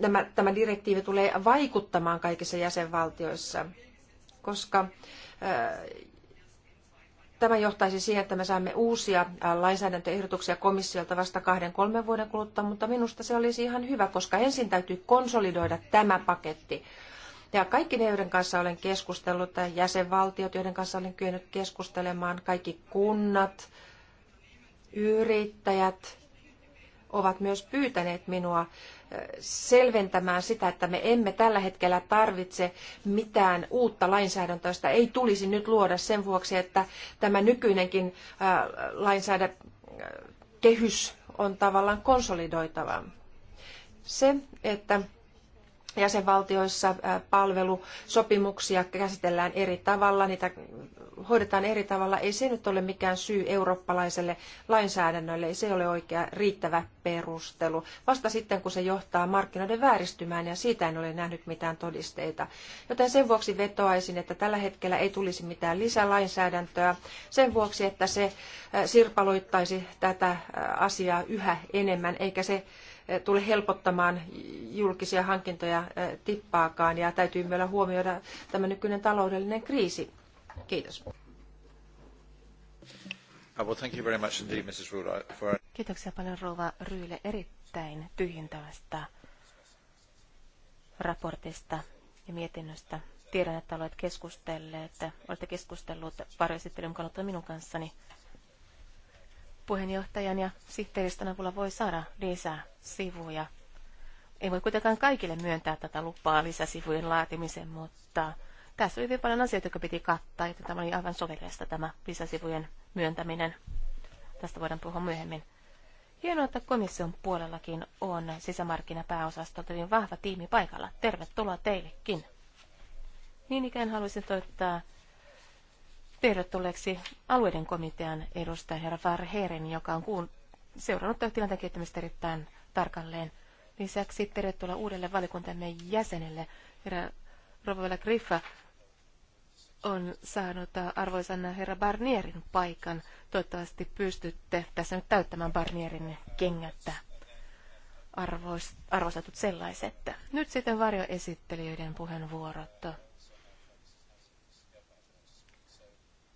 nämä, tämä direktiivi tulee vaikuttamaan kaikissa jäsenvaltioissa, koska Tämä johtaisi siihen, että me saamme uusia lainsäädäntöehdotuksia komissiolta vasta kahden kolmen vuoden kuluttua, mutta minusta se olisi ihan hyvä, koska ensin täytyy konsolidoida tämä paketti. Ja kaikki ne, joiden kanssa olen keskustellut, tai jäsenvaltiot, joiden kanssa olen kyennyt keskustelemaan, kaikki kunnat, yrittäjät, ovat myös pyytäneet minua selventämään sitä, että me emme tällä hetkellä tarvitse mitään uutta lainsäädäntöä. Sitä ei tulisi nyt luoda sen vuoksi, että tämä nykyinenkin lainsäädäntökehys on tavallaan konsolidoitava. Se, että jäsenvaltioissa palvelusopimuksia käsitellään eri tavalla, niitä hoidetaan eri tavalla, ei se nyt ole mikään syy eurooppalaiselle lainsäädännölle, ei se ole oikea riittävä perustelu. Vasta sitten, kun se johtaa markkinoiden vääristymään, ja siitä en ole nähnyt mitään todisteita. Joten sen vuoksi vetoaisin, että tällä hetkellä ei tulisi mitään lisälainsäädäntöä, sen vuoksi, että se äh, sirpaloittaisi tätä äh, asiaa yhä enemmän, eikä se äh, tule helpottamaan julkisia hankintoja tippaakaan ja täytyy vielä huomioida tämä nykyinen taloudellinen kriisi. Kiitos. Uh, Kiitoksia paljon Rouva Ryyle erittäin tyhjentävästä raportista ja mietinnöstä. Tiedän, että olet keskustelleet, että olette keskustellut varjoesittelyn kannalta minun kanssani. Puheenjohtajan ja sihteeristön avulla voi saada lisää sivuja. Ei voi kuitenkaan kaikille myöntää tätä lupaa lisäsivujen laatimiseen, mutta tässä oli hyvin paljon asioita, jotka piti kattaa, että tämä oli aivan sovellista tämä lisäsivujen myöntäminen. Tästä voidaan puhua myöhemmin. Hienoa, että komission puolellakin on sisämarkkinapääosastolta hyvin vahva tiimi paikalla. Tervetuloa teillekin. Niin ikään haluaisin toittaa tervetulleeksi alueiden komitean edustaja herra Farherin, joka on kuun seurannut tilanteen kehittämistä erittäin tarkalleen. Lisäksi tervetuloa uudelle valikuntamme jäsenelle, herra Rovella Griffa, on saanut äh, arvoisan herra Barnierin paikan. Toivottavasti pystytte tässä nyt täyttämään Barnierin kengättä arvostetut sellaiset. Nyt sitten varjoesittelijöiden puheenvuorot.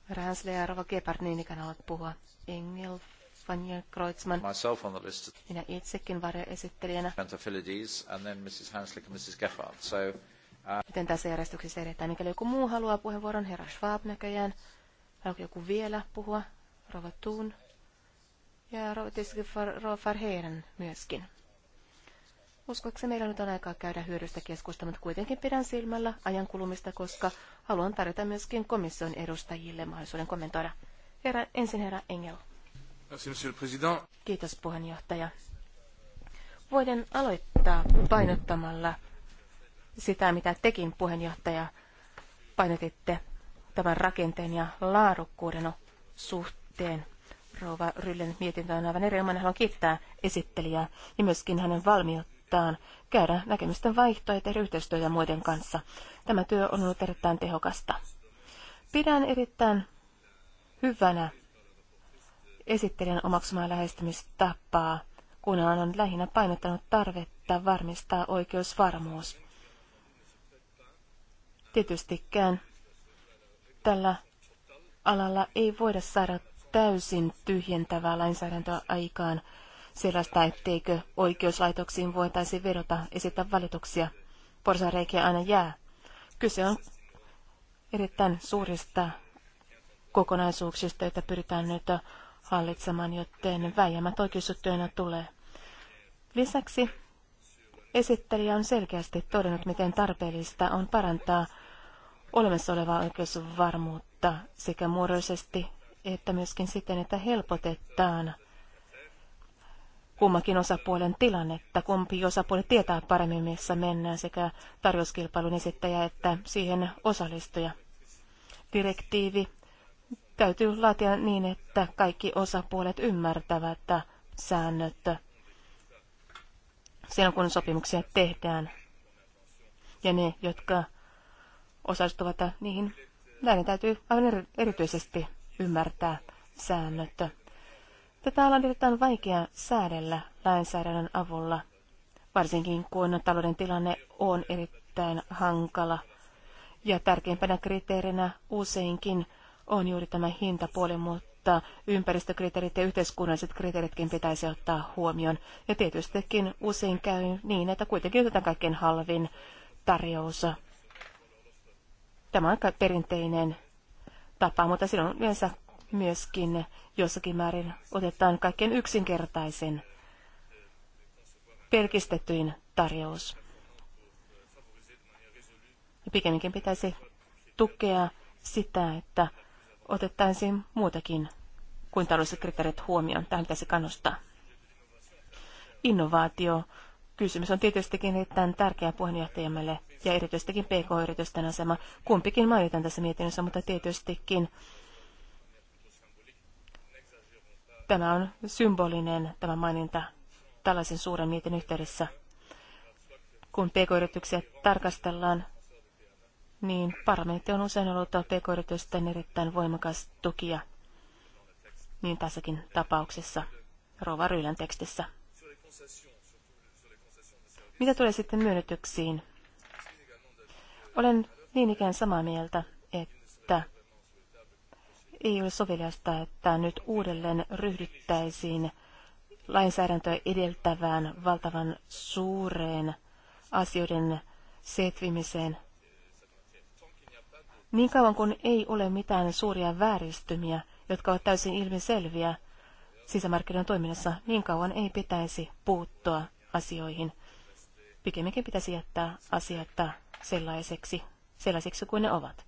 Ränsle ja Rova Gebhard niin ikään haluat puhua. Engel, Vanja Kreutzmann. Myself on the list. Minä itsekin varjoesittelijänä. Pantafilides and then Mrs. Hanslick and Mrs. Gephardt. So Miten tässä järjestyksessä edetään? Mikäli joku muu haluaa puheenvuoron, herra Schwab näköjään. Haluatko joku vielä puhua? Rova Thun. Ja tietysti Rova myöskin. Uskoakseni meillä nyt on aikaa käydä hyödystä keskustelua, mutta kuitenkin pidän silmällä ajan kulumista, koska haluan tarjota myöskin komission edustajille mahdollisuuden kommentoida. Herra, ensin herra Engel. Kiitos puheenjohtaja. Voiden aloittaa painottamalla sitä, mitä tekin puheenjohtaja painotitte tämän rakenteen ja laadukkuuden suhteen. Rouva Ryllen mietintö on aivan erilainen. Haluan kiittää esittelijää ja myöskin hänen valmiuttaan käydä näkemysten vaihtoa ja tehdä yhteistyötä muiden kanssa. Tämä työ on ollut erittäin tehokasta. Pidän erittäin hyvänä esittelijän omaksumaa lähestymistapaa, kun hän on lähinnä painottanut tarvetta varmistaa oikeusvarmuus. Tietystikään tällä alalla ei voida saada täysin tyhjentävää lainsäädäntöä aikaan sellaista, etteikö oikeuslaitoksiin voitaisi vedota esittää valituksia. Porsareikiä aina jää. Kyse on erittäin suurista kokonaisuuksista, joita pyritään nyt hallitsemaan, joten väijämät oikeusjuttuina tulee. Lisäksi Esittelijä on selkeästi todennut, miten tarpeellista on parantaa olemassa olevaa oikeusvarmuutta sekä muodollisesti että myöskin siten, että helpotetaan kummakin osapuolen tilannetta. Kumpi osapuoli tietää paremmin, missä mennään sekä tarjouskilpailun esittäjä että siihen osallistuja. Direktiivi täytyy laatia niin, että kaikki osapuolet ymmärtävät säännöt silloin, kun sopimuksia tehdään. Ja ne, jotka osallistuvat niihin, näiden täytyy aivan erityisesti ymmärtää säännöt. Tätä on erittäin vaikea säädellä lainsäädännön avulla, varsinkin kun talouden tilanne on erittäin hankala. Ja tärkeimpänä kriteerinä useinkin on juuri tämä hintapuoli, mutta mutta ympäristökriteerit ja yhteiskunnalliset kriteeritkin pitäisi ottaa huomioon. Ja tietystikin usein käy niin, että kuitenkin otetaan kaikkein halvin tarjous. Tämä on perinteinen tapa, mutta silloin yleensä myöskin jossakin määrin otetaan kaikkein yksinkertaisin pelkistettyin tarjous. Ja pikemminkin pitäisi tukea sitä, että otettaisiin muutakin kuin taloudelliset kriteerit huomioon. Tähän pitäisi kannustaa. Innovaatio. Kysymys on tietystikin erittäin tärkeä puheenjohtajamme ja erityisestikin PK-yritysten asema. Kumpikin mainitaan tässä mietinnössä, mutta tietystikin tämä on symbolinen tämä maininta tällaisen suuren mietin yhteydessä. Kun pk-yrityksiä tarkastellaan, niin parlamentti on usein ollut pk erittäin voimakas tukija, niin tässäkin tapauksessa Rova Rylän tekstissä. Mitä tulee sitten myönnytyksiin? Olen niin ikään samaa mieltä, että ei ole soveliasta, että nyt uudelleen ryhdyttäisiin lainsäädäntöä edeltävään valtavan suureen asioiden setvimiseen – niin kauan kun ei ole mitään suuria vääristymiä, jotka ovat täysin ilmiselviä sisämarkkinoiden toiminnassa, niin kauan ei pitäisi puuttua asioihin. Pikemminkin pitäisi jättää asiat sellaiseksi, sellaiseksi kuin ne ovat.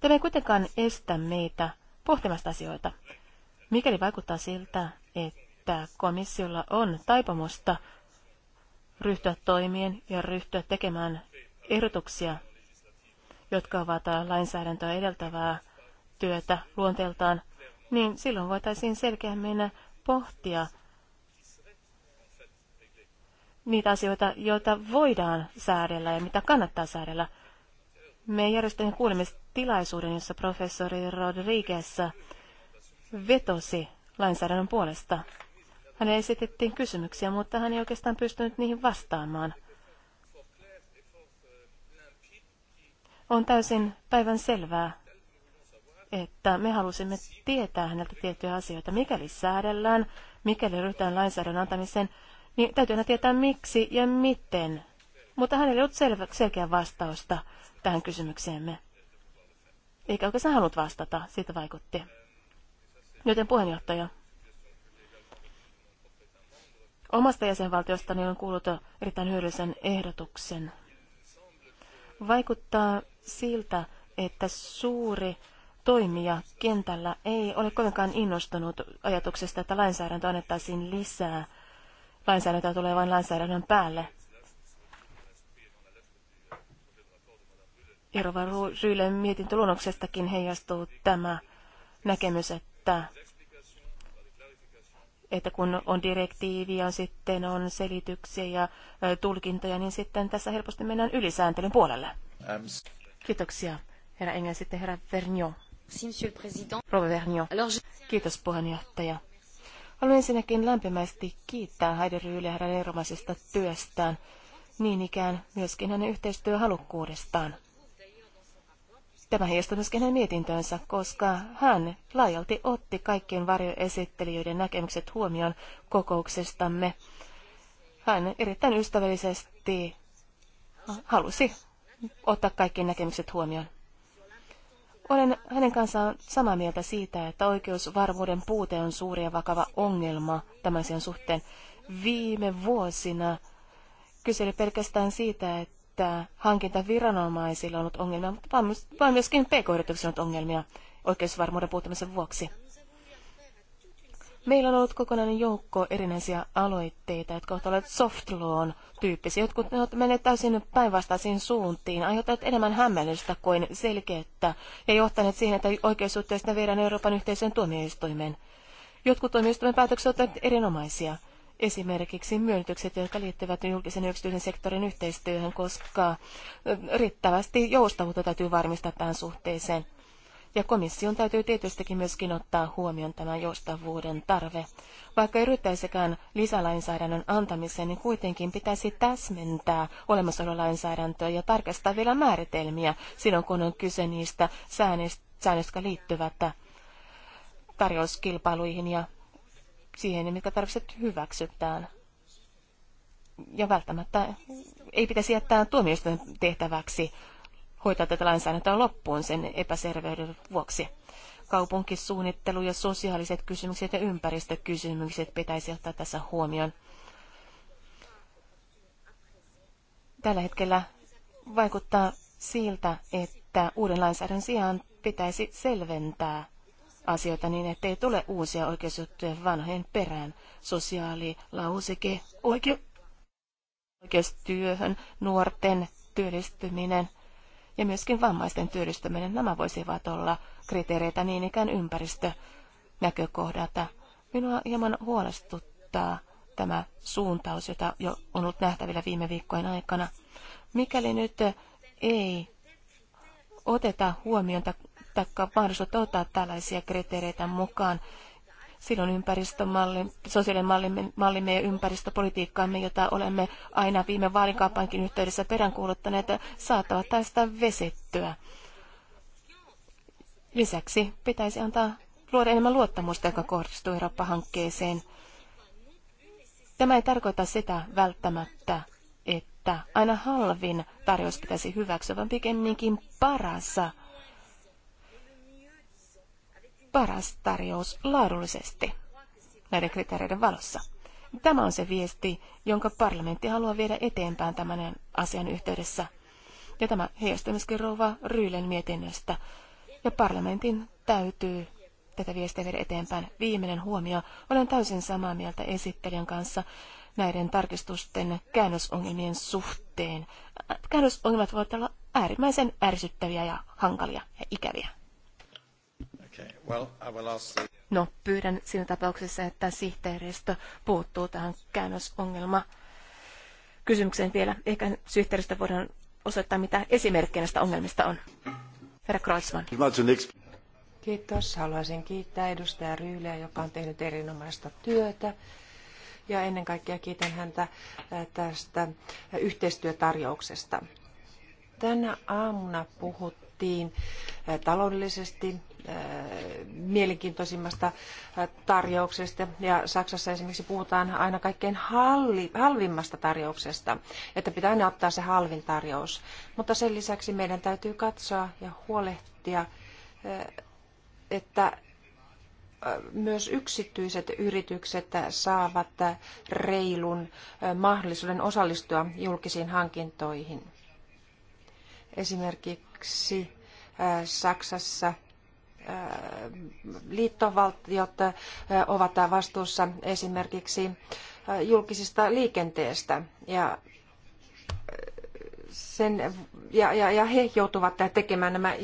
Tämä ei kuitenkaan estä meitä pohtimasta asioita. Mikäli vaikuttaa siltä, että komissiolla on taipumusta ryhtyä toimien ja ryhtyä tekemään ehdotuksia jotka ovat lainsäädäntöä edeltävää työtä luonteeltaan, niin silloin voitaisiin selkeämmin pohtia niitä asioita, joita voidaan säädellä ja mitä kannattaa säädellä. Me järjestimme kuulemistilaisuuden, jossa professori Rodriguez vetosi lainsäädännön puolesta. Hän esitettiin kysymyksiä, mutta hän ei oikeastaan pystynyt niihin vastaamaan – On täysin päivän selvää, että me halusimme tietää häneltä tiettyjä asioita. Mikäli säädellään, mikäli ryhdytään lainsäädännön antamiseen, niin täytyy aina tietää miksi ja miten. Mutta hänellä ei ollut selvä, selkeä vastausta tähän kysymykseemme. Eikä oikeastaan halunnut vastata, siitä vaikutti. Joten puheenjohtaja, omasta jäsenvaltiostani niin on kuullut erittäin hyödyllisen ehdotuksen Vaikuttaa siltä, että suuri toimija kentällä ei ole kovinkaan innostunut ajatuksesta, että lainsäädäntö annettaisiin lisää. Lainsäädäntöä tulee vain lainsäädännön päälle. Irva Ryylen mietintöluonnoksestakin heijastuu tämä näkemys, että että kun on direktiiviä, sitten on selityksiä ja tulkintoja, niin sitten tässä helposti mennään ylisääntelyn puolelle. Ähm, Kiitoksia, herra Engel, sitten herra Vernio. Rova Vernio. Kiitos, puheenjohtaja. Haluan ensinnäkin lämpimästi kiittää Heidi Ryyliä hänen eromaisesta työstään, niin ikään myöskin hänen yhteistyöhalukkuudestaan. Tämä heistä myöskin hänen mietintöönsä, koska hän laajalti otti kaikkien varjoesittelijöiden näkemykset huomioon kokouksestamme. Hän erittäin ystävällisesti halusi ottaa kaikkien näkemykset huomioon. Olen hänen kanssaan samaa mieltä siitä, että oikeusvarmuuden puute on suuri ja vakava ongelma tämän sen suhteen. Viime vuosina kyseli pelkästään siitä, että että hankintaviranomaisilla on ollut ongelmia, mutta vaan myöskin pk-yrityksillä on ollut ongelmia oikeusvarmuuden puuttumisen vuoksi. Meillä on ollut kokonainen joukko erinäisiä aloitteita, jotka ovat olleet soft lawn tyyppisiä. Jotkut ne ovat menneet täysin päinvastaisiin suuntiin, aiheuttaneet enemmän hämmennystä kuin selkeyttä ja johtaneet siihen, että oikeussuhteista viedään Euroopan yhteisön tuomioistuimeen. Jotkut tuomioistuimen päätökset ovat erinomaisia esimerkiksi myönnytykset, jotka liittyvät julkisen ja yksityisen sektorin yhteistyöhön, koska riittävästi joustavuutta täytyy varmistaa tähän suhteeseen. Ja komission täytyy tietystikin myöskin ottaa huomioon tämä joustavuuden tarve. Vaikka ei ryhtäisikään lisälainsäädännön antamiseen, niin kuitenkin pitäisi täsmentää lainsäädäntöä ja tarkastaa vielä määritelmiä silloin, kun on kyse niistä säännöistä jotka liittyvät tarjouskilpailuihin ja siihen, niin mitkä tarvitset hyväksytään. Ja välttämättä ei pitäisi jättää tuomioistuin tehtäväksi hoitaa tätä lainsäädäntöä loppuun sen epäserveyden vuoksi. Kaupunkisuunnittelu ja sosiaaliset kysymykset ja ympäristökysymykset pitäisi ottaa tässä huomioon. Tällä hetkellä vaikuttaa siltä, että uuden lainsäädännön sijaan pitäisi selventää asioita niin, ettei tule uusia oikeusjuttuja vanhojen perään. Sosiaalilauseke, oike, oikeustyöhön, nuorten työllistyminen ja myöskin vammaisten työllistyminen, nämä voisivat olla kriteereitä niin ikään ympäristönäkökohdalta. Minua hieman huolestuttaa tämä suuntaus, jota jo on ollut nähtävillä viime viikkojen aikana. Mikäli nyt ei oteta huomioon taikka mahdollisuutta ottaa tällaisia kriteereitä mukaan. Silloin ympäristömalli, sosiaalimallimme ja ympäristöpolitiikkaamme, jota olemme aina viime vaalikaupankin yhteydessä peräänkuuluttaneet, saattavat tästä vesittyä. Lisäksi pitäisi antaa luoda enemmän luottamusta, joka kohdistuu Eurooppa-hankkeeseen. Tämä ei tarkoita sitä välttämättä, että aina halvin tarjous pitäisi hyväksyä, vaan pikemminkin parassa paras tarjous laadullisesti näiden kriteereiden valossa. Tämä on se viesti, jonka parlamentti haluaa viedä eteenpäin tämän asian yhteydessä. Ja tämä heijastuu myöskin rouva Ryylen mietinnöstä. Ja parlamentin täytyy tätä viestiä viedä eteenpäin. Viimeinen huomio. Olen täysin samaa mieltä esittelijän kanssa näiden tarkistusten käännösongelmien suhteen. Käännösongelmat voivat olla äärimmäisen ärsyttäviä ja hankalia ja ikäviä. Okay. Well, I will ask the... No, pyydän siinä tapauksessa, että sihteeristö puuttuu tähän käännösongelma kysymykseen vielä. Ehkä sihteeristö voidaan osoittaa, mitä esimerkkejä näistä ongelmista on. Herra Kreuzmann. Kiitos. Haluaisin kiittää edustaja Ryyliä, joka on tehnyt erinomaista työtä. Ja ennen kaikkea kiitän häntä tästä yhteistyötarjouksesta. Tänä aamuna puhuttiin huolehdittiin taloudellisesti mielenkiintoisimmasta tarjouksesta. Ja Saksassa esimerkiksi puhutaan aina kaikkein halli, halvimmasta tarjouksesta, että pitää aina ottaa se halvin tarjous. Mutta sen lisäksi meidän täytyy katsoa ja huolehtia, että myös yksityiset yritykset saavat reilun mahdollisuuden osallistua julkisiin hankintoihin. Esimerkiksi Esimerkiksi Saksassa liittovaltiot ovat vastuussa esimerkiksi julkisesta liikenteestä ja sen, ja, ja, ja he joutuvat tekemään nämä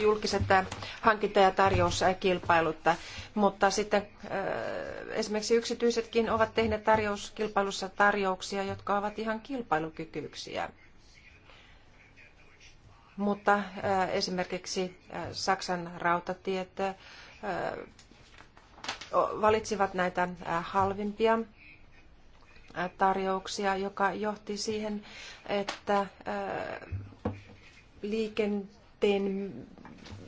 julkiset hankinta- ja tarjouskilpailut, mutta sitten esimerkiksi yksityisetkin ovat tehneet tarjouskilpailussa tarjouksia, jotka ovat ihan kilpailukykyisiä. Mutta äh, esimerkiksi äh, Saksan rautatiet äh, valitsivat näitä halvimpia tarjouksia, joka johti siihen, että liikenteen,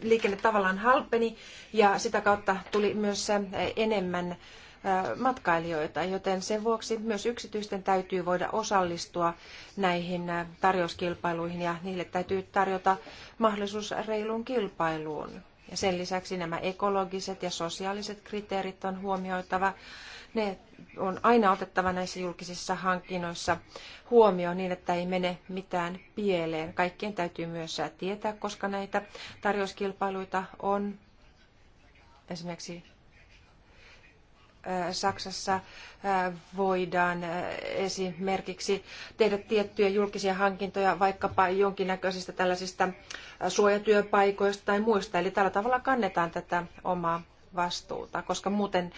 liikenne tavallaan halpeni ja sitä kautta tuli myös enemmän matkailijoita, joten sen vuoksi myös yksityisten täytyy voida osallistua näihin tarjouskilpailuihin ja niille täytyy tarjota mahdollisuus reiluun kilpailuun. Ja sen lisäksi nämä ekologiset ja sosiaaliset kriteerit on huomioitava. Ne on aina otettava näissä julkisissa hankinnoissa huomioon niin, että ei mene mitään pieleen. Kaikkien täytyy myös tietää, koska näitä tarjouskilpailuita on esimerkiksi Saksassa voidaan esimerkiksi tehdä tiettyjä julkisia hankintoja vaikkapa jonkinnäköisistä tällaisista suojatyöpaikoista tai muista. Eli tällä tavalla kannetaan tätä omaa vastuuta, koska muuten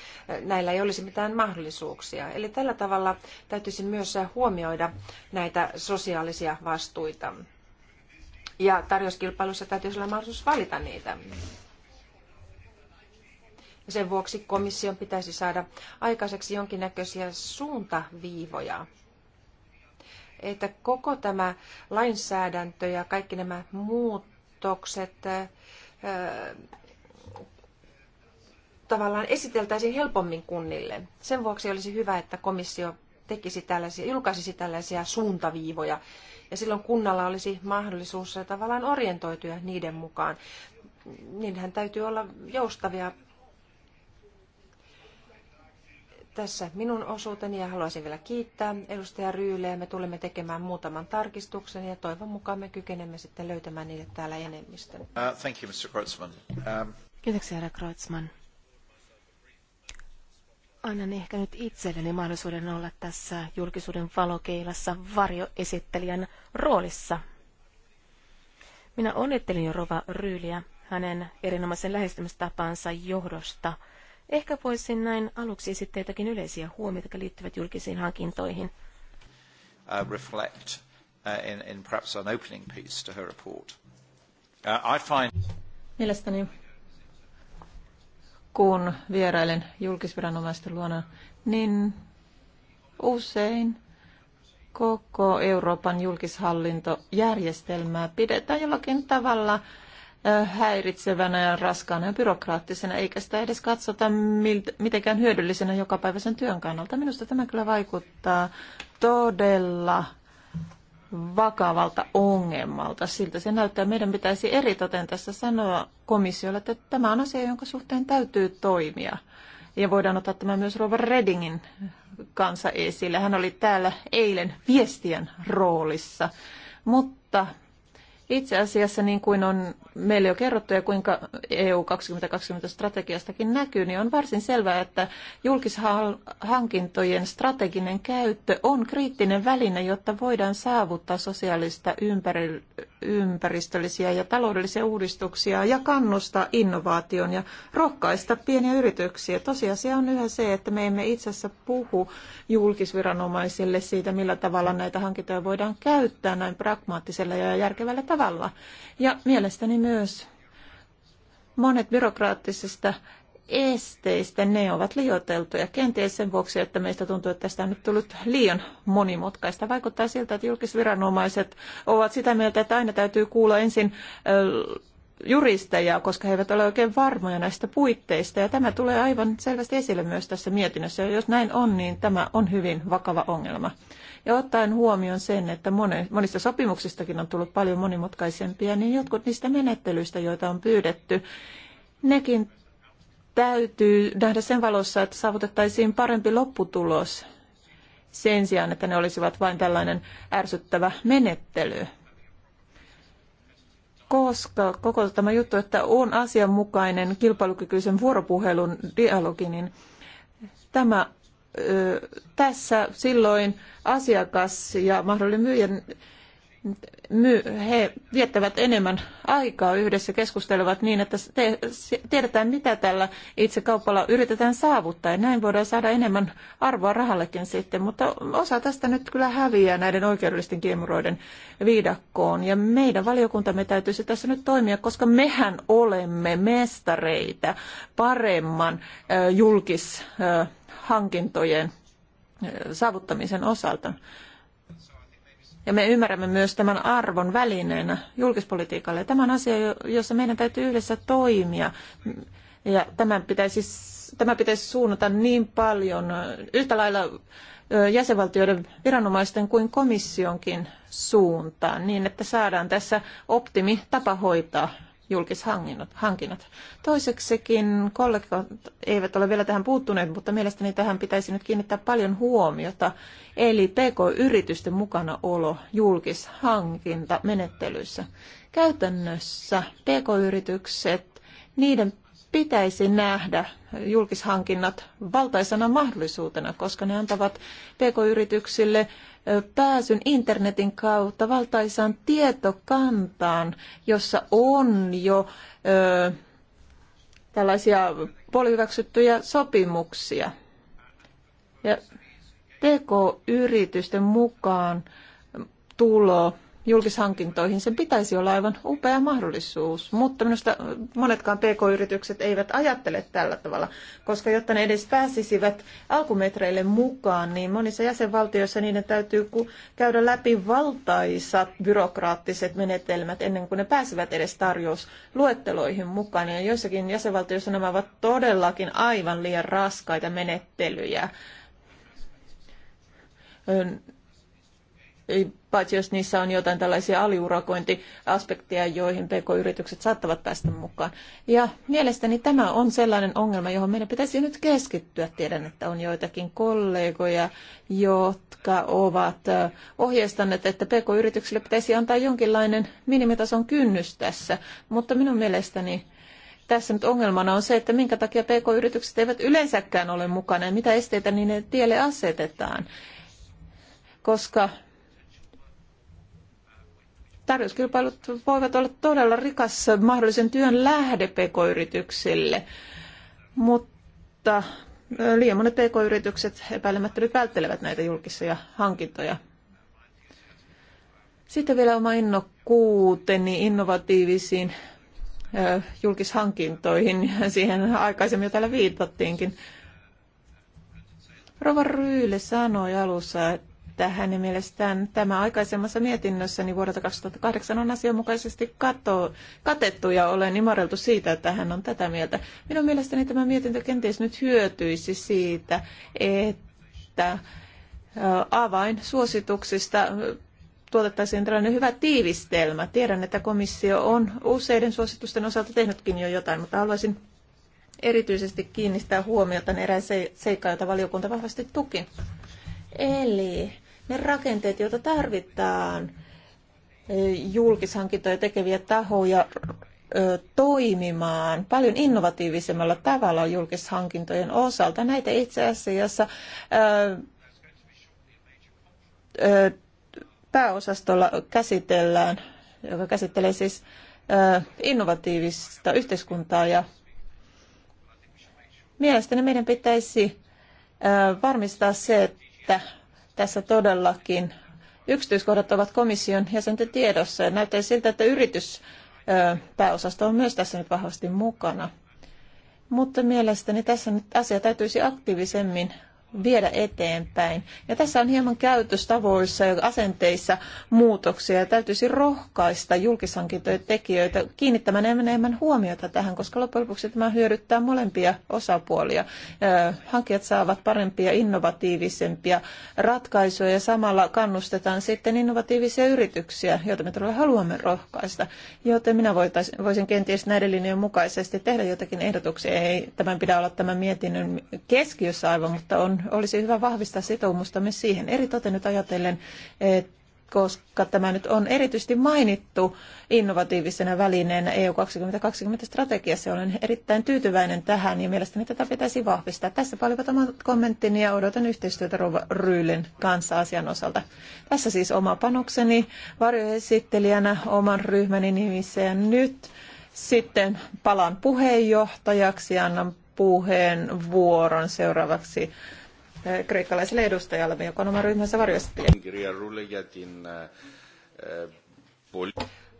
näillä ei olisi mitään mahdollisuuksia. Eli tällä tavalla täytyisi myös huomioida näitä sosiaalisia vastuita. Ja tarjouskilpailussa täytyisi olla mahdollisuus valita niitä. Ja sen vuoksi komission pitäisi saada aikaiseksi jonkinnäköisiä suuntaviivoja että koko tämä lainsäädäntö ja kaikki nämä muutokset tavallaan esiteltäisiin helpommin kunnille. Sen vuoksi olisi hyvä, että komissio tekisi tällaisia, julkaisisi tällaisia suuntaviivoja, ja silloin kunnalla olisi mahdollisuus tavallaan orientoituja niiden mukaan. Niinhän täytyy olla joustavia tässä minun osuuteni ja haluaisin vielä kiittää edustaja Ryyleä. Me tulemme tekemään muutaman tarkistuksen ja toivon mukaan me kykenemme sitten löytämään niille täällä enemmistön. Uh, thank you, Mr. Um... Kiitoksia, herra Kreutzmann. Annan ehkä nyt itselleni mahdollisuuden olla tässä julkisuuden valokeilassa varjoesittelijän roolissa. Minä onnittelin jo Rova Ryyliä hänen erinomaisen lähestymistapansa johdosta – Ehkä voisin näin aluksi esittää jotakin yleisiä huomioita, jotka liittyvät julkisiin hankintoihin. Uh, reflect uh, in, in perhaps an opening piece to her report. Uh, I find... Mielestäni kun vierailen julkisviranomaisten luona, niin usein koko Euroopan julkishallintojärjestelmää pidetään jollakin tavalla häiritsevänä ja raskaana ja byrokraattisena, eikä sitä edes katsota mitenkään hyödyllisenä jokapäiväisen työn kannalta. Minusta tämä kyllä vaikuttaa todella vakavalta ongelmalta. Siltä se näyttää. Meidän pitäisi eritoten tässä sanoa komissiolle, että tämä on asia, jonka suhteen täytyy toimia. Ja voidaan ottaa tämä myös Rova Reddingin kanssa esille. Hän oli täällä eilen viestien roolissa. Mutta itse asiassa niin kuin on meille jo kerrottu ja kuinka EU 2020 strategiastakin näkyy, niin on varsin selvää, että julkishankintojen strateginen käyttö on kriittinen väline, jotta voidaan saavuttaa sosiaalista ympäri, ympäristöllisiä ja taloudellisia uudistuksia ja kannustaa innovaation ja rohkaista pieniä yrityksiä. Tosiasia on yhä se, että me emme itse asiassa puhu julkisviranomaisille siitä, millä tavalla näitä hankintoja voidaan käyttää näin pragmaattisella ja järkevällä tavalla tavalla. Ja mielestäni myös monet byrokraattisista esteistä, ne ovat liioiteltuja. Kenties sen vuoksi, että meistä tuntuu, että tästä on nyt tullut liian monimutkaista. Vaikuttaa siltä, että julkisviranomaiset ovat sitä mieltä, että aina täytyy kuulla ensin juristeja, koska he eivät ole oikein varmoja näistä puitteista. Ja tämä tulee aivan selvästi esille myös tässä mietinnössä. Ja jos näin on, niin tämä on hyvin vakava ongelma. Ja ottaen huomioon sen, että monista sopimuksistakin on tullut paljon monimutkaisempia, niin jotkut niistä menettelyistä, joita on pyydetty, nekin täytyy nähdä sen valossa, että saavutettaisiin parempi lopputulos sen sijaan, että ne olisivat vain tällainen ärsyttävä menettely. Koska koko tämä juttu, että on asianmukainen kilpailukykyisen vuoropuhelun dialogi, niin tämä tässä silloin asiakas ja mahdollinen myyjä my, he viettävät enemmän aikaa yhdessä, keskustelevat niin, että te, tiedetään mitä tällä itse kaupalla yritetään saavuttaa. Ja näin voidaan saada enemmän arvoa rahallekin sitten, mutta osa tästä nyt kyllä häviää näiden oikeudellisten kiemuroiden viidakkoon. Ja meidän valiokuntamme täytyisi tässä nyt toimia, koska mehän olemme mestareita paremman äh, julkis... Äh, hankintojen saavuttamisen osalta. Ja me ymmärrämme myös tämän arvon välineenä julkispolitiikalle. Tämä on asia, jossa meidän täytyy yhdessä toimia. Ja tämän pitäisi, tämä pitäisi suunnata niin paljon yhtä lailla jäsenvaltioiden viranomaisten kuin komissionkin suuntaan, niin että saadaan tässä optimi tapa hoitaa julkishankinnat. Toiseksikin kollegat eivät ole vielä tähän puuttuneet, mutta mielestäni tähän pitäisi nyt kiinnittää paljon huomiota, eli PK-yritysten mukanaolo menettelyssä Käytännössä PK-yritykset, niiden pitäisi nähdä julkishankinnat valtaisena mahdollisuutena, koska ne antavat pk-yrityksille pääsyn internetin kautta valtaisaan tietokantaan, jossa on jo ö, tällaisia puolihyväksyttyjä sopimuksia. Ja pk-yritysten mukaan tulo julkishankintoihin. Sen pitäisi olla aivan upea mahdollisuus, mutta minusta monetkaan pk-yritykset eivät ajattele tällä tavalla, koska jotta ne edes pääsisivät alkumetreille mukaan, niin monissa jäsenvaltioissa niiden täytyy käydä läpi valtaisat byrokraattiset menetelmät ennen kuin ne pääsevät edes tarjousluetteloihin mukaan. Ja joissakin jäsenvaltioissa nämä ovat todellakin aivan liian raskaita menettelyjä paitsi jos niissä on jotain tällaisia aliurakointiaspekteja, joihin pk-yritykset saattavat päästä mukaan. Ja mielestäni tämä on sellainen ongelma, johon meidän pitäisi nyt keskittyä. Tiedän, että on joitakin kollegoja, jotka ovat ohjeistaneet, että pk-yrityksille pitäisi antaa jonkinlainen minimitason kynnys tässä, mutta minun mielestäni tässä nyt ongelmana on se, että minkä takia pk-yritykset eivät yleensäkään ole mukana ja mitä esteitä niiden tielle asetetaan. Koska Tarjouskilpailut voivat olla todella rikas mahdollisen työn lähde pk-yrityksille, mutta liian monet pk-yritykset epäilemättä nyt välttelevät näitä julkisia hankintoja. Sitten vielä oma innokkuuteni innovatiivisiin julkishankintoihin. <laughs> Siihen aikaisemmin jo täällä viitattiinkin. Rova Ryyle sanoi alussa, että että hänen mielestään tämä aikaisemmassa mietinnössäni vuodelta 2008 on asianmukaisesti kato, katettu ja olen imareltu siitä, että hän on tätä mieltä. Minun mielestäni tämä mietintö kenties nyt hyötyisi siitä, että avain suosituksista tuotettaisiin tällainen hyvä tiivistelmä. Tiedän, että komissio on useiden suositusten osalta tehnytkin jo jotain, mutta haluaisin erityisesti kiinnistää huomiota erään seikkaan, jota valiokunta vahvasti tuki. Eli ne rakenteet, joita tarvitaan julkishankintoja tekeviä tahoja toimimaan paljon innovatiivisemmalla tavalla julkishankintojen osalta. Näitä itse asiassa pääosastolla käsitellään, joka käsittelee siis innovatiivista yhteiskuntaa ja mielestäni meidän pitäisi varmistaa se, että tässä todellakin yksityiskohdat ovat komission jäsenten tiedossa ja näyttää siltä, että yrityspääosasto on myös tässä nyt vahvasti mukana. Mutta mielestäni tässä nyt asia täytyisi aktiivisemmin viedä eteenpäin. Ja tässä on hieman käytöstavoissa ja asenteissa muutoksia. Ja täytyisi rohkaista julkishankintojen tekijöitä kiinnittämään enemmän huomiota tähän, koska loppujen lopuksi tämä hyödyttää molempia osapuolia. Hankijat saavat parempia, innovatiivisempia ratkaisuja ja samalla kannustetaan sitten innovatiivisia yrityksiä, joita me todella haluamme rohkaista. Joten minä voisin kenties näiden linjojen mukaisesti tehdä jotakin ehdotuksia. Ei tämän pidä olla tämän mietinnön keskiössä aivan, mutta on olisi hyvä vahvistaa sitoumusta myös siihen. Eritoten nyt ajatellen, että eh, koska tämä nyt on erityisesti mainittu innovatiivisena välineenä EU 2020 strategiassa. Olen erittäin tyytyväinen tähän ja mielestäni tätä pitäisi vahvistaa. Tässä paljon omat kommenttini ja odotan yhteistyötä Rova Ryylin kanssa asian osalta. Tässä siis oma panokseni varjoesittelijänä oman ryhmäni nimissä ja nyt sitten palaan puheenjohtajaksi ja annan puheenvuoron seuraavaksi kreikkalaiselle edustajalle, joka on oman ryhmänsä varjoesittelijä.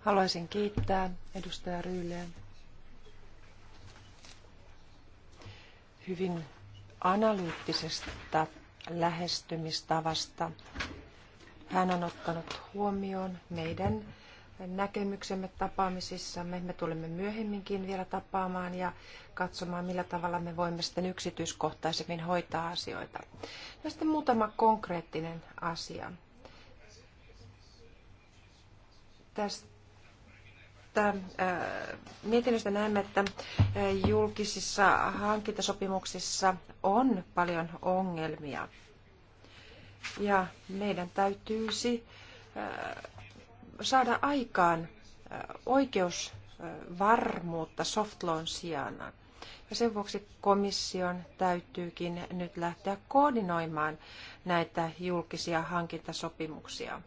Haluaisin kiittää edustaja Ryyleä hyvin analyyttisesta lähestymistavasta. Hän on ottanut huomioon meidän näkemyksemme tapaamisissamme. Me tulemme myöhemminkin vielä tapaamaan ja katsomaan, millä tavalla me voimme sitten yksityiskohtaisemmin hoitaa asioita. Ja sitten muutama konkreettinen asia. Tästä tästä äh, mietinnöstä näemme, että äh, julkisissa hankintasopimuksissa on paljon ongelmia. Ja meidän täytyisi äh, saada aikaan äh, oikeusvarmuutta soft loan sijaan. Ja sen vuoksi komission täytyykin nyt lähteä koordinoimaan näitä julkisia hankintasopimuksia.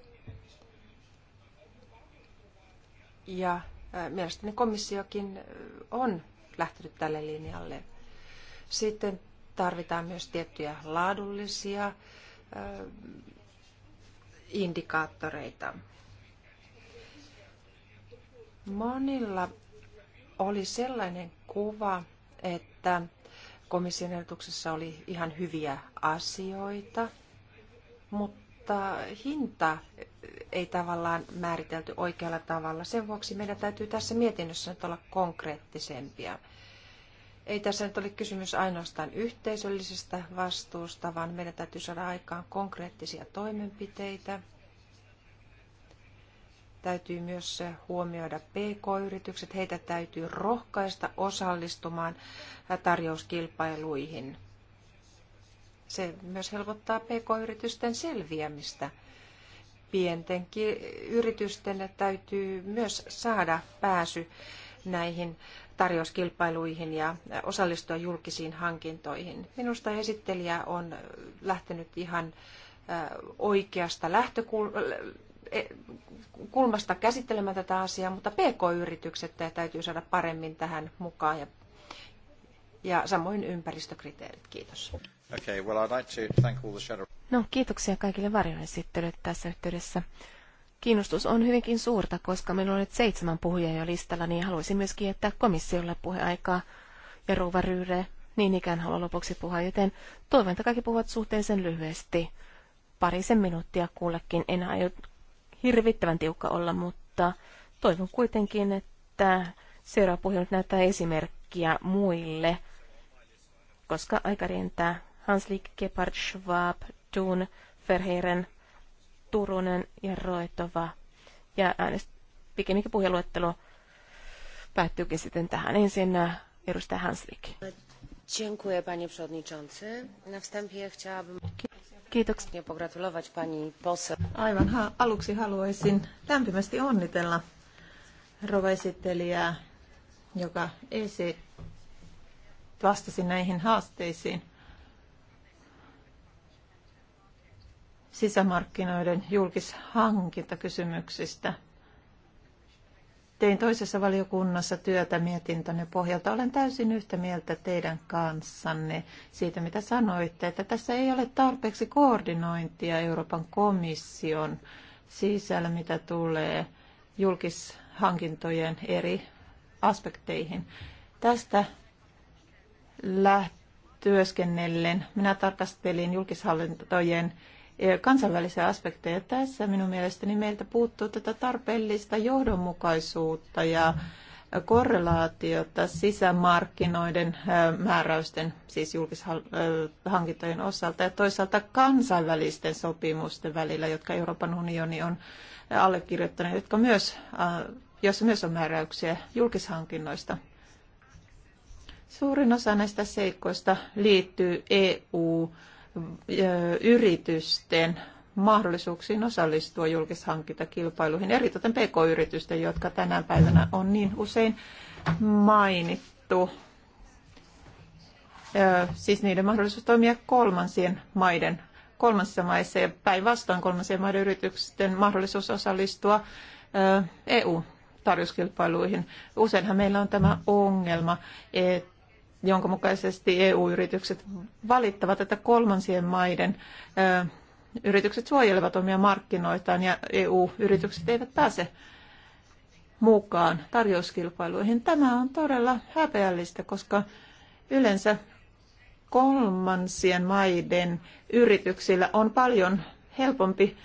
Ja äh, mielestäni komissiokin äh, on lähtenyt tälle linjalle. Sitten tarvitaan myös tiettyjä laadullisia indikaattoreita. Monilla oli sellainen kuva, että komission ehdotuksessa oli ihan hyviä asioita, mutta hinta ei tavallaan määritelty oikealla tavalla. Sen vuoksi meidän täytyy tässä mietinnössä nyt olla konkreettisempia. Ei tässä nyt ole kysymys ainoastaan yhteisöllisestä vastuusta, vaan meidän täytyy saada aikaan konkreettisia toimenpiteitä, täytyy myös huomioida PK-yritykset. Heitä täytyy rohkaista osallistumaan tarjouskilpailuihin. Se myös helpottaa PK-yritysten selviämistä. Pienten yritysten täytyy myös saada pääsy näihin tarjouskilpailuihin ja osallistua julkisiin hankintoihin. Minusta esittelijä on lähtenyt ihan oikeasta lähtökul- kulmasta käsittelemään tätä asiaa, mutta PK-yritykset täytyy saada paremmin tähän mukaan ja, ja samoin ympäristökriteerit. Kiitos. Okay, well, I'd like to thank all the shadow... No, kiitoksia kaikille varjoesittelyt tässä yhteydessä. Kiinnostus on hyvinkin suurta, koska meillä on nyt seitsemän puhujaa jo listalla, niin haluaisin myöskin jättää komissiolle puheaikaa. Ja Rouva Ryyre niin ikään haluan lopuksi puhua, joten toivon, että kaikki puhuvat suhteellisen lyhyesti. Parisen minuuttia kullekin. En aio hirvittävän tiukka olla, mutta toivon kuitenkin, että seuraava puhe nyt näyttää esimerkkiä muille, koska aika rientää Hanslik, Gepard, Schwab, Thun, Verheeren, Turunen ja Roetova. Ja äänest, pikemminkin puheluettelo päättyykin sitten tähän. Ensin äh, edustaja Hanslik. Dziękuję panie przewodniczący. Na wstępie chciałabym... Kiitoksia. Ja pani Aivan ha- aluksi haluaisin lämpimästi onnitella rovaesittelijää, joka esi- vastasi näihin haasteisiin. sisämarkkinoiden julkishankintakysymyksistä. Tein toisessa valiokunnassa työtä mietintönne pohjalta. Olen täysin yhtä mieltä teidän kanssanne siitä, mitä sanoitte, että tässä ei ole tarpeeksi koordinointia Euroopan komission sisällä, mitä tulee julkishankintojen eri aspekteihin. Tästä lähtöskennellen minä tarkastelin julkishallintojen Eh, kansainvälisiä aspekteja. Tässä minun mielestäni meiltä puuttuu tätä tarpeellista johdonmukaisuutta ja korrelaatiota sisämarkkinoiden eh, määräysten, siis julkishankintojen osalta ja toisaalta kansainvälisten sopimusten välillä, jotka Euroopan unioni on eh, allekirjoittanut, jotka myös, joissa myös on määräyksiä julkishankinnoista. Suurin osa näistä seikoista liittyy EU- yritysten mahdollisuuksiin osallistua julkishankintakilpailuihin, eritoten pk-yritysten, jotka tänä päivänä on niin usein mainittu. Siis niiden mahdollisuus toimia kolmansien maiden, kolmansissa maissa ja päinvastoin kolmansien maiden yritysten mahdollisuus osallistua EU-tarjouskilpailuihin. Useinhan meillä on tämä ongelma, että jonka mukaisesti EU-yritykset valittavat, että kolmansien maiden yritykset suojelevat omia markkinoitaan ja EU-yritykset eivät pääse mukaan tarjouskilpailuihin. Tämä on todella häpeällistä, koska yleensä kolmansien maiden yrityksillä on paljon helpompi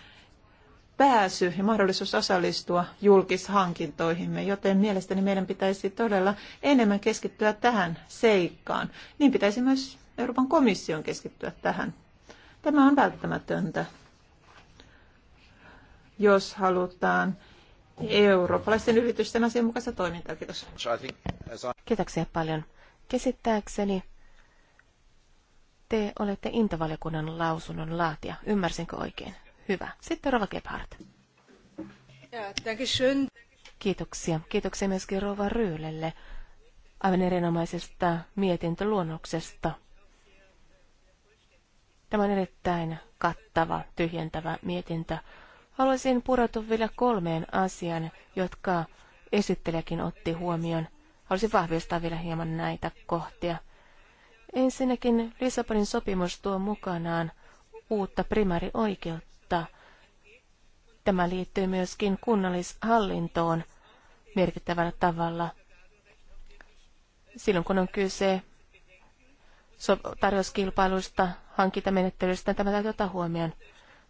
pääsy ja mahdollisuus osallistua julkishankintoihimme, joten mielestäni meidän pitäisi todella enemmän keskittyä tähän seikkaan. Niin pitäisi myös Euroopan komission keskittyä tähän. Tämä on välttämätöntä, jos halutaan eurooppalaisten yritysten asianmukaista toimintaa. Kiitos. Kiitoksia paljon. Käsittääkseni te olette intavaliokunnan lausunnon laatia. Ymmärsinkö oikein? Hyvä. Sitten Rova Gebhardt. Kiitoksia. Kiitoksia myöskin Rova Ryylelle aivan erinomaisesta mietintöluonnoksesta. Tämä on erittäin kattava, tyhjentävä mietintö. Haluaisin pureutua vielä kolmeen asiaan, jotka esittelijäkin otti huomioon. Haluaisin vahvistaa vielä hieman näitä kohtia. Ensinnäkin Lissabonin sopimus tuo mukanaan uutta primäärioikeutta Tämä liittyy myöskin kunnallishallintoon merkittävällä tavalla. Silloin kun on kyse tarjouskilpailuista, hankintamenettelystä, tämä täytyy ottaa huomioon.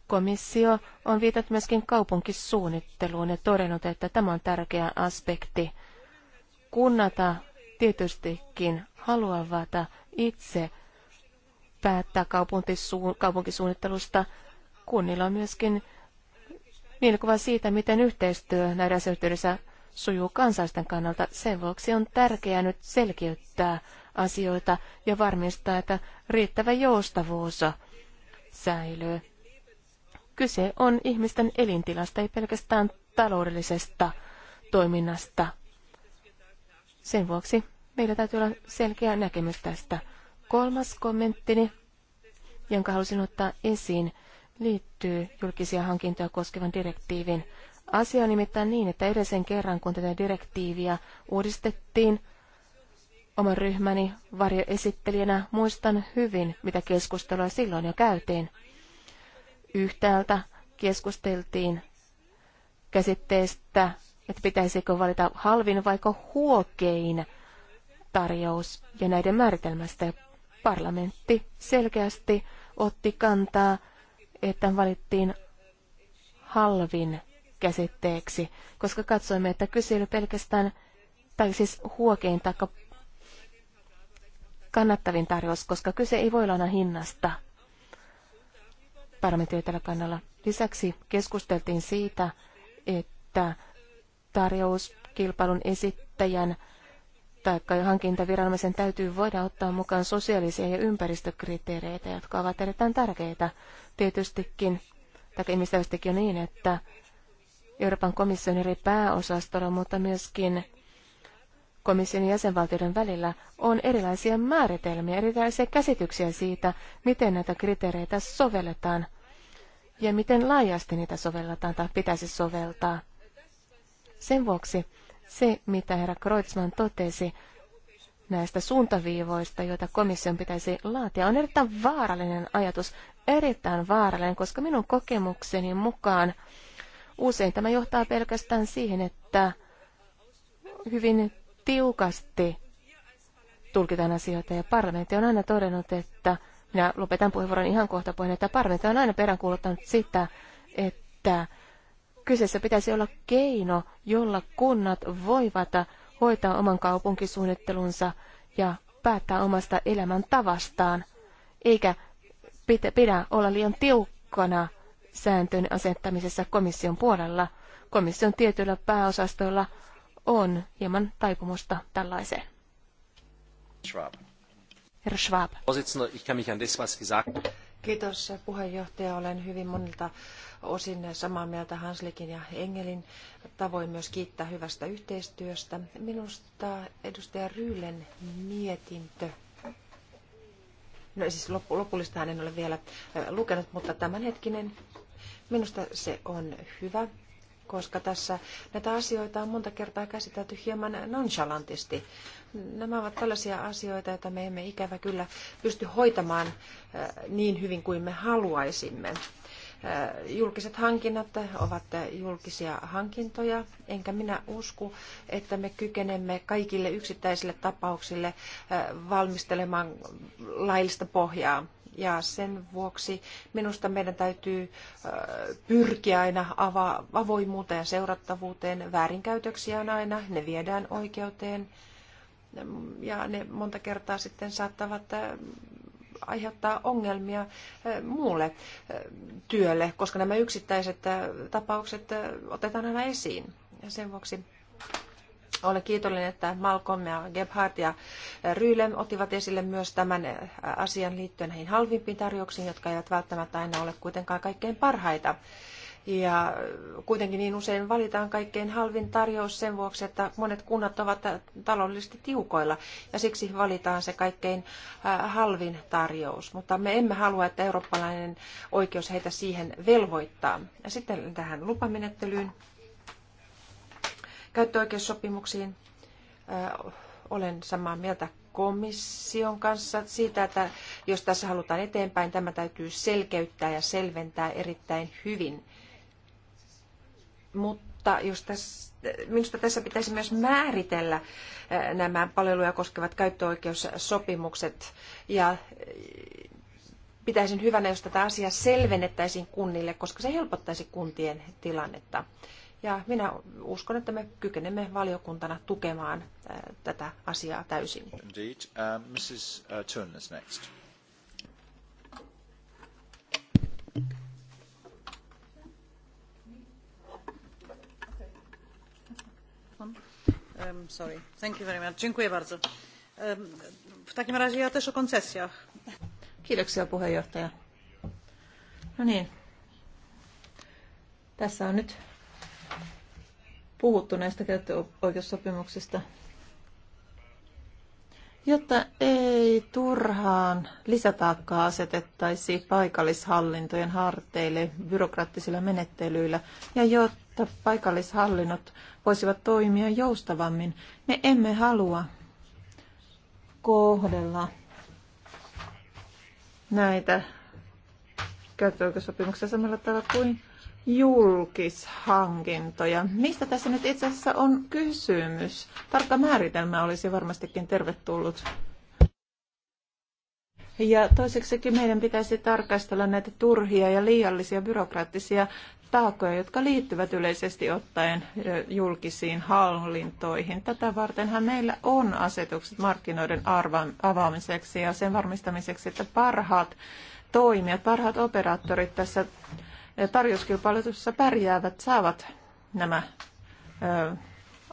Komissio on viitannut myöskin kaupunkisuunnitteluun ja todennut, että tämä on tärkeä aspekti. Kunnat tietystikin haluavat itse päättää kaupunkisuunnittelusta. Kunnilla on myöskin mielikuva niin, siitä, miten yhteistyö näiden asioiden sujuu kansalaisten kannalta. Sen vuoksi on tärkeää nyt selkeyttää asioita ja varmistaa, että riittävä joustavuus säilyy. Kyse on ihmisten elintilasta, ei pelkästään taloudellisesta toiminnasta. Sen vuoksi meillä täytyy olla selkeä näkemys tästä. Kolmas kommenttini, jonka halusin ottaa esiin, liittyy julkisia hankintoja koskevan direktiivin. Asia on nimittäin niin, että edellisen kerran, kun tätä direktiiviä uudistettiin, oman ryhmäni varjoesittelijänä muistan hyvin, mitä keskustelua silloin jo käytiin. Yhtäältä keskusteltiin käsitteestä, että pitäisikö valita halvin vaiko huokein tarjous ja näiden määritelmästä parlamentti selkeästi otti kantaa että valittiin halvin käsitteeksi, koska katsoimme, että kyse ei ole pelkästään, tai siis huokein tai kannattavin tarjous, koska kyse ei voi olla aina hinnasta parametriotella kannalla. Lisäksi keskusteltiin siitä, että tarjouskilpailun esittäjän tai hankintaviranomaisen täytyy voida ottaa mukaan sosiaalisia ja ympäristökriteereitä, jotka ovat erittäin tärkeitä. Tietystikin, tai ihmistäystikin niin, että Euroopan komission eri pääosastolla, mutta myöskin komission ja jäsenvaltioiden välillä on erilaisia määritelmiä, erilaisia käsityksiä siitä, miten näitä kriteereitä sovelletaan ja miten laajasti niitä sovelletaan tai pitäisi soveltaa. Sen vuoksi se, mitä herra Kreutzmann totesi näistä suuntaviivoista, joita komission pitäisi laatia, on erittäin vaarallinen ajatus, erittäin vaarallinen, koska minun kokemukseni mukaan usein tämä johtaa pelkästään siihen, että hyvin tiukasti tulkitaan asioita ja parlamentti on aina todennut, että minä lopetan puheenvuoron ihan kohta puheen, että parlamentti on aina peräänkuuluttanut sitä, että Kyseessä pitäisi olla keino, jolla kunnat voivat hoitaa oman kaupunkisuunnittelunsa ja päättää omasta elämäntavastaan, eikä pidä olla liian tiukkana sääntöjen asettamisessa komission puolella. Komission tietyillä pääosastoilla on hieman taipumusta tällaiseen. Schwab. Herr Schwab. Kiitos puheenjohtaja. Olen hyvin monilta osin samaa mieltä Hanslikin ja Engelin tavoin myös kiittää hyvästä yhteistyöstä. Minusta edustaja Ryylen mietintö No siis lopullista en ole vielä lukenut, mutta tämänhetkinen minusta se on hyvä, koska tässä näitä asioita on monta kertaa käsitelty hieman nonchalantisti nämä ovat tällaisia asioita, joita me emme ikävä kyllä pysty hoitamaan niin hyvin kuin me haluaisimme. Julkiset hankinnat ovat julkisia hankintoja, enkä minä usko, että me kykenemme kaikille yksittäisille tapauksille valmistelemaan laillista pohjaa. Ja sen vuoksi minusta meidän täytyy pyrkiä aina avoimuuteen ja seurattavuuteen. Väärinkäytöksiä on aina, ne viedään oikeuteen ja ne monta kertaa sitten saattavat äh, aiheuttaa ongelmia äh, muulle äh, työlle, koska nämä yksittäiset tapaukset otetaan aina esiin. Ja sen vuoksi olen kiitollinen, että Malcolm ja Gebhardt ja Ryylem ottivat esille myös tämän asian liittyen näihin halvimpiin tarjouksiin, jotka eivät välttämättä aina ole kuitenkaan kaikkein parhaita. Ja kuitenkin niin usein valitaan kaikkein halvin tarjous sen vuoksi, että monet kunnat ovat taloudellisesti tiukoilla ja siksi valitaan se kaikkein halvin tarjous. Mutta me emme halua, että eurooppalainen oikeus heitä siihen velvoittaa. Ja sitten tähän lupamenettelyyn, käyttöoikeussopimuksiin. Olen samaa mieltä komission kanssa siitä, että jos tässä halutaan eteenpäin, tämä täytyy selkeyttää ja selventää erittäin hyvin. Mutta jos tässä, minusta tässä pitäisi myös määritellä eh, nämä palveluja koskevat käyttöoikeussopimukset ja eh, pitäisin hyvänä, jos tätä asiaa selvennettäisiin kunnille, koska se helpottaisi kuntien tilannetta. Ja minä uskon, että me kykenemme valiokuntana tukemaan eh, tätä asiaa täysin. Indeed. Uh, Mrs. Uh, Turn is next. sorry. Thank you very much. Dziękuję bardzo. Um, w takim razie ja też o koncesjach. Kiitoksia puheenjohtaja. No niin. Tässä on nyt puhuttu näistä käyttöoikeussopimuksista jotta ei turhaan lisätaakkaa asetettaisi paikallishallintojen harteille byrokraattisilla menettelyillä ja jotta paikallishallinnot voisivat toimia joustavammin, me emme halua kohdella näitä käyttöoikeussopimuksia samalla tavalla kuin julkishankintoja. Mistä tässä nyt itse asiassa on kysymys? Tarkka määritelmä olisi varmastikin tervetullut. Ja toiseksikin meidän pitäisi tarkastella näitä turhia ja liiallisia byrokraattisia taakkoja, jotka liittyvät yleisesti ottaen julkisiin hallintoihin. Tätä vartenhan meillä on asetukset markkinoiden avaamiseksi ja sen varmistamiseksi, että parhaat toimijat, parhaat operaattorit tässä tarjouskilpailutuksessa pärjäävät saavat nämä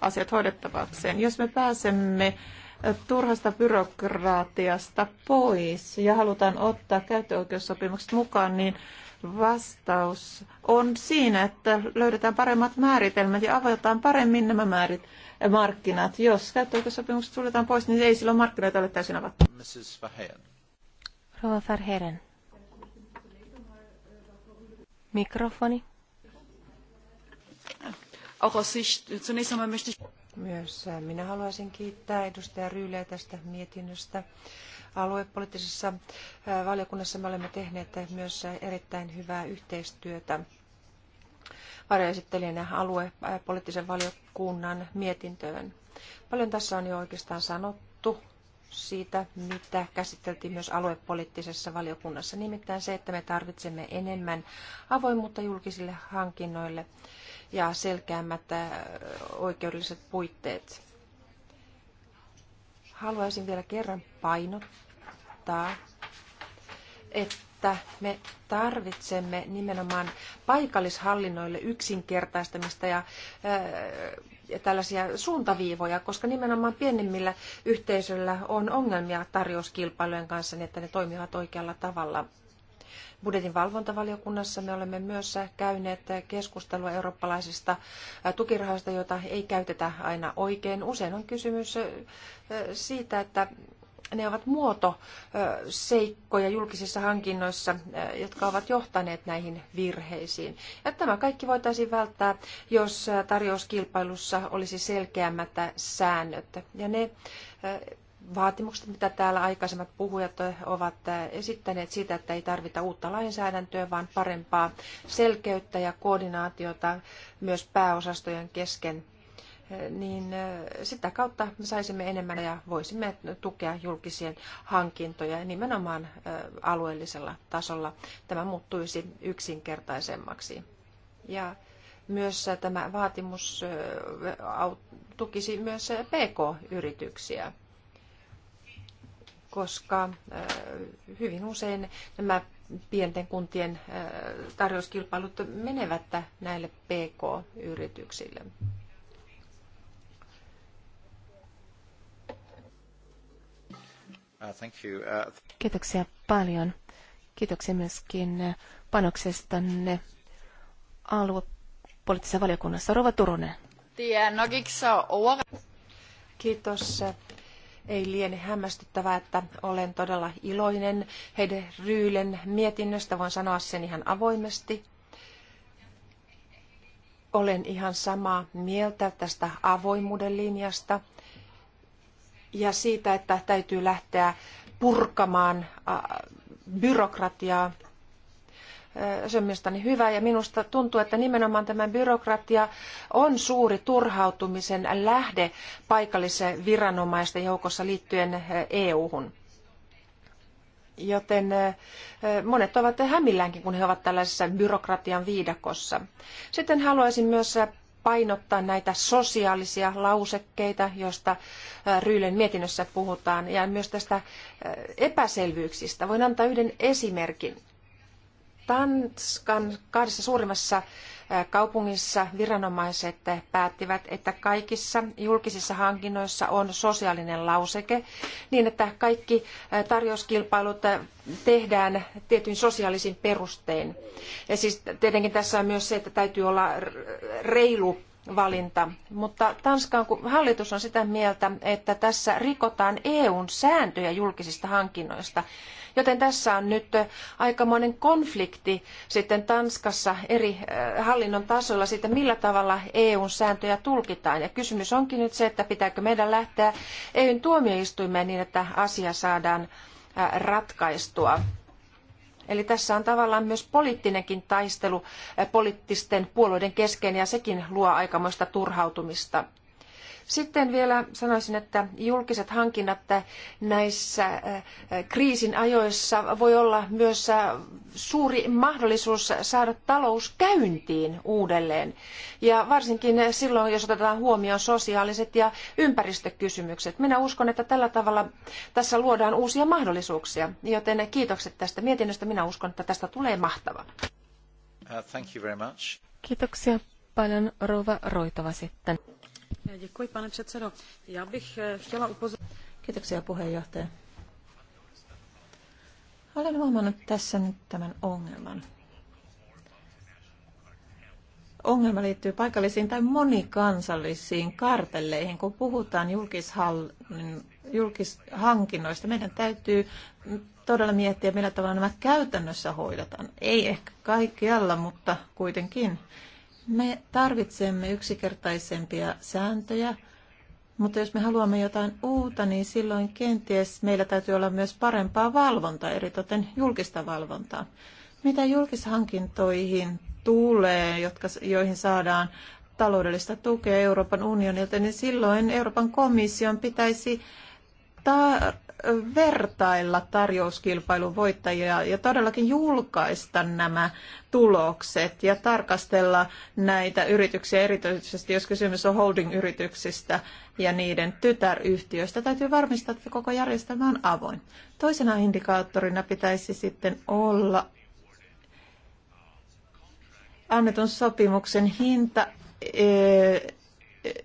asiat hoidettavakseen. Jos me pääsemme turhasta byrokraatiasta pois ja halutaan ottaa käyttöoikeussopimukset mukaan, niin vastaus on siinä, että löydetään paremmat määritelmät ja avataan paremmin nämä määrit, markkinat. Jos käyttöoikeussopimukset suljetaan pois, niin ei silloin markkinoita ole täysin avattu. Mrs. Rova Farheren. Mikrofoni. Myös äh, minä haluaisin kiittää edustaja Ryyliä tästä mietinnöstä. Aluepoliittisessa äh, valiokunnassa me olemme tehneet myös äh, erittäin hyvää yhteistyötä varjoesittelijänä aluepoliittisen valiokunnan mietintöön. Paljon tässä on jo oikeastaan sanottu siitä, mitä käsiteltiin myös aluepoliittisessa valiokunnassa, nimittäin se, että me tarvitsemme enemmän avoimuutta julkisille hankinnoille ja selkeämmät äh, oikeudelliset puitteet. Haluaisin vielä kerran painottaa, että me tarvitsemme nimenomaan paikallishallinnoille yksinkertaistamista ja äh, tällaisia suuntaviivoja, koska nimenomaan pienemmillä yhteisöillä on ongelmia tarjouskilpailujen kanssa, niin että ne toimivat oikealla tavalla. Budjetin valvontavaliokunnassa me olemme myös käyneet keskustelua eurooppalaisista tukirahoista, joita ei käytetä aina oikein. Usein on kysymys siitä, että ne ovat muotoseikkoja julkisissa hankinnoissa, jotka ovat johtaneet näihin virheisiin. Ja tämä kaikki voitaisiin välttää, jos tarjouskilpailussa olisi selkeämmät säännöt. Ja ne vaatimukset, mitä täällä aikaisemmat puhujat ovat esittäneet siitä, että ei tarvita uutta lainsäädäntöä, vaan parempaa selkeyttä ja koordinaatiota myös pääosastojen kesken niin sitä kautta me saisimme enemmän ja voisimme tukea julkisia hankintoja nimenomaan alueellisella tasolla. Tämä muuttuisi yksinkertaisemmaksi. Ja myös tämä vaatimus tukisi myös PK-yrityksiä, koska hyvin usein nämä pienten kuntien tarjouskilpailut menevät näille PK-yrityksille. Uh, uh, Kiitoksia paljon. Kiitoksia myöskin uh, panoksestanne aluepoliittisessa valiokunnassa. Rova Turunen. Er Kiitos. Ei liene hämmästyttävää, että olen todella iloinen Hede Ryylen mietinnöstä. Voin sanoa sen ihan avoimesti. Olen ihan samaa mieltä tästä avoimuuden linjasta – ja siitä, että täytyy lähteä purkamaan byrokratiaa. Se on mielestäni hyvä ja minusta tuntuu, että nimenomaan tämä byrokratia on suuri turhautumisen lähde paikallisen viranomaisten joukossa liittyen EU-hun. Joten monet ovat hämilläänkin, kun he ovat tällaisessa byrokratian viidakossa. Sitten haluaisin myös painottaa näitä sosiaalisia lausekkeita, joista äh, Ryylen mietinnössä puhutaan, ja myös tästä äh, epäselvyyksistä. Voin antaa yhden esimerkin. Tanskan kahdessa suurimmassa kaupungissa viranomaiset päättivät, että kaikissa julkisissa hankinnoissa on sosiaalinen lauseke niin, että kaikki tarjouskilpailut tehdään tietyin sosiaalisin perustein. Ja siis tietenkin tässä on myös se, että täytyy olla reilu valinta, mutta Tanskan hallitus on sitä mieltä, että tässä rikotaan EUn sääntöjä julkisista hankinnoista. Joten tässä on nyt aikamoinen konflikti sitten Tanskassa eri äh, hallinnon tasolla siitä, millä tavalla EUn sääntöjä tulkitaan. Ja kysymys onkin nyt se, että pitääkö meidän lähteä EUn tuomioistuimeen niin, että asia saadaan äh, ratkaistua. Eli tässä on tavallaan myös poliittinenkin taistelu poliittisten puolueiden kesken ja sekin luo aikamoista turhautumista. Sitten vielä sanoisin, että julkiset hankinnat näissä äh, äh, kriisin ajoissa voi olla myös äh, suuri mahdollisuus saada talous käyntiin uudelleen. Ja varsinkin silloin, jos otetaan huomioon sosiaaliset ja ympäristökysymykset. Minä uskon, että tällä tavalla tässä luodaan uusia mahdollisuuksia. Joten kiitokset tästä mietinnöstä. Minä uskon, että tästä tulee mahtava. Uh, thank you very much. Kiitoksia paljon Rouva Roitova sitten. Děkuji, pane předsedo. Já bych eh, chtěla upozornit... Kiitoksia puheenjohtaja. Olen huomannut tässä nyt tämän ongelman. Ongelma liittyy paikallisiin tai monikansallisiin kartelleihin. Kun puhutaan julkishankinnoista, meidän täytyy todella miettiä, millä tavalla nämä käytännössä hoidetaan. Ei ehkä kaikkialla, mutta kuitenkin. Me tarvitsemme yksinkertaisempia sääntöjä, mutta jos me haluamme jotain uutta, niin silloin kenties meillä täytyy olla myös parempaa valvontaa, eritoten julkista valvontaa. Mitä julkishankintoihin tulee, jotka, joihin saadaan taloudellista tukea Euroopan unionilta, niin silloin Euroopan komission pitäisi ta- vertailla tarjouskilpailun voittajia ja todellakin julkaista nämä tulokset ja tarkastella näitä yrityksiä erityisesti, jos kysymys on holding-yrityksistä ja niiden tytäryhtiöistä. Täytyy varmistaa, että koko järjestelmä on avoin. Toisena indikaattorina pitäisi sitten olla annetun sopimuksen hinta, e,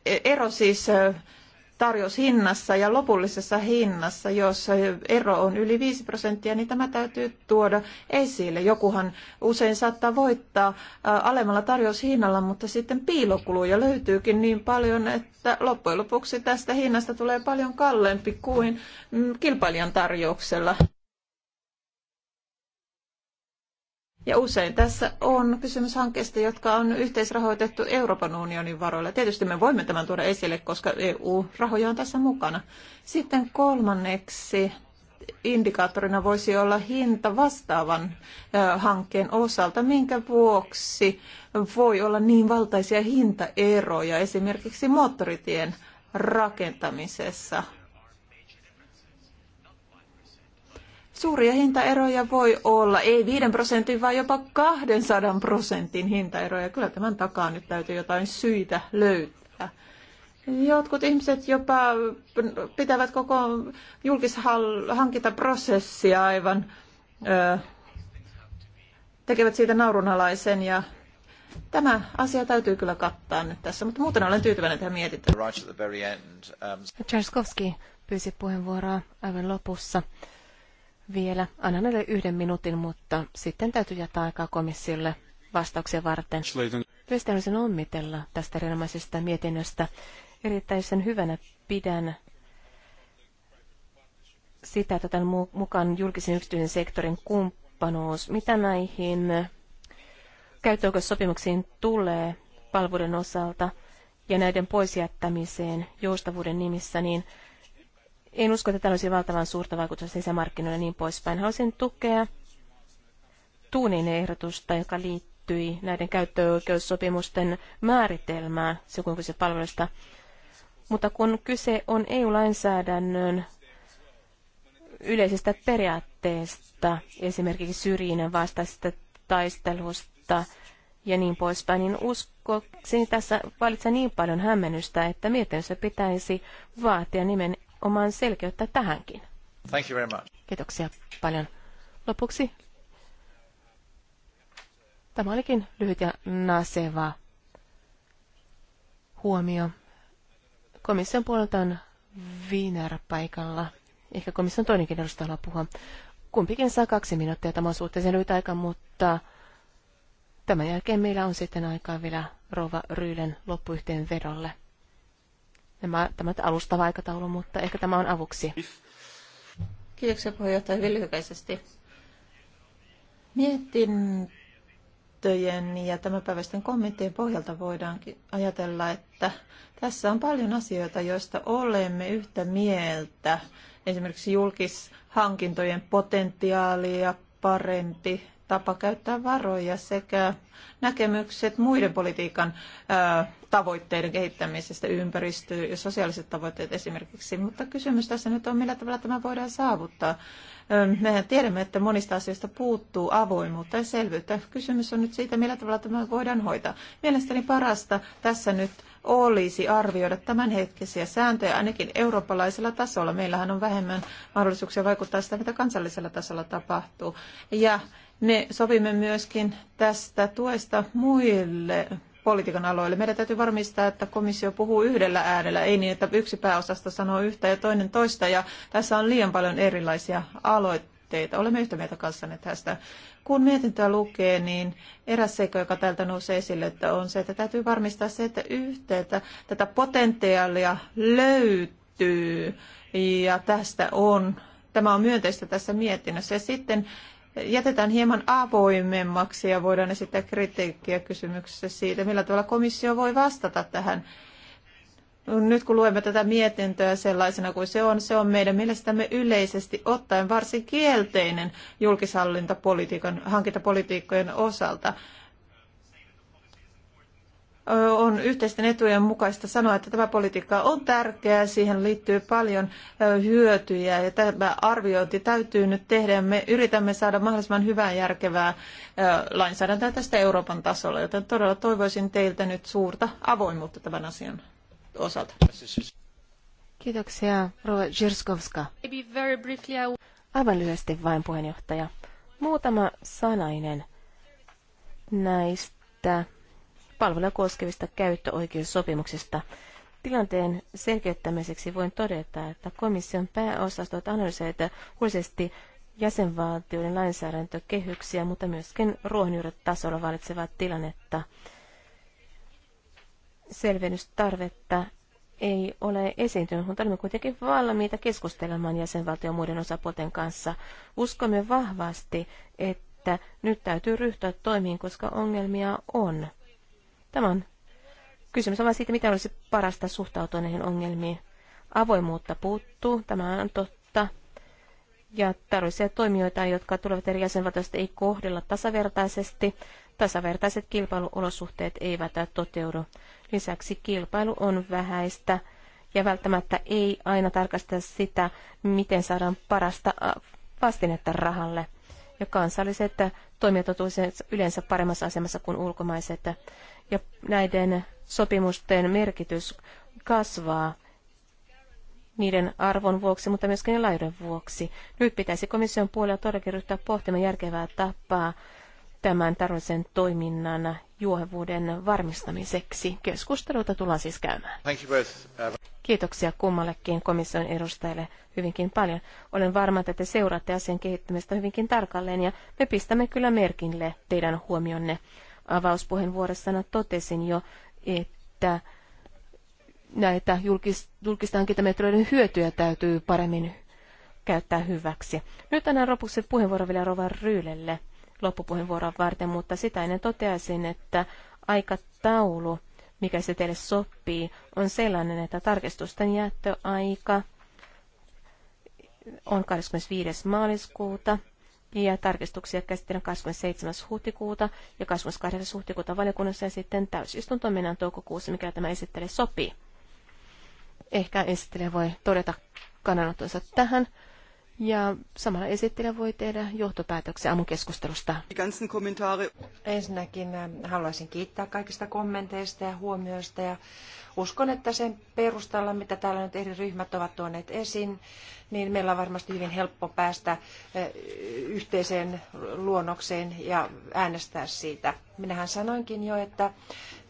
e, ero siis tarjoushinnassa ja lopullisessa hinnassa, jos ero on yli 5 prosenttia, niin tämä täytyy tuoda esille. Jokuhan usein saattaa voittaa alemmalla tarjoushinnalla, mutta sitten piilokuluja löytyykin niin paljon, että loppujen lopuksi tästä hinnasta tulee paljon kalleempi kuin mm, kilpailijan tarjouksella. Ja usein tässä on kysymys hankkeista, jotka on yhteisrahoitettu Euroopan unionin varoilla. Tietysti me voimme tämän tuoda esille, koska EU-rahoja on tässä mukana. Sitten kolmanneksi indikaattorina voisi olla hinta vastaavan hankkeen osalta, minkä vuoksi voi olla niin valtaisia hintaeroja esimerkiksi moottoritien rakentamisessa – Suuria hintaeroja voi olla, ei 5 prosentin, vaan jopa 200 prosentin hintaeroja. Kyllä tämän takaa nyt täytyy jotain syitä löytää. Jotkut ihmiset jopa pitävät koko julkishankintaprosessia aivan, ö, tekevät siitä naurunalaisen ja tämä asia täytyy kyllä kattaa nyt tässä, mutta muuten olen tyytyväinen tähän mietintöön. Right um, Tcharskovski pyysi puheenvuoroa aivan lopussa vielä. Annan näille yhden minuutin, mutta sitten täytyy jättää aikaa komissiolle vastauksia varten. Yleisesti haluaisin onnitella tästä erinomaisesta mietinnöstä. Erittäin hyvänä pidän sitä, että tämän mukaan julkisen yksityisen sektorin kumppanuus, mitä näihin käyttöoikeussopimuksiin tulee palveluiden osalta ja näiden poisjättämiseen joustavuuden nimissä, niin en usko, että tällä olisi valtavan suurta vaikutusta sisämarkkinoille ja niin poispäin. Haluaisin tukea Tuunin ehdotusta, joka liittyi näiden käyttöoikeussopimusten määritelmään, se kuinka se palveluista. Mutta kun kyse on EU-lainsäädännön yleisestä periaatteesta, esimerkiksi syrjinnän vastaisesta taistelusta ja niin poispäin, niin uskokseni tässä valitsee niin paljon hämmennystä, että mietinnössä pitäisi vaatia nimen oman selkeyttä tähänkin. Thank you very much. Kiitoksia paljon. Lopuksi tämä olikin lyhyt ja naseva huomio. Komission puolelta on Wiener paikalla. Ehkä komission toinenkin edustaja haluaa puhua. Kumpikin saa kaksi minuuttia. Tämä on suhteellisen lyhyt aika, mutta tämän jälkeen meillä on sitten aikaa vielä Rova Ryylen loppuyhteenvedolle. vedolle. Nämä, tämä alustava aikataulu, mutta ehkä tämä on avuksi. Kiitoksia puheenjohtaja hyvin lyhykäisesti. Mietintöjen ja tämänpäiväisten kommenttien pohjalta voidaankin ajatella, että tässä on paljon asioita, joista olemme yhtä mieltä. Esimerkiksi julkishankintojen potentiaalia parempi tapa käyttää varoja sekä näkemykset muiden politiikan tavoitteiden kehittämisestä, ympäristö- ja sosiaaliset tavoitteet esimerkiksi. Mutta kysymys tässä nyt on, millä tavalla tämä voidaan saavuttaa. Mehän tiedämme, että monista asioista puuttuu avoimuutta ja selvyyttä. Kysymys on nyt siitä, millä tavalla tämä voidaan hoitaa. Mielestäni parasta tässä nyt olisi arvioida tämänhetkisiä sääntöjä ainakin eurooppalaisella tasolla. Meillähän on vähemmän mahdollisuuksia vaikuttaa sitä, mitä kansallisella tasolla tapahtuu. Ja me sovimme myöskin tästä tuesta muille politiikan aloille. Meidän täytyy varmistaa, että komissio puhuu yhdellä äänellä, ei niin, että yksi pääosasta sanoo yhtä ja toinen toista. Ja tässä on liian paljon erilaisia aloitteita. Olemme yhtä mieltä kanssanne tästä. Kun mietintöä lukee, niin eräs seikka, joka täältä nousee esille, että on se, että täytyy varmistaa se, että yhteyttä tätä potentiaalia löytyy. Ja tästä on, tämä on myönteistä tässä mietinnössä. Ja sitten jätetään hieman avoimemmaksi ja voidaan esittää kritiikkiä kysymyksessä siitä, millä tavalla komissio voi vastata tähän. Nyt kun luemme tätä mietintöä sellaisena kuin se on, se on meidän mielestämme yleisesti ottaen varsin kielteinen julkishallintapolitiikan, hankintapolitiikkojen osalta on yhteisten etujen mukaista sanoa, että tämä politiikka on tärkeää, siihen liittyy paljon hyötyjä ja tämä arviointi täytyy nyt tehdä ja me yritämme saada mahdollisimman hyvää järkevää lainsäädäntöä tästä Euroopan tasolla, joten todella toivoisin teiltä nyt suurta avoimuutta tämän asian osalta. Kiitoksia, Rova Jirskovska. Aivan lyhyesti vain puheenjohtaja. Muutama sanainen näistä palveluja koskevista käyttöoikeussopimuksista. Tilanteen selkeyttämiseksi voin todeta, että komission pääosastot analysoivat huolisesti jäsenvaltioiden lainsäädäntökehyksiä, mutta myöskin ruohonjuuritasolla valitsevaa tilannetta. Selvennystarvetta ei ole esiintynyt, mutta olemme kuitenkin valmiita keskustelemaan jäsenvaltion muiden osapuolten kanssa. Uskomme vahvasti, että nyt täytyy ryhtyä toimiin, koska ongelmia on. Tämä on kysymys on vain siitä, mitä olisi parasta suhtautua näihin ongelmiin. Avoimuutta puuttuu, tämä on totta. Ja tarvitsee toimijoita, jotka tulevat eri jäsenvaltioista, ei kohdella tasavertaisesti. Tasavertaiset kilpailuolosuhteet eivät toteudu. Lisäksi kilpailu on vähäistä ja välttämättä ei aina tarkasteta sitä, miten saadaan parasta äh, vastinetta rahalle. Ja kansalliset toimijat ovat yleensä paremmassa asemassa kuin ulkomaiset ja näiden sopimusten merkitys kasvaa niiden arvon vuoksi, mutta myöskin ne laiden vuoksi. Nyt pitäisi komission puolella todellakin ryhtyä pohtimaan järkevää tapaa tämän tarvallisen toiminnan juohevuuden varmistamiseksi. Keskusteluita tullaan siis käymään. Uh, Kiitoksia kummallekin komission edustajille hyvinkin paljon. Olen varma, että te seuraatte asian kehittymistä hyvinkin tarkalleen ja me pistämme kyllä merkille teidän huomionne avauspuheenvuorossani totesin jo, että näitä julkis- julkista hyötyjä täytyy paremmin käyttää hyväksi. Nyt annan lopuksi puheenvuoro vielä Rova Ryylelle loppupuheenvuoroa varten, mutta sitä ennen toteaisin, että aikataulu, mikä se teille sopii, on sellainen, että tarkistusten jättöaika on 25. maaliskuuta ja tarkistuksia käsitellään 27. huhtikuuta ja 28. huhtikuuta valiokunnassa ja sitten täysistuntoon mennään toukokuussa, mikä tämä esittely sopii. Ehkä esittelijä voi todeta kannanottonsa tähän. Ja samalla esittelijä voi tehdä johtopäätöksiä keskustelusta. Ensinnäkin äh, haluaisin kiittää kaikista kommenteista ja huomioista ja uskon, että sen perustalla, mitä täällä nyt eri ryhmät ovat tuoneet esiin, niin meillä on varmasti hyvin helppo päästä eh, yhteiseen luonnokseen ja äänestää siitä. Minähän sanoinkin jo, että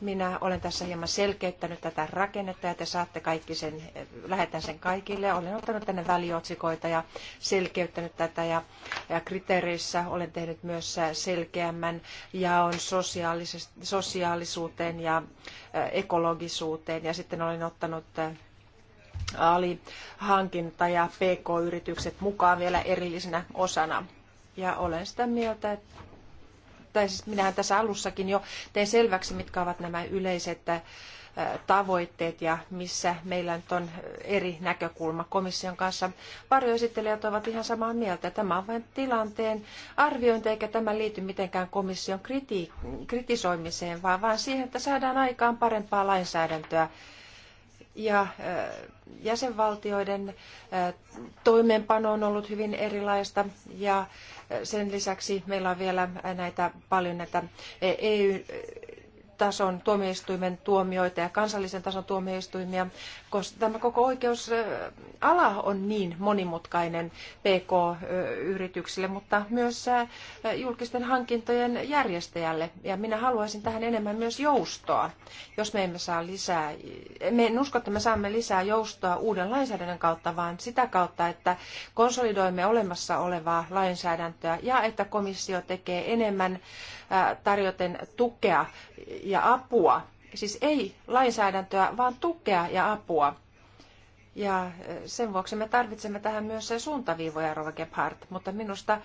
minä olen tässä hieman selkeyttänyt tätä rakennetta ja te saatte kaikki sen, lähetän sen kaikille. Olen ottanut tänne väliotsikoita ja selkeyttänyt tätä ja, ja kriteereissä olen tehnyt myös selkeämmän jaon sosiaalisuuteen ja äh, ekologisuuteen ja sitten olen ottanut äh, alihankinta ja PK-yritykset mukaan vielä erillisenä osana. Ja olen sitä mieltä, että tai siis minähän tässä alussakin jo tein selväksi, mitkä ovat nämä yleiset äh, tavoitteet ja missä meillä nyt on eri näkökulma komission kanssa. Varjoesittelijät ovat ihan samaa mieltä. Tämä on vain tilanteen arviointi, eikä tämä liity mitenkään komission kriti- kritisoimiseen, vaan, vaan siihen, että saadaan aikaan parempaa lainsäädäntöä. Ja äh, jäsenvaltioiden toimeenpano on ollut hyvin erilaista ja sen lisäksi meillä on vielä näitä paljon näitä EU, tason tuomioistuimen tuomioita ja kansallisen tason tuomioistuimia, koska tämä koko oikeusala on niin monimutkainen PK-yrityksille, mutta myös julkisten hankintojen järjestäjälle. Ja minä haluaisin tähän enemmän myös joustoa, jos me emme saa lisää, me en usko, että me saamme lisää joustoa uuden lainsäädännön kautta, vaan sitä kautta, että konsolidoimme olemassa olevaa lainsäädäntöä ja että komissio tekee enemmän tarjoten tukea ja apua. Siis ei lainsäädäntöä, vaan tukea ja apua. Ja sen vuoksi me tarvitsemme tähän myös suuntaviivoja, Rova Gebhardt, mutta minusta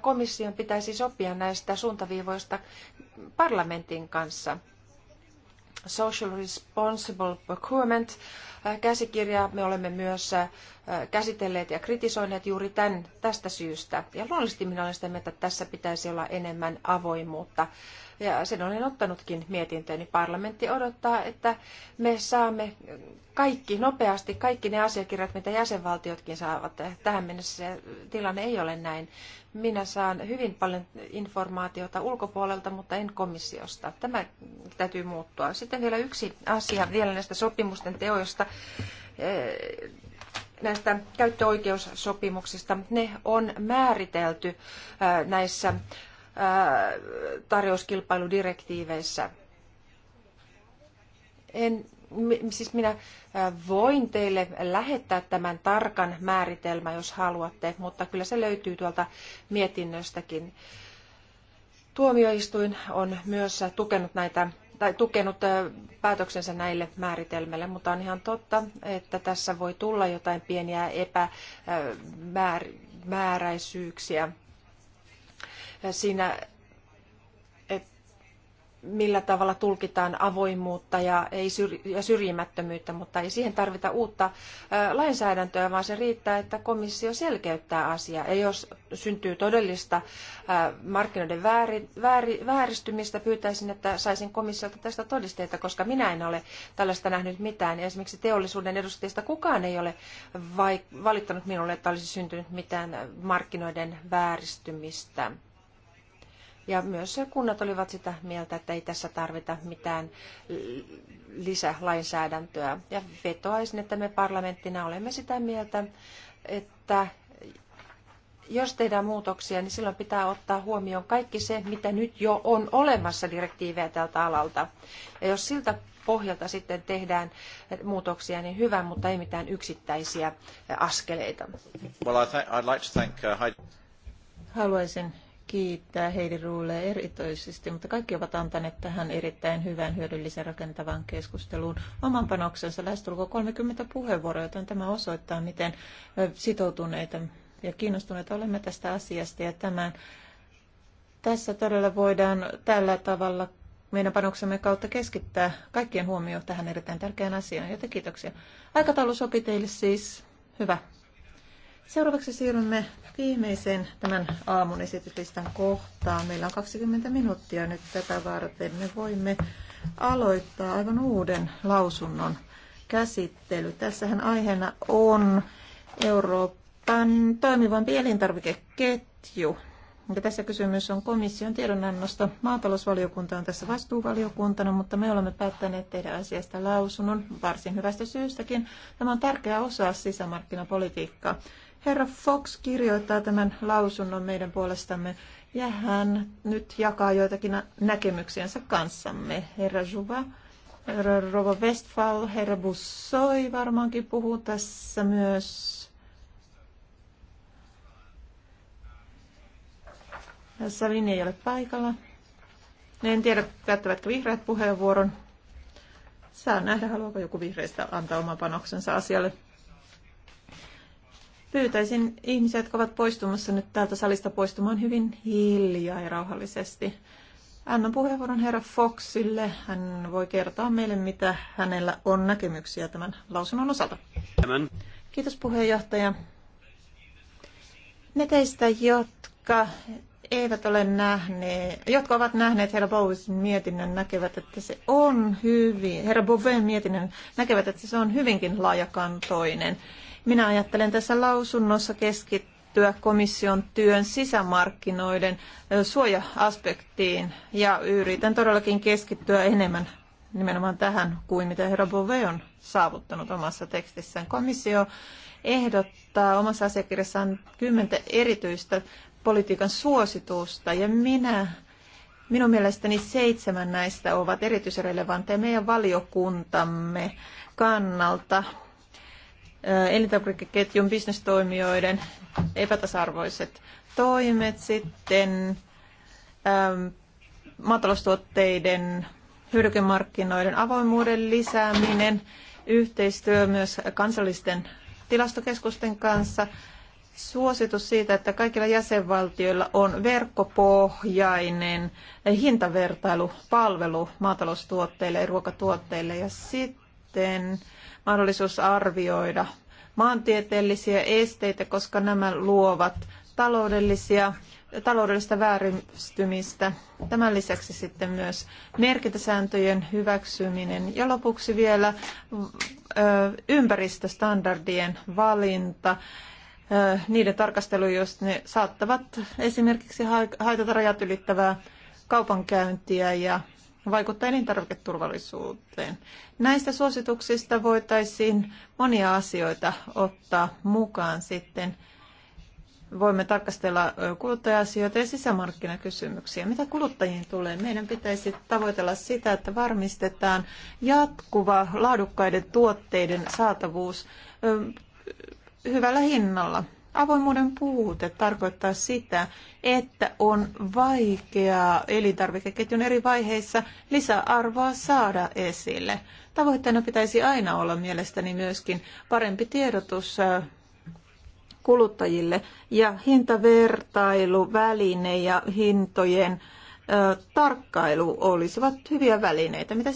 komission pitäisi sopia näistä suuntaviivoista parlamentin kanssa. Social Responsible Procurement käsikirjaa. Me olemme myös käsitelleet ja kritisoineet juuri tämän, tästä syystä. Ja luonnollisesti minä olen sitä mieltä, että tässä pitäisi olla enemmän avoimuutta. Ja sen olen ottanutkin mietintöön, niin parlamentti odottaa, että me saamme kaikki nopeasti, kaikki ne asiakirjat, mitä jäsenvaltiotkin saavat. Tähän mennessä tilanne ei ole näin. Minä saan hyvin paljon informaatiota ulkopuolelta, mutta en komissiosta. Tämä täytyy muuttua. Sitten vielä yksi asia vielä näistä sopimusten teoista. Eh, näistä käyttöoikeussopimuksista. Ne on määritelty eh, näissä eh, tarjouskilpailudirektiiveissä. En, siis minä voin teille lähettää tämän tarkan määritelmän, jos haluatte, mutta kyllä se löytyy tuolta mietinnöstäkin. Tuomioistuin on myös tukenut näitä tai tukenut päätöksensä näille määritelmille, mutta on ihan totta, että tässä voi tulla jotain pieniä epämääräisyyksiä siinä millä tavalla tulkitaan avoimuutta ja, ei ja syrjimättömyyttä, mutta ei siihen tarvita uutta lainsäädäntöä, vaan se riittää, että komissio selkeyttää asiaa. Ja jos syntyy todellista markkinoiden vääristymistä, pyytäisin, että saisin komissiolta tästä todisteita, koska minä en ole tällaista nähnyt mitään. Esimerkiksi teollisuuden edustajista kukaan ei ole vai, valittanut minulle, että olisi syntynyt mitään markkinoiden vääristymistä. Ja myös kunnat olivat sitä mieltä, että ei tässä tarvita mitään lisälainsäädäntöä. Ja vetoaisin, että me parlamenttina olemme sitä mieltä, että jos tehdään muutoksia, niin silloin pitää ottaa huomioon kaikki se, mitä nyt jo on olemassa direktiivejä tältä alalta. Ja jos siltä pohjalta sitten tehdään muutoksia, niin hyvä, mutta ei mitään yksittäisiä askeleita. Uh, Haluaisin kiittää Heidi Ruulle erityisesti, mutta kaikki ovat antaneet tähän erittäin hyvän, hyödyllisen, rakentavan keskusteluun oman panoksensa lähestulkoon 30 puheenvuoroa, joten tämä osoittaa, miten sitoutuneita ja kiinnostuneita olemme tästä asiasta. Ja tämän, tässä todella voidaan tällä tavalla meidän panoksemme kautta keskittää kaikkien huomioon tähän erittäin tärkeään asiaan, joten kiitoksia. Aikataulu sopi teille siis. Hyvä. Seuraavaksi siirrymme viimeiseen tämän aamun esityslistan kohtaan. Meillä on 20 minuuttia nyt tätä varten. Me voimme aloittaa aivan uuden lausunnon käsittely. Tässähän aiheena on Euroopan toimivan elintarvikeketju. Ja tässä kysymys on komission tiedonannosta. Maatalousvaliokunta on tässä vastuuvaliokuntana, mutta me olemme päättäneet tehdä asiasta lausunnon varsin hyvästä syystäkin. Tämä on tärkeä osa sisämarkkinapolitiikkaa. Herra Fox kirjoittaa tämän lausunnon meidän puolestamme ja hän nyt jakaa joitakin näkemyksiänsä kanssamme. Herra Juba, herra Rova Westfall, herra Bussoi varmaankin puhuu tässä myös. Salin ei ole paikalla. En tiedä, käyttävätkö vihreät puheenvuoron. Saa nähdä, haluaako joku vihreistä antaa oman panoksensa asialle. Pyytäisin ihmisiä, jotka ovat poistumassa nyt täältä salista poistumaan hyvin hiljaa ja rauhallisesti. Annan puheenvuoron herra Foxille. Hän voi kertoa meille, mitä hänellä on näkemyksiä tämän lausunnon osalta. Kiitos puheenjohtaja. Ne teistä, jotka eivät ole nähneet, jotka ovat nähneet herra Bowen mietinnön, näkevät, että se on hyvin, herra Bowen mietinnön näkevät, että se on hyvinkin laajakantoinen. Minä ajattelen tässä lausunnossa keskittyä komission työn sisämarkkinoiden suoja-aspektiin ja yritän todellakin keskittyä enemmän nimenomaan tähän kuin mitä herra Bove on saavuttanut omassa tekstissään. Komissio ehdottaa omassa asiakirjassaan kymmentä erityistä politiikan suositusta ja minä Minun mielestäni seitsemän näistä ovat erityisen relevantteja meidän valiokuntamme kannalta elintarvikeketjun bisnestoimijoiden epätasa-arvoiset toimet, sitten maataloustuotteiden hyödykemarkkinoiden avoimuuden lisääminen, yhteistyö myös kansallisten tilastokeskusten kanssa, suositus siitä, että kaikilla jäsenvaltioilla on verkkopohjainen hintavertailupalvelu maataloustuotteille ja ruokatuotteille ja sitten mahdollisuus arvioida maantieteellisiä esteitä, koska nämä luovat taloudellisia, taloudellista vääristymistä. Tämän lisäksi sitten myös merkintäsääntöjen hyväksyminen ja lopuksi vielä ympäristöstandardien valinta niiden tarkastelu, jos ne saattavat esimerkiksi haitata rajat ylittävää kaupankäyntiä ja vaikuttaa elintarviketurvallisuuteen. Näistä suosituksista voitaisiin monia asioita ottaa mukaan sitten. Voimme tarkastella kuluttaja-asioita ja sisämarkkinakysymyksiä. Mitä kuluttajiin tulee? Meidän pitäisi tavoitella sitä, että varmistetaan jatkuva laadukkaiden tuotteiden saatavuus hyvällä hinnalla avoimuuden puute tarkoittaa sitä, että on vaikeaa elintarvikeketjun eri vaiheissa lisäarvoa saada esille. Tavoitteena pitäisi aina olla mielestäni myöskin parempi tiedotus kuluttajille ja hintavertailu, väline ja hintojen tarkkailu olisivat hyviä välineitä. Mitä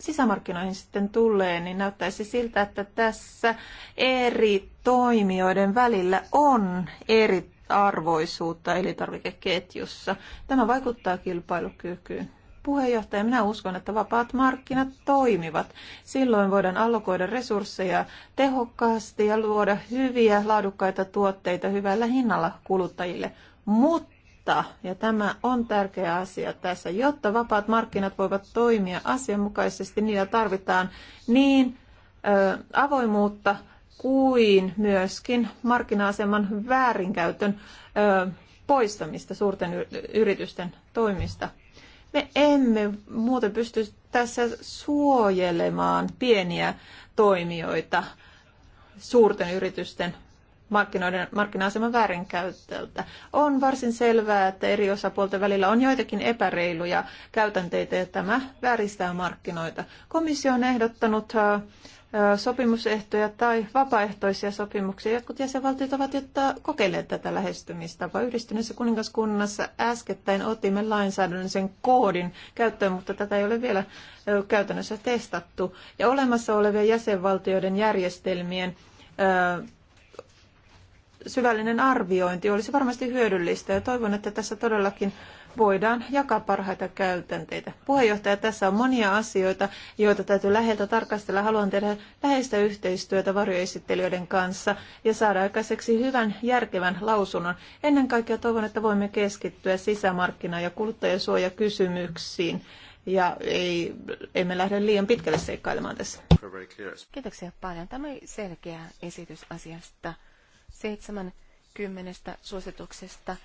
sisämarkkinoihin sitten tulee, niin näyttäisi siltä, että tässä eri toimijoiden välillä on eri arvoisuutta elintarvikeketjussa. Tämä vaikuttaa kilpailukykyyn. Puheenjohtaja, minä uskon, että vapaat markkinat toimivat. Silloin voidaan allokoida resursseja tehokkaasti ja luoda hyviä, laadukkaita tuotteita hyvällä hinnalla kuluttajille. Mutta totta, ja tämä on tärkeä asia tässä. Jotta vapaat markkinat voivat toimia asianmukaisesti, niillä tarvitaan niin ö, avoimuutta kuin myöskin markkina-aseman väärinkäytön ö, poistamista suurten yritysten toimista. Me emme muuten pysty tässä suojelemaan pieniä toimijoita suurten yritysten markkinoiden, markkina-aseman väärinkäyttöltä. On varsin selvää, että eri osapuolten välillä on joitakin epäreiluja käytänteitä ja tämä vääristää markkinoita. Komissio on ehdottanut sopimusehtoja tai vapaaehtoisia sopimuksia. Jotkut jäsenvaltiot ovat jotta kokeilleet tätä lähestymistapaa. Yhdistyneessä kuningaskunnassa äskettäin otimme lainsäädännöllisen koodin käyttöön, mutta tätä ei ole vielä käytännössä testattu. Ja olemassa olevien jäsenvaltioiden järjestelmien syvällinen arviointi olisi varmasti hyödyllistä ja toivon, että tässä todellakin voidaan jakaa parhaita käytänteitä. Puheenjohtaja, tässä on monia asioita, joita täytyy läheltä tarkastella. Haluan tehdä läheistä yhteistyötä varjoesittelijöiden kanssa ja saada aikaiseksi hyvän, järkevän lausunnon. Ennen kaikkea toivon, että voimme keskittyä sisämarkkina- ja kuluttajasuojakysymyksiin ja ei, emme lähde liian pitkälle seikkailemaan tässä. Kiitoksia paljon. Tämä oli selkeä esitys asiasta. Seitsemän kymmenestä suosituksesta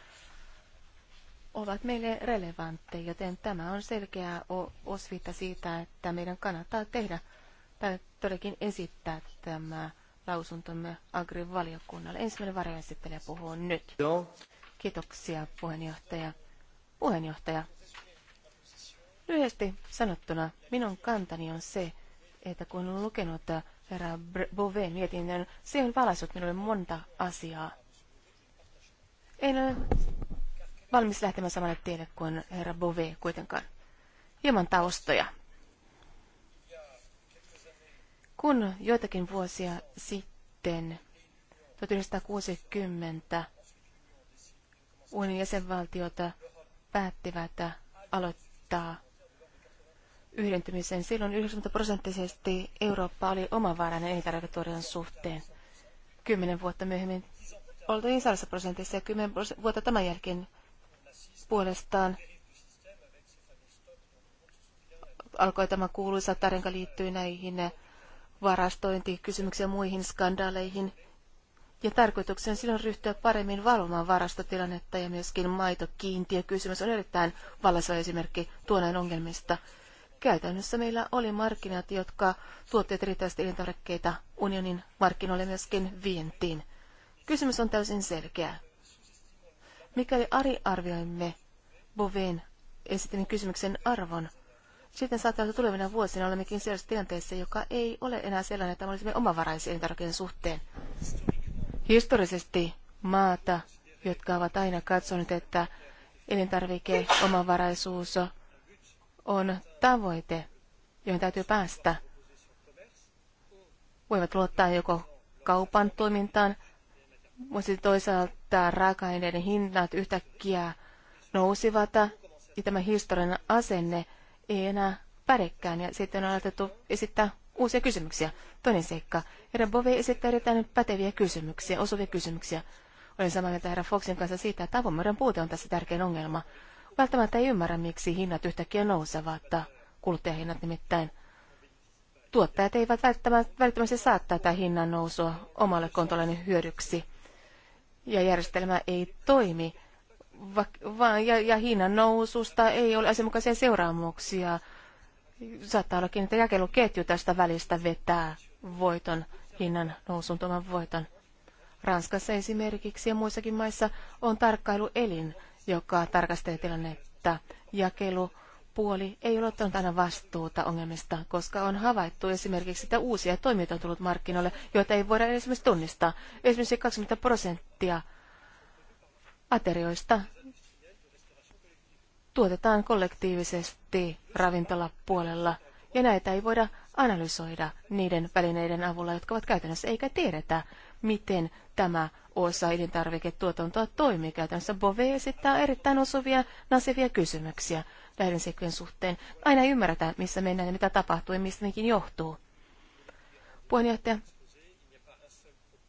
ovat meille relevantteja, joten tämä on selkeä osviitta siitä, että meidän kannattaa tehdä tai todellakin esittää tämä lausuntomme agri valiokunnalle. Ensimmäinen varjoesittelijä puhuu nyt. Joo. Kiitoksia puheenjohtaja. Puheenjohtaja, lyhyesti sanottuna minun kantani on se, että kun olen lukenut herra Boveen mietinnön. Se on valaissut minulle monta asiaa. En ole valmis lähtemään samalle tielle kuin herra Bove kuitenkaan. Hieman taustoja. Kun joitakin vuosia sitten, 1960, unionin jäsenvaltiota päättivät aloittaa yhdentymiseen. Silloin 90 prosenttisesti Eurooppa oli omavarainen elintarviketuotannon suhteen. Kymmenen vuotta myöhemmin oltiin 100 prosentissa ja kymmenen vuotta tämän jälkeen puolestaan alkoi tämä kuuluisa tarinka liittyy näihin varastointikysymyksiin ja muihin skandaaleihin. Ja tarkoituksen silloin ryhtyä paremmin valvomaan varastotilannetta ja myöskin maitokiintiökysymys on erittäin vallassa esimerkki tuoneen ongelmista. Käytännössä meillä oli markkinat, jotka tuottivat riittävästi elintarvikkeita unionin markkinoille myöskin vientiin. Kysymys on täysin selkeä. Mikäli Ari arvioimme Boveen esitin kysymyksen arvon, sitten saattaa, tulevina vuosina olemmekin sellaisessa tilanteessa, joka ei ole enää sellainen, että me olisimme omavaraisia elintarvikkeiden suhteen. historisesti maata, jotka ovat aina katsoneet, että elintarvike omavaraisuus on tavoite, johon täytyy päästä. Voivat luottaa joko kaupan toimintaan, mutta sitten toisaalta raaka-aineiden hinnat yhtäkkiä nousivat ja tämä historian asenne ei enää pärekään ja sitten on alettu esittää uusia kysymyksiä. Toinen seikka. Herra Bove esittää erittäin päteviä kysymyksiä, osuvia kysymyksiä. Olen samaa mieltä herra Foxin kanssa siitä, että avomuuden puute on tässä tärkein ongelma välttämättä ei ymmärrä, miksi hinnat yhtäkkiä nousevat, kuluttajahinnat nimittäin. Tuottajat eivät välttämättä saa tätä hinnan nousua omalle kontolleen hyödyksi. Ja järjestelmä ei toimi, vaan ja, ja hinnan noususta ei ole asianmukaisia seuraamuksia. Saattaa ollakin, että jakeluketju tästä välistä vetää voiton, hinnan nousun tuoman voiton. Ranskassa esimerkiksi ja muissakin maissa on tarkkailuelin, joka tarkastelee tilannetta. Jakelupuoli ei ole ottanut aina vastuuta ongelmista, koska on havaittu esimerkiksi, että uusia toimijoita on tullut markkinoille, joita ei voida esimerkiksi tunnistaa. Esimerkiksi 20 prosenttia aterioista tuotetaan kollektiivisesti ravintolapuolella, ja näitä ei voida analysoida niiden välineiden avulla, jotka ovat käytännössä, eikä tiedetä, miten tämä osa elintarviketuotantoa toimii käytännössä. Bove esittää erittäin osuvia, nasevia kysymyksiä näiden suhteen. Aina ymmärretään, missä mennään ja mitä tapahtuu ja mistä nekin johtuu. Puheenjohtaja,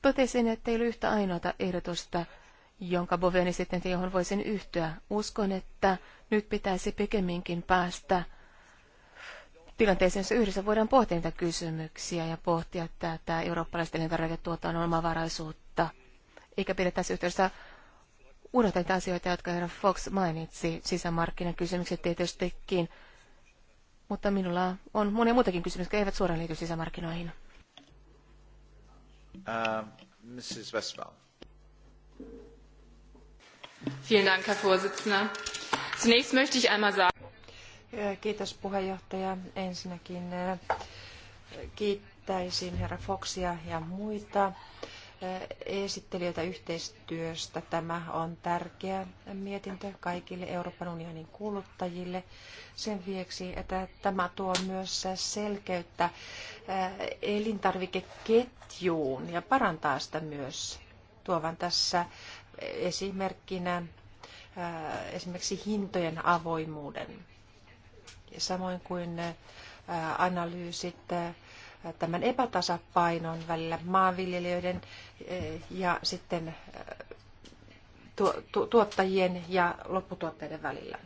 totesin, että ei ole yhtä ainoata ehdotusta, jonka Boveni sitten, johon voisin yhtyä. Uskon, että nyt pitäisi pikemminkin päästä – tilanteeseen, jossa yhdessä voidaan pohtia niitä kysymyksiä ja pohtia tätä eurooppalaisten elintarviketuotannon omavaraisuutta, eikä pidä tässä yhteydessä unohtaa niitä asioita, jotka herra Fox mainitsi, sisämarkkinakysymykset tietystikin, mutta minulla on monia muitakin kysymyksiä, jotka eivät suoraan liity sisämarkkinoihin. Uh, Mrs. Westphal. Vielen Dank, Herr Vorsitzender. Zunächst möchte ich einmal sagen, Kiitos puheenjohtaja. Ensinnäkin eh, kiittäisin herra Foxia ja muita eh, esittelijöitä yhteistyöstä. Tämä on tärkeä mietintö kaikille Euroopan unionin kuluttajille sen vieksi, että tämä tuo myös selkeyttä eh, elintarvikeketjuun ja parantaa sitä myös. Tuovan tässä esimerkkinä esimerkiksi hintojen avoimuuden samoin kuin analyysit tämän epätasapainon välillä maanviljelijöiden ja sitten tuottajien ja lopputuotteiden välillä.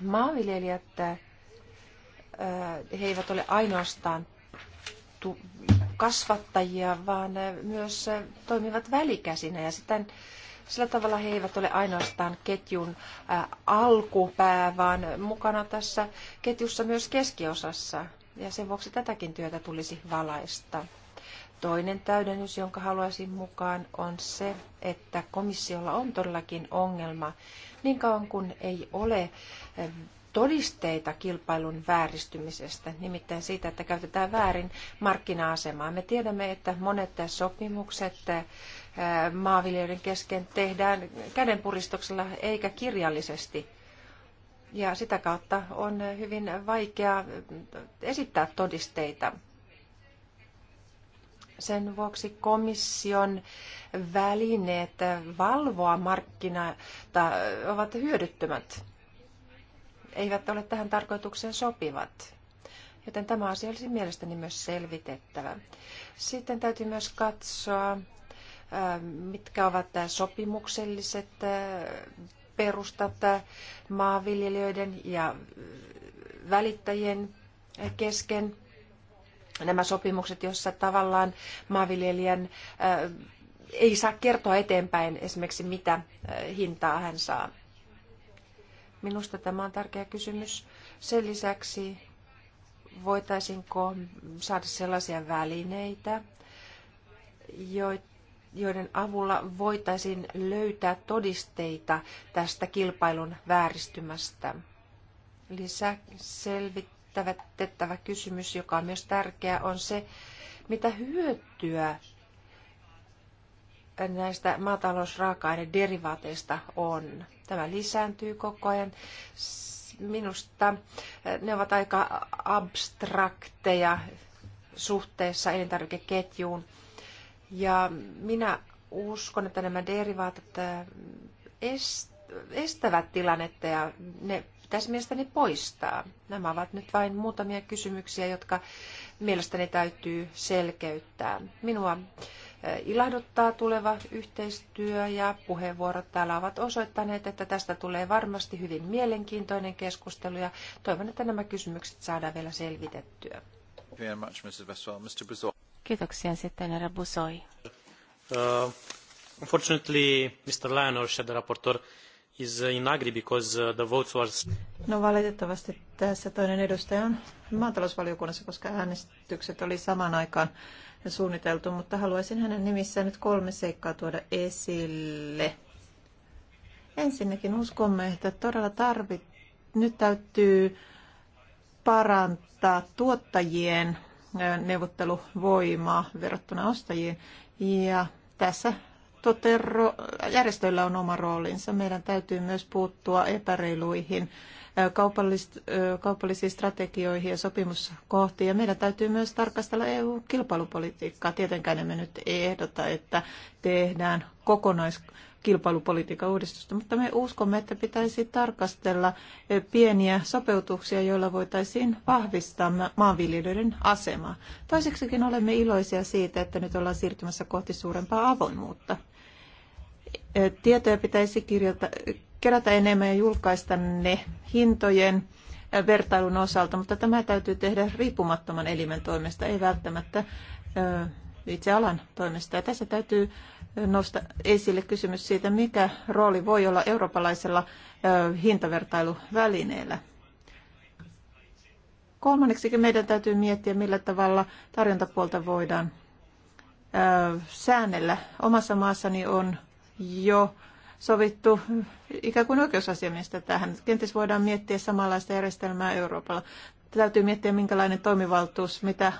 Maanviljelijät, he eivät ole ainoastaan kasvattajia, vaan myös toimivat välikäsinä ja sitten sillä tavalla he eivät ole ainoastaan ketjun äh, alkupää, vaan mukana tässä ketjussa myös keskiosassa. Ja sen vuoksi tätäkin työtä tulisi valaista. Toinen täydennys, jonka haluaisin mukaan, on se, että komissiolla on todellakin ongelma niin kauan kuin ei ole ähm, todisteita kilpailun vääristymisestä, nimittäin siitä, että käytetään väärin markkina-asemaa. Me tiedämme, että monet sopimukset äh, maanviljelijöiden kesken tehdään kädenpuristuksella eikä kirjallisesti. Ja sitä kautta on hyvin vaikea esittää todisteita. Sen vuoksi komission välineet valvoa markkinaa ovat hyödyttömät, eivät ole tähän tarkoitukseen sopivat. Joten tämä asia olisi mielestäni myös selvitettävä. Sitten täytyy myös katsoa mitkä ovat sopimukselliset perustat maanviljelijöiden ja välittäjien kesken. Nämä sopimukset, joissa tavallaan maanviljelijän ei saa kertoa eteenpäin esimerkiksi mitä hintaa hän saa. Minusta tämä on tärkeä kysymys. Sen lisäksi voitaisinko saada sellaisia välineitä, joita joiden avulla voitaisiin löytää todisteita tästä kilpailun vääristymästä. Lisäselvittävä kysymys, joka on myös tärkeä, on se, mitä hyötyä näistä maatalousraaka-ainederivaateista on. Tämä lisääntyy koko ajan. Minusta ne ovat aika abstrakteja suhteessa elintarvikeketjuun ja minä uskon, että nämä derivaatat äh, estävät tilannetta ja ne pitäisi mielestäni poistaa. Nämä ovat nyt vain muutamia kysymyksiä, jotka mielestäni täytyy selkeyttää. Minua äh, ilahduttaa tuleva yhteistyö ja puheenvuorot täällä ovat osoittaneet, että tästä tulee varmasti hyvin mielenkiintoinen keskustelu ja toivon, että nämä kysymykset saadaan vielä selvitettyä. Kiitoksia sitten, herra Busoi. Uh, unfortunately, Mr. Lionel, Shadow rapporteur, is in agri because uh, the votes was... No valitettavasti tässä toinen edustaja on maatalousvaliokunnassa, koska äänestykset oli saman aikaan suunniteltu, mutta haluaisin hänen nimissään nyt kolme seikkaa tuoda esille. Ensinnäkin uskomme, että todella tarvit, nyt täytyy parantaa tuottajien neuvotteluvoimaa verrattuna ostajiin. Ja tässä totero, järjestöillä on oma roolinsa. Meidän täytyy myös puuttua epäreiluihin kaupallisiin strategioihin ja sopimuskohtiin. Ja meidän täytyy myös tarkastella EU-kilpailupolitiikkaa. Tietenkään emme nyt ehdota, että tehdään kokonais kilpailupolitiikan uudistusta, mutta me uskomme, että pitäisi tarkastella eh, pieniä sopeutuksia, joilla voitaisiin vahvistaa maanviljelijöiden asemaa. Toiseksikin olemme iloisia siitä, että nyt ollaan siirtymässä kohti suurempaa avoimuutta. Eh, tietoja pitäisi kirjata, kerätä enemmän ja julkaista ne hintojen eh, vertailun osalta, mutta tämä täytyy tehdä riippumattoman elimen toimesta, ei välttämättä itse alan toimesta. Ja tässä täytyy nosta esille kysymys siitä, mikä rooli voi olla eurooppalaisella hintavertailuvälineellä. Kolmanneksi meidän täytyy miettiä, millä tavalla tarjontapuolta voidaan säännellä. Omassa maassani on jo sovittu ikään kuin oikeusasiamiestä tähän. Kenties voidaan miettiä samanlaista järjestelmää Euroopalla. Täytyy miettiä, minkälainen toimivaltuus, mitä,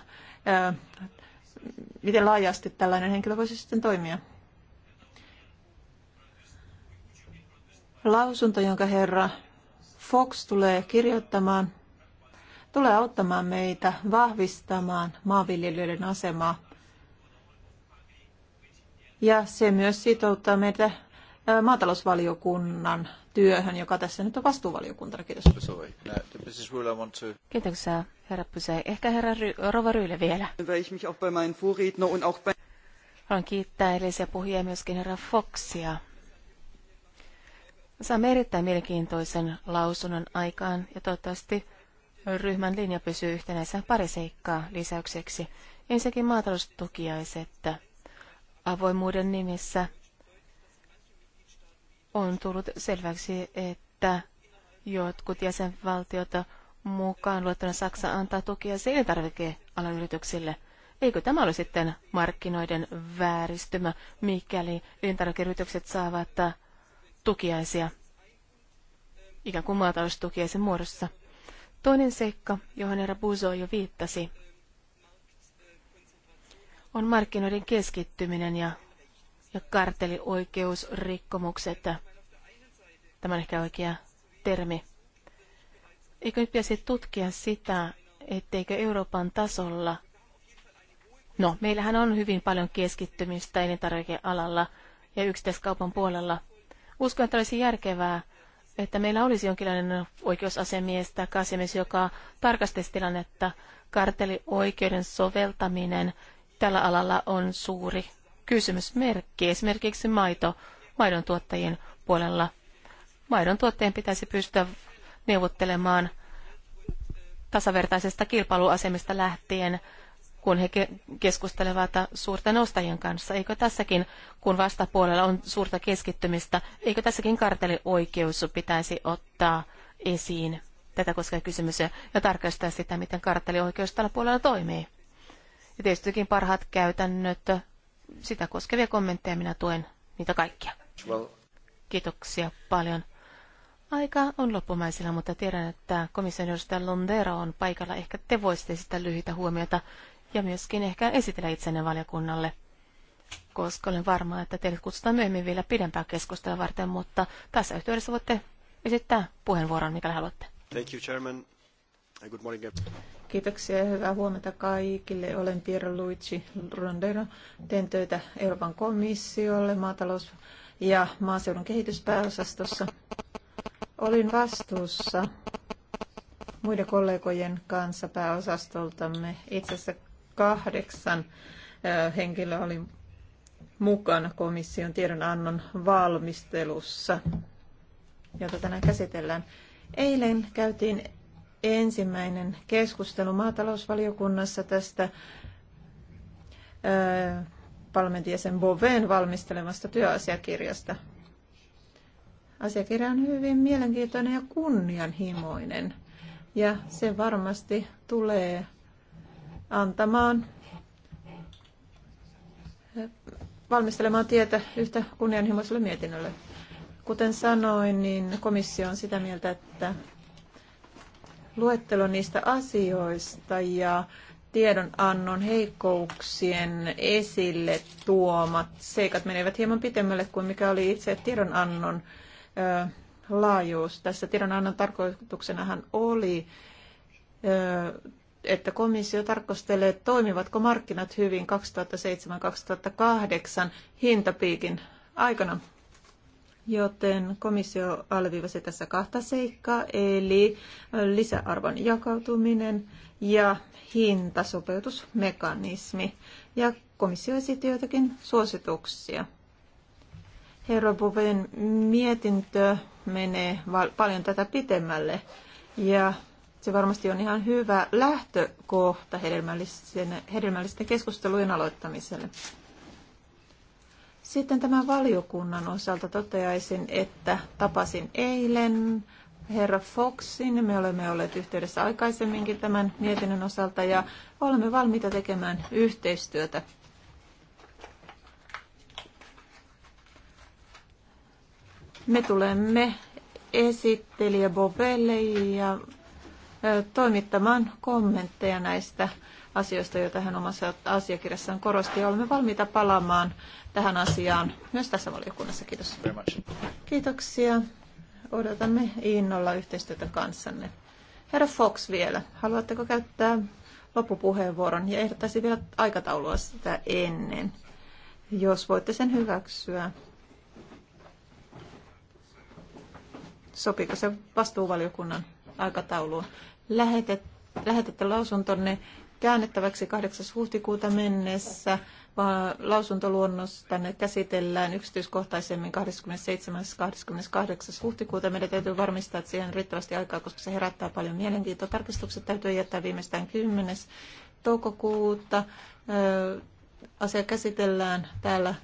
miten laajasti tällainen henkilö voisi sitten toimia. lausunto, jonka herra Fox tulee kirjoittamaan, tulee auttamaan meitä vahvistamaan maanviljelijöiden asemaa. Ja se myös sitouttaa meitä maatalousvaliokunnan työhön, joka tässä nyt on vastuuvaliokunta. Kiitos. Kiitoksia, herra Pysä. Ehkä herra Ry- Rova Ryyle vielä. Haluan kiittää edellisiä puhujia myöskin herra Foxia Saamme erittäin mielenkiintoisen lausunnon aikaan ja toivottavasti ryhmän linja pysyy yhtenäisenä pari seikkaa lisäykseksi. Ensinnäkin maataloustukiaiset avoimuuden nimissä on tullut selväksi, että jotkut jäsenvaltiot mukaan luettuna Saksa antaa tukia elintarvikealan yrityksille. Eikö tämä ole sitten markkinoiden vääristymä, mikäli elintarvikeyritykset saavat tukiaisia, ikään kuin maataloustukiaisen muodossa. Toinen seikka, johon herra Buzo jo viittasi, on markkinoiden keskittyminen ja, ja kartelioikeusrikkomukset. Tämä on ehkä oikea termi. Eikö nyt pitäisi tutkia sitä, etteikö Euroopan tasolla, no meillähän on hyvin paljon keskittymistä elintarvikealalla ja yksittäiskaupan puolella, Uskon, että olisi järkevää, että meillä olisi jonkinlainen oikeusasemies tai kasemies, joka tarkastaisi tilannetta. Kartelioikeuden soveltaminen tällä alalla on suuri kysymysmerkki, esimerkiksi maito, maidon tuottajien puolella. Maidon tuottajien pitäisi pystyä neuvottelemaan tasavertaisesta kilpailuasemista lähtien kun he keskustelevat suurten ostajien kanssa. Eikö tässäkin, kun vastapuolella on suurta keskittymistä, eikö tässäkin kartelioikeus pitäisi ottaa esiin tätä koskee kysymys ja tarkastaa sitä, miten kartelioikeus tällä puolella toimii. Ja tietystikin parhaat käytännöt, sitä koskevia kommentteja minä tuen niitä kaikkia. Kiitoksia paljon. Aika on loppumaisilla, mutta tiedän, että komission edustaja Londero on paikalla. Ehkä te voisitte sitä lyhyitä huomiota ja myöskin ehkä esitellä itsenne valiokunnalle, koska olen varma, että teidät kutsutaan myöhemmin vielä pidempää keskustelua varten, mutta tässä yhteydessä voitte esittää puheenvuoron, mikä haluatte. Thank you, Chairman. Uh, good morning. Kiitoksia ja hyvää huomenta kaikille. Olen Pierluigi Rondero. Teen töitä Euroopan komissiolle maatalous- ja maaseudun kehityspääosastossa. Olin vastuussa muiden kollegojen kanssa pääosastoltamme itse asiassa kahdeksan henkilöä oli mukana komission tiedonannon valmistelussa, jota tänään käsitellään. Eilen käytiin ensimmäinen keskustelu maatalousvaliokunnassa tästä parlamentin jäsen Boveen valmistelemasta työasiakirjasta. Asiakirja on hyvin mielenkiintoinen ja kunnianhimoinen ja se varmasti tulee antamaan valmistelemaan tietä yhtä kunnianhimoiselle mietinnölle. Kuten sanoin, niin komissio on sitä mieltä, että luettelo niistä asioista ja tiedonannon heikkouksien esille tuomat seikat menevät hieman pitemmälle kuin mikä oli itse tiedonannon ö, laajuus. Tässä tiedonannon tarkoituksenahan oli ö, että komissio tarkastelee, toimivatko markkinat hyvin 2007-2008 hintapiikin aikana. Joten komissio alviivasi tässä kahta seikkaa, eli lisäarvon jakautuminen ja hintasopeutusmekanismi. Ja komissio esitti joitakin suosituksia. Herra Buven mietintö menee paljon tätä pitemmälle ja se varmasti on ihan hyvä lähtökohta hedelmällisten, hedelmällisten keskustelujen aloittamiselle. Sitten tämän valiokunnan osalta toteaisin, että tapasin eilen herra Foxin. Me olemme olleet yhteydessä aikaisemminkin tämän mietinnön osalta ja olemme valmiita tekemään yhteistyötä. Me tulemme esittelijä Bobelle ja toimittamaan kommentteja näistä asioista, joita hän omassa asiakirjassaan korosti. Ja olemme valmiita palaamaan tähän asiaan myös tässä valiokunnassa. Kiitos. Kiitoksia. Odotamme innolla yhteistyötä kanssanne. Herra Fox vielä, haluatteko käyttää loppupuheenvuoron ja ehdottaisin vielä aikataulua sitä ennen, jos voitte sen hyväksyä. Sopiiko se vastuuvaliokunnan aikatauluun. Lähetet, lähetätte lausuntonne käännettäväksi 8. huhtikuuta mennessä. vaan Lausuntoluonnos tänne käsitellään yksityiskohtaisemmin 27. 28. huhtikuuta. Meidän täytyy varmistaa, että siihen riittävästi aikaa, koska se herättää paljon mielenkiintoa. Tarkistukset täytyy jättää viimeistään 10. toukokuuta. Asia käsitellään täällä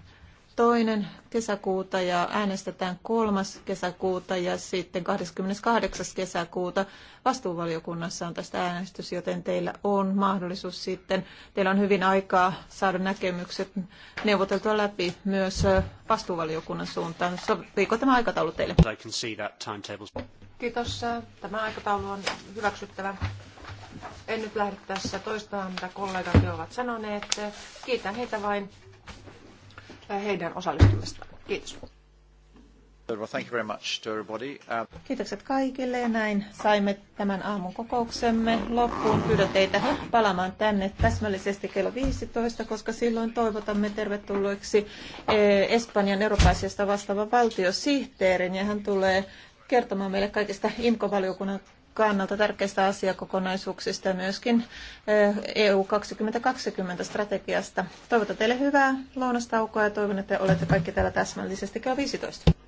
toinen kesäkuuta ja äänestetään kolmas kesäkuuta ja sitten 28. kesäkuuta vastuuvaliokunnassa on tästä äänestys, joten teillä on mahdollisuus sitten, teillä on hyvin aikaa saada näkemykset neuvoteltua läpi myös vastuuvaliokunnan suuntaan. Sopiiko tämä aikataulu teille? Kiitos. Tämä aikataulu on hyväksyttävä. En nyt lähde tässä toistamaan, mitä kollegat jo ovat sanoneet. Kiitän heitä vain heidän osallistumistaan. Kiitos. Um, Kiitokset kaikille ja näin saimme tämän aamun kokouksemme loppuun. Pyydän teitä palaamaan tänne täsmällisesti kello 15, koska silloin toivotamme tervetulleeksi eh, Espanjan eurooppaisesta vastaavan valtiosihteerin ja hän tulee kertomaan meille kaikista imco valiokunnan kannalta tärkeistä asiakokonaisuuksista ja myöskin EU 2020 strategiasta. Toivotan teille hyvää lounastaukoa ja toivon, että olette kaikki täällä täsmällisesti kello 15.